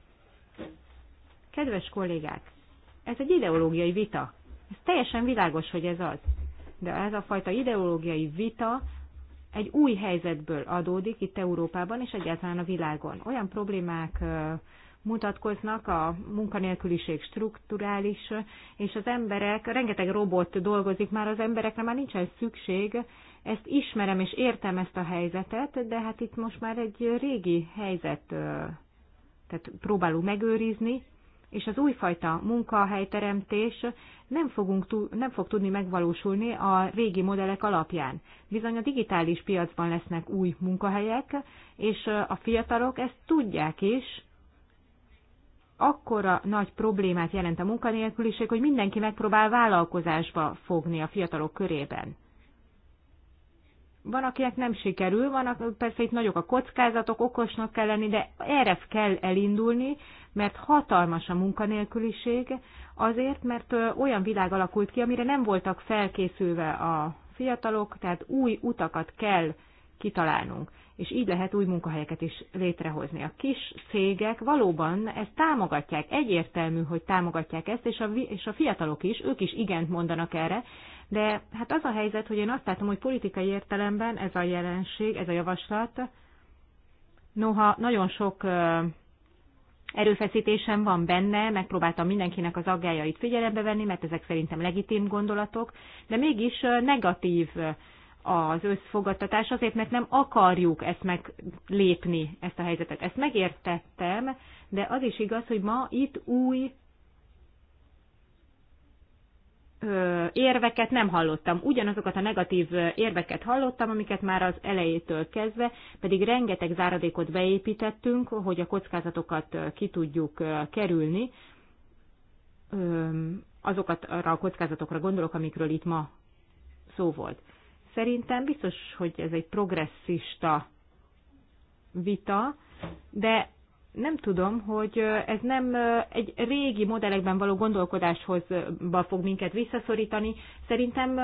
Kedves kollégák, ez egy ideológiai vita. Ez teljesen világos, hogy ez az. De ez a fajta ideológiai vita egy új helyzetből adódik itt Európában és egyáltalán a világon. Olyan problémák mutatkoznak a munkanélküliség strukturális, és az emberek, rengeteg robot dolgozik már, az emberekre már nincsen szükség, ezt ismerem és értem ezt a helyzetet, de hát itt most már egy régi helyzet, tehát próbálunk megőrizni, és az újfajta munkahelyteremtés nem, fogunk, nem fog tudni megvalósulni a régi modellek alapján. Bizony a digitális piacban lesznek új munkahelyek, és a fiatalok ezt tudják is, akkora nagy problémát jelent a munkanélküliség, hogy mindenki megpróbál vállalkozásba fogni a fiatalok körében. Van, akinek nem sikerül, van, persze itt nagyok a kockázatok, okosnak kell lenni, de erre kell elindulni, mert hatalmas a munkanélküliség, azért, mert olyan világ alakult ki, amire nem voltak felkészülve a fiatalok, tehát új utakat kell kitalálnunk, és így lehet új munkahelyeket is létrehozni. A kis cégek valóban ezt támogatják, egyértelmű, hogy támogatják ezt, és a, és a fiatalok is, ők is igent mondanak erre, de hát az a helyzet, hogy én azt látom, hogy politikai értelemben ez a jelenség, ez a javaslat, noha nagyon sok erőfeszítésem van benne, megpróbáltam mindenkinek az aggájait figyelembe venni, mert ezek szerintem legitim gondolatok, de mégis negatív az összfogadtatás, azért, mert nem akarjuk ezt meglépni, ezt a helyzetet. Ezt megértettem, de az is igaz, hogy ma itt új érveket nem hallottam. Ugyanazokat a negatív érveket hallottam, amiket már az elejétől kezdve, pedig rengeteg záradékot beépítettünk, hogy a kockázatokat ki tudjuk kerülni. Azokat arra a kockázatokra gondolok, amikről itt ma szó volt. Szerintem biztos, hogy ez egy progresszista vita, de nem tudom, hogy ez nem egy régi modellekben való gondolkodáshoz fog minket visszaszorítani. Szerintem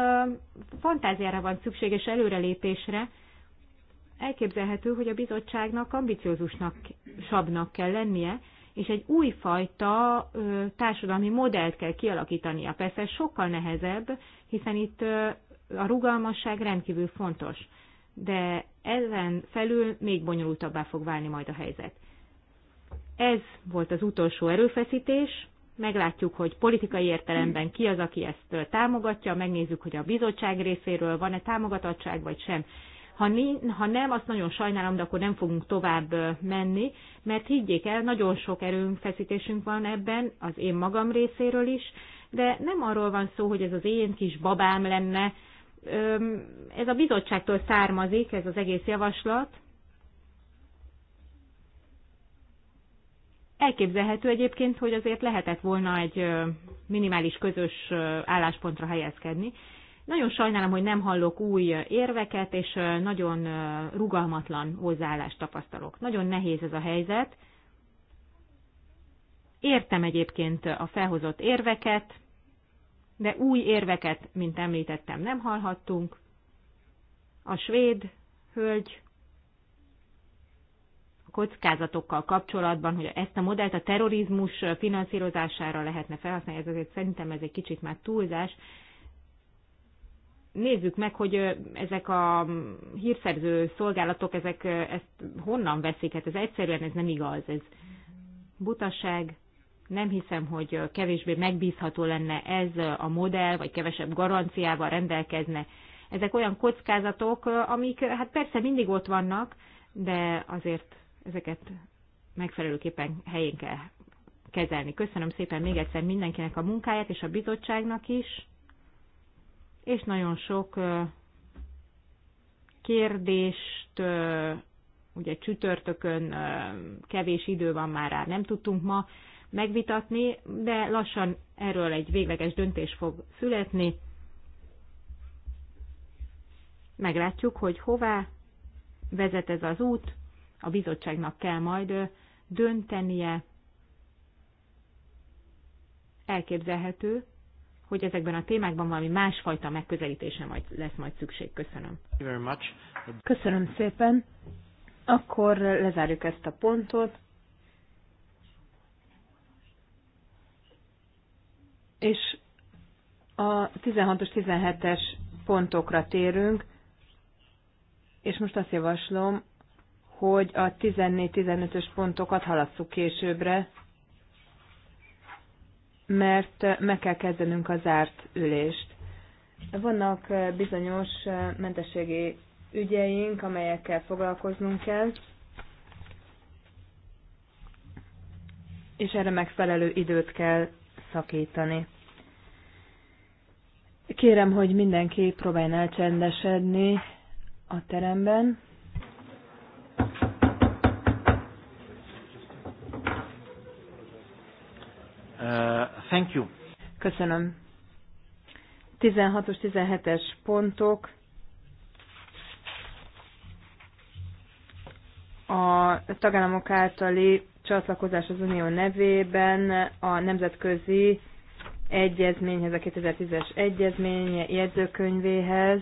fantáziára van szükség és előrelépésre. Elképzelhető, hogy a bizottságnak ambiciózusnak sabnak kell lennie, és egy újfajta társadalmi modellt kell kialakítania. Persze sokkal nehezebb, hiszen itt a rugalmasság rendkívül fontos. De ezen felül még bonyolultabbá fog válni majd a helyzet. Ez volt az utolsó erőfeszítés, meglátjuk, hogy politikai értelemben ki az, aki ezt támogatja, megnézzük, hogy a bizottság részéről van-e támogatottság vagy sem. Ha, ni, ha nem, azt nagyon sajnálom, de akkor nem fogunk tovább menni, mert higgyék el, nagyon sok erőfeszítésünk van ebben, az én magam részéről is, de nem arról van szó, hogy ez az én kis babám lenne, ez a bizottságtól származik, ez az egész javaslat, Elképzelhető egyébként, hogy azért lehetett volna egy minimális közös álláspontra helyezkedni. Nagyon sajnálom, hogy nem hallok új érveket, és nagyon rugalmatlan hozzáállást tapasztalok. Nagyon nehéz ez a helyzet. Értem egyébként a felhozott érveket, de új érveket, mint említettem, nem hallhattunk. A svéd hölgy kockázatokkal kapcsolatban, hogy ezt a modellt a terrorizmus finanszírozására lehetne felhasználni, ez azért szerintem ez egy kicsit már túlzás. Nézzük meg, hogy ezek a hírszerző szolgálatok, ezek ezt honnan veszik, hát ez egyszerűen ez nem igaz, ez butaság. Nem hiszem, hogy kevésbé megbízható lenne ez a modell, vagy kevesebb garanciával rendelkezne. Ezek olyan kockázatok, amik hát persze mindig ott vannak, de azért ezeket megfelelőképpen helyén kell kezelni. Köszönöm szépen még egyszer mindenkinek a munkáját, és a bizottságnak is, és nagyon sok kérdést, ugye csütörtökön kevés idő van már rá, nem tudtunk ma megvitatni, de lassan erről egy végleges döntés fog születni. Meglátjuk, hogy hová vezet ez az út, a bizottságnak kell majd döntenie. Elképzelhető, hogy ezekben a témákban valami másfajta megközelítése majd, lesz majd szükség. Köszönöm. Köszönöm szépen. Akkor lezárjuk ezt a pontot. És a 16-os, 17-es pontokra térünk, és most azt javaslom, hogy a 14-15-ös pontokat halasszuk későbbre, mert meg kell kezdenünk a zárt ülést. Vannak eh, bizonyos eh, mentességi ügyeink, amelyekkel foglalkoznunk kell, és erre megfelelő időt kell szakítani. Kérem, hogy mindenki próbáljon elcsendesedni a teremben. Thank you. Köszönöm. 16-os, 17-es pontok. A tagállamok általi csatlakozás az Unió nevében a nemzetközi egyezményhez, a 2010-es egyezmény jegyzőkönyvéhez.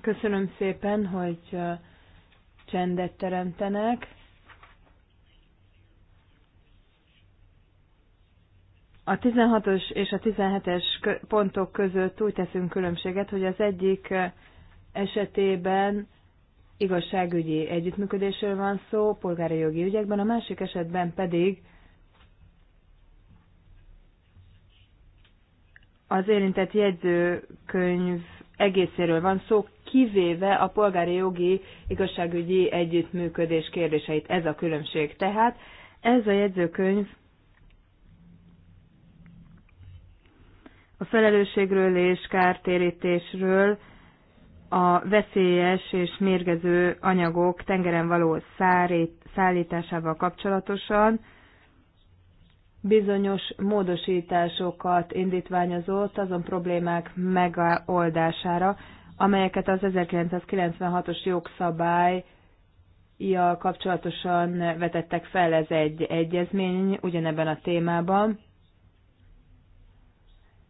Köszönöm szépen, hogy csendet teremtenek. A 16-os és a 17-es pontok között úgy teszünk különbséget, hogy az egyik esetében igazságügyi együttműködésről van szó, polgári jogi ügyekben, a másik esetben pedig az érintett jegyzőkönyv egészéről van szó, kivéve a polgári jogi igazságügyi együttműködés kérdéseit. Ez a különbség. Tehát ez a jegyzőkönyv a felelősségről és kártérítésről a veszélyes és mérgező anyagok tengeren való szárít, szállításával kapcsolatosan bizonyos módosításokat indítványozott azon problémák megoldására, amelyeket az 1996-os jogszabály ja, kapcsolatosan vetettek fel, ez egy egyezmény ugyanebben a témában,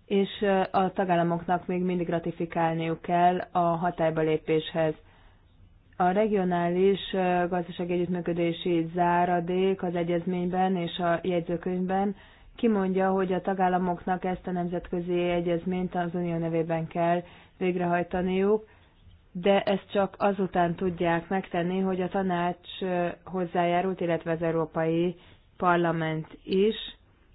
és a tagállamoknak még mindig ratifikálniuk kell a hatályba lépéshez. A regionális gazdasági együttműködési záradék az egyezményben és a jegyzőkönyvben kimondja, hogy a tagállamoknak ezt a nemzetközi egyezményt az unió nevében kell végrehajtaniuk, de ezt csak azután tudják megtenni, hogy a tanács hozzájárult, illetve az Európai Parlament is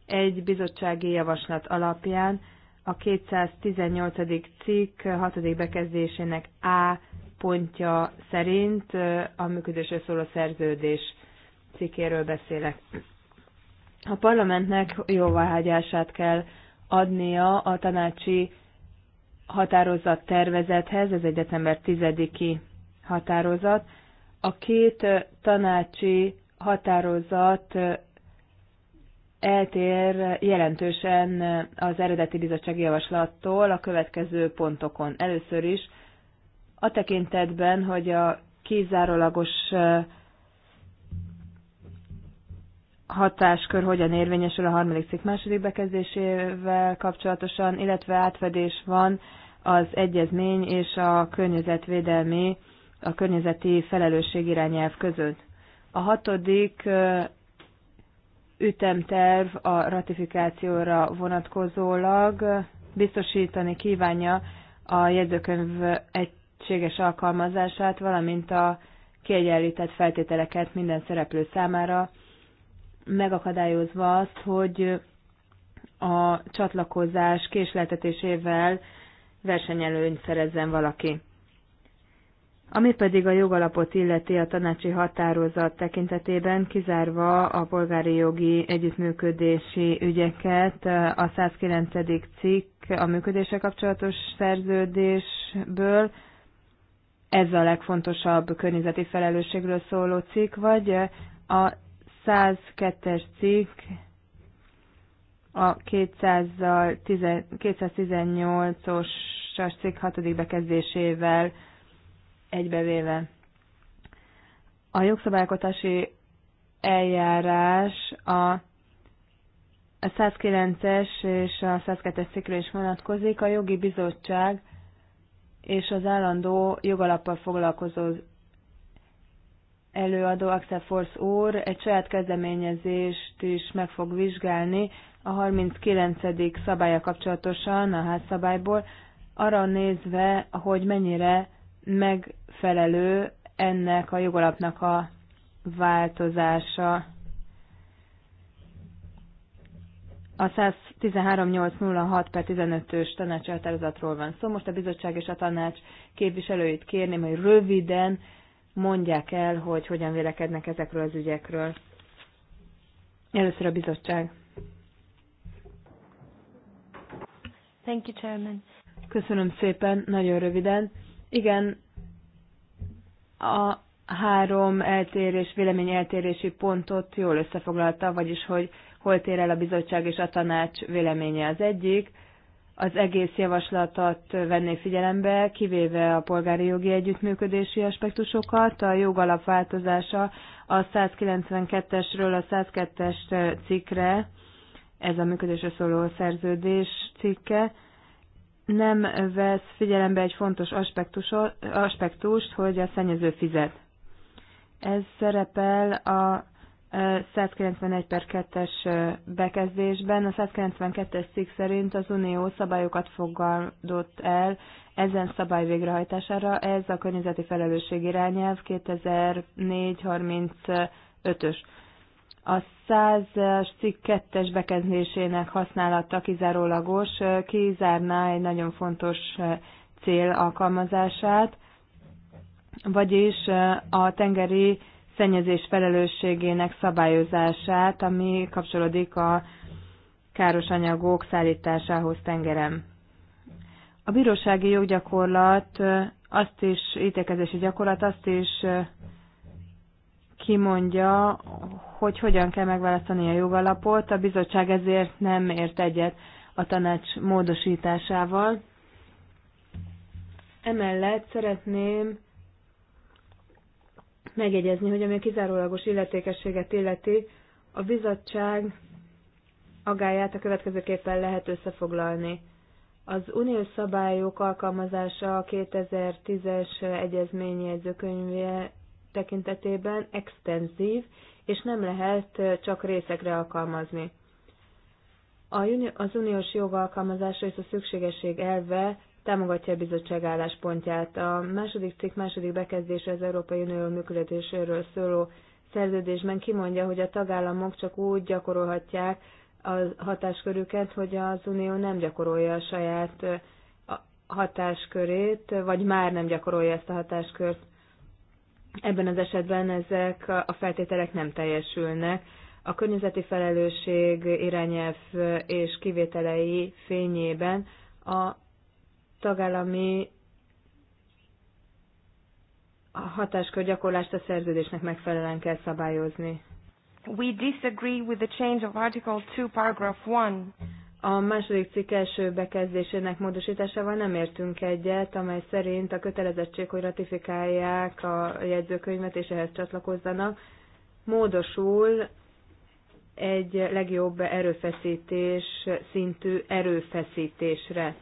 egy bizottsági javaslat alapján a 218. cikk 6. bekezdésének A pontja szerint a működésről szóló szerződés cikkéről beszélek. A parlamentnek jóváhagyását kell adnia a tanácsi határozat tervezethez, ez egy december 10-i határozat. A két tanácsi határozat eltér jelentősen az eredeti bizottsági javaslattól a következő pontokon. Először is a tekintetben, hogy a kizárólagos hatáskör hogyan érvényesül a harmadik cikk második bekezdésével kapcsolatosan, illetve átfedés van az egyezmény és a környezetvédelmi, a környezeti felelősség irányelv között. A hatodik ütemterv a ratifikációra vonatkozólag biztosítani kívánja a jegyzőkönyv egységes alkalmazását, valamint a kiegyenlített feltételeket minden szereplő számára, megakadályozva azt, hogy a csatlakozás késletetésével versenyelőnyt szerezzen valaki. Ami pedig a jogalapot illeti a tanácsi határozat tekintetében, kizárva a polgári jogi együttműködési ügyeket, a 109. cikk a működése kapcsolatos szerződésből, ez a legfontosabb környezeti felelősségről szóló cikk, vagy a 102-es cikk a 218-os cikk 6. bekezdésével egybevéve. A jogszabálykotási eljárás a a 109-es és a 102-es cikkre is vonatkozik. A jogi bizottság és az állandó jogalappal foglalkozó előadó Axel Force úr egy saját kezdeményezést is meg fog vizsgálni a 39. szabálya kapcsolatosan a házszabályból, arra nézve, hogy mennyire megfelelő ennek a jogalapnak a változása. A 113.806 per 15-ös tanácsi határozatról van szó. Szóval most a bizottság és a tanács képviselőit kérném, hogy röviden mondják el, hogy hogyan vélekednek ezekről az ügyekről. Először a bizottság. Thank you, Chairman. Köszönöm szépen, nagyon röviden. Igen, a három eltérés, vélemény eltérési pontot jól összefoglalta, vagyis hogy hol tér el a bizottság és a tanács véleménye az egyik, az egész javaslatot venné figyelembe, kivéve a polgári jogi együttműködési aspektusokat. A jogalap változása a 192-esről a 102-es cikkre, ez a működésre szóló szerződés cikke, nem vesz figyelembe egy fontos aspektust, hogy a szennyező fizet. Ez szerepel a 191 per 2-es bekezdésben. A 192-es cikk szerint az Unió szabályokat fogadott el ezen szabály végrehajtására. Ez a környezeti felelősség irányelv 2004-35-ös. A 100-as cikk 2-es bekezdésének használata kizárólagos kizárná egy nagyon fontos cél alkalmazását, vagyis a tengeri szennyezés felelősségének szabályozását, ami kapcsolódik a káros anyagok szállításához Tengerem. A bírósági joggyakorlat azt is, ítékezési gyakorlat azt is kimondja, hogy hogyan kell megválasztani a jogalapot. A bizottság ezért nem ért egyet a tanács módosításával. Emellett szeretném megjegyezni, hogy ami a kizárólagos illetékességet illeti, a bizottság agáját a következőképpen lehet összefoglalni. Az uniós szabályok alkalmazása a 2010-es egyezményjegyzőkönyvje tekintetében extenzív, és nem lehet csak részekre alkalmazni. Az uniós jog alkalmazása és a szükségesség elve támogatja a bizottság álláspontját. A második cikk második bekezdése az Európai Unió működéséről szóló szerződésben kimondja, hogy a tagállamok csak úgy gyakorolhatják a hatáskörüket, hogy az Unió nem gyakorolja a saját hatáskörét, vagy már nem gyakorolja ezt a hatáskört. Ebben az esetben ezek a feltételek nem teljesülnek. A környezeti felelősség irányelv és kivételei fényében a tagállami a hatáskör gyakorlást a szerződésnek megfelelően kell szabályozni. We disagree with the change of Article 2, Paragraph 1. A második cikk első bekezdésének módosításával nem értünk egyet, amely szerint a kötelezettség, hogy ratifikálják a jegyzőkönyvet és ehhez csatlakozzanak, módosul egy legjobb erőfeszítés szintű erőfeszítésre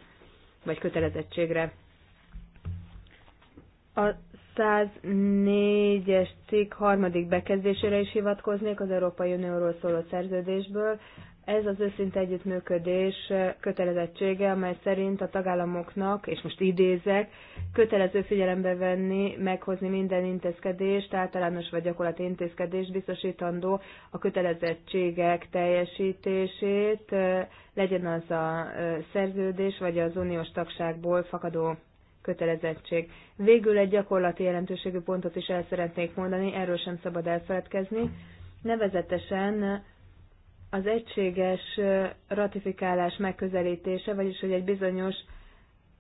vagy kötelezettségre. A 104-es cikk harmadik bekezdésére is hivatkoznék az Európai Unióról szóló szerződésből, ez az őszinte együttműködés kötelezettsége, amely szerint a tagállamoknak, és most idézek, kötelező figyelembe venni, meghozni minden intézkedést, általános vagy gyakorlati intézkedést biztosítandó a kötelezettségek teljesítését, legyen az a szerződés vagy az uniós tagságból fakadó kötelezettség. Végül egy gyakorlati jelentőségű pontot is el szeretnék mondani, erről sem szabad elfeledkezni, nevezetesen az egységes ratifikálás megközelítése, vagyis hogy egy bizonyos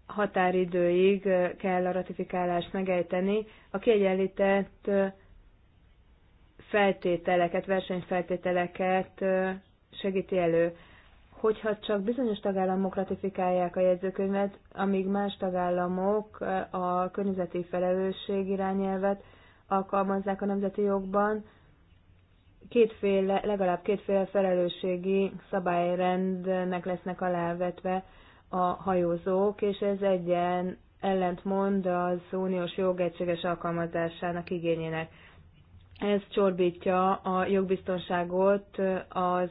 határidőig kell a ratifikálást megejteni, a kiegyenlített feltételeket, versenyfeltételeket segíti elő. Hogyha csak bizonyos tagállamok ratifikálják a jegyzőkönyvet, amíg más tagállamok a környezeti felelősség irányelvet alkalmazzák a nemzeti jogban, kétféle, legalább kétféle felelősségi szabályrendnek lesznek alávetve a hajózók, és ez egyen ellentmond az uniós jogegységes alkalmazásának igényének. Ez csorbítja a jogbiztonságot az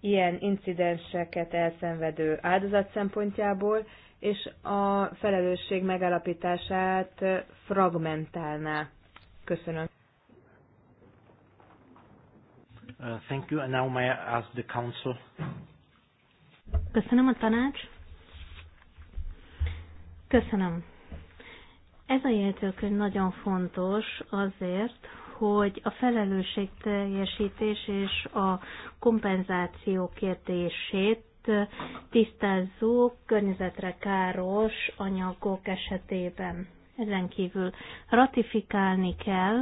ilyen incidenseket elszenvedő áldozat szempontjából, és a felelősség megállapítását fragmentálná. Köszönöm. Uh, thank you. now may I ask the council? Köszönöm a tanács. Köszönöm. Ez a jegyzőkönyv nagyon fontos azért, hogy a felelősségteljesítés és a kompenzáció kérdését tisztázzuk környezetre káros anyagok esetében. Ezen kívül ratifikálni kell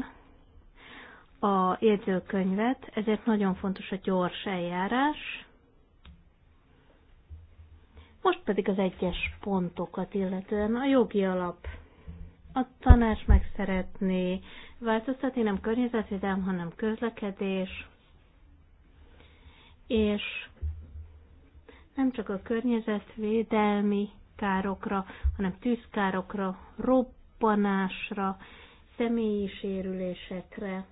a jegyzőkönyvet, ezért nagyon fontos a gyors eljárás. Most pedig az egyes pontokat, illetően a jogi alap. A tanács meg szeretné változtatni nem környezetvédelem, hanem közlekedés, és nem csak a környezetvédelmi károkra, hanem tűzkárokra, robbanásra, személyi sérülésekre,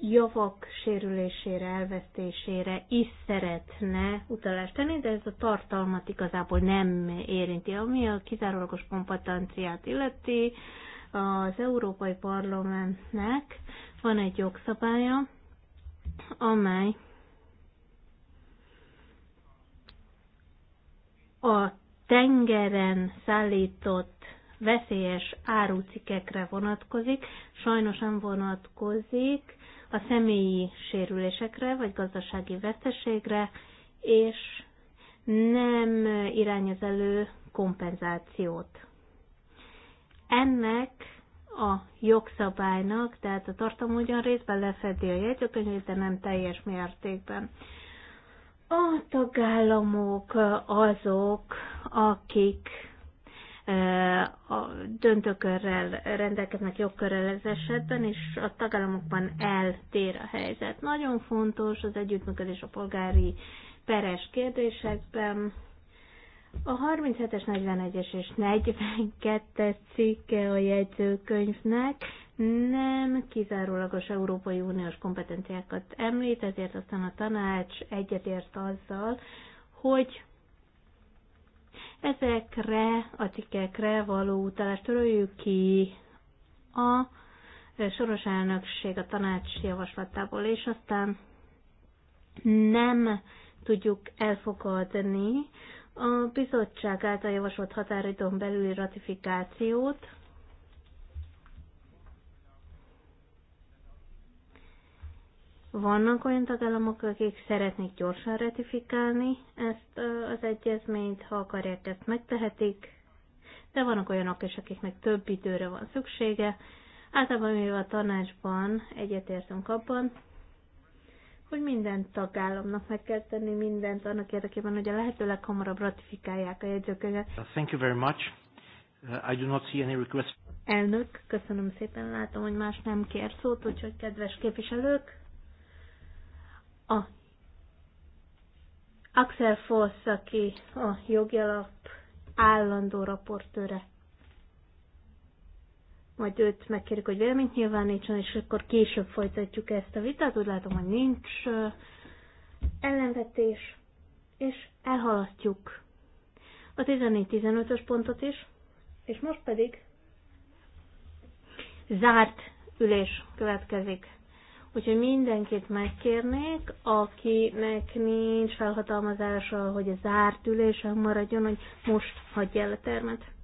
javak sérülésére, elvesztésére is szeretne utalást tenni, de ez a tartalmat igazából nem érinti. Ami a kizárólagos kompatanciát illeti, az Európai Parlamentnek van egy jogszabálya, amely a tengeren szállított veszélyes árucikekre vonatkozik, sajnos nem vonatkozik a személyi sérülésekre vagy gazdasági veszteségre, és nem irányoz elő kompenzációt. Ennek a jogszabálynak, tehát a tartom ugyan részben lefedi a jegyzőkönyvét, de nem teljes mértékben. A tagállamok azok, akik a döntőkörrel rendelkeznek jogkörrel ez esetben, és a tagállamokban eltér a helyzet. Nagyon fontos az együttműködés a polgári peres kérdésekben. A 37-es, 41-es és 42-es cikke a jegyzőkönyvnek nem kizárólagos Európai Uniós kompetenciákat említ, ezért aztán a tanács egyetért azzal, hogy Ezekre a cikkekre való utalást töröljük ki a soros elnökség a tanács javaslatából, és aztán nem tudjuk elfogadni a bizottság által javasolt határidon belüli ratifikációt, Vannak olyan tagállamok, akik szeretnék gyorsan ratifikálni ezt az egyezményt, ha akarják, ezt megtehetik, de vannak olyanok is, akiknek több időre van szüksége. Általában mi a tanácsban egyetértünk abban, hogy minden tagállamnak meg kell tenni mindent annak érdekében, hogy a lehető leghamarabb ratifikálják a jegyzőkönyvet. Thank you very much. Uh, I do not see any request. Elnök, köszönöm szépen, látom, hogy más nem kér szót, úgyhogy kedves képviselők, a Axel Foss, aki a jogalap állandó raportőre. Majd őt megkérjük, hogy véleményt nyilvánítson, és akkor később folytatjuk ezt a vitát. Úgy látom, hogy nincs ellenvetés, és elhalasztjuk a 14-15-ös pontot is, és most pedig zárt ülés következik. Úgyhogy mindenkit megkérnék, akinek nincs felhatalmazása, hogy a zárt ülésen maradjon, hogy most hagyja el a termet.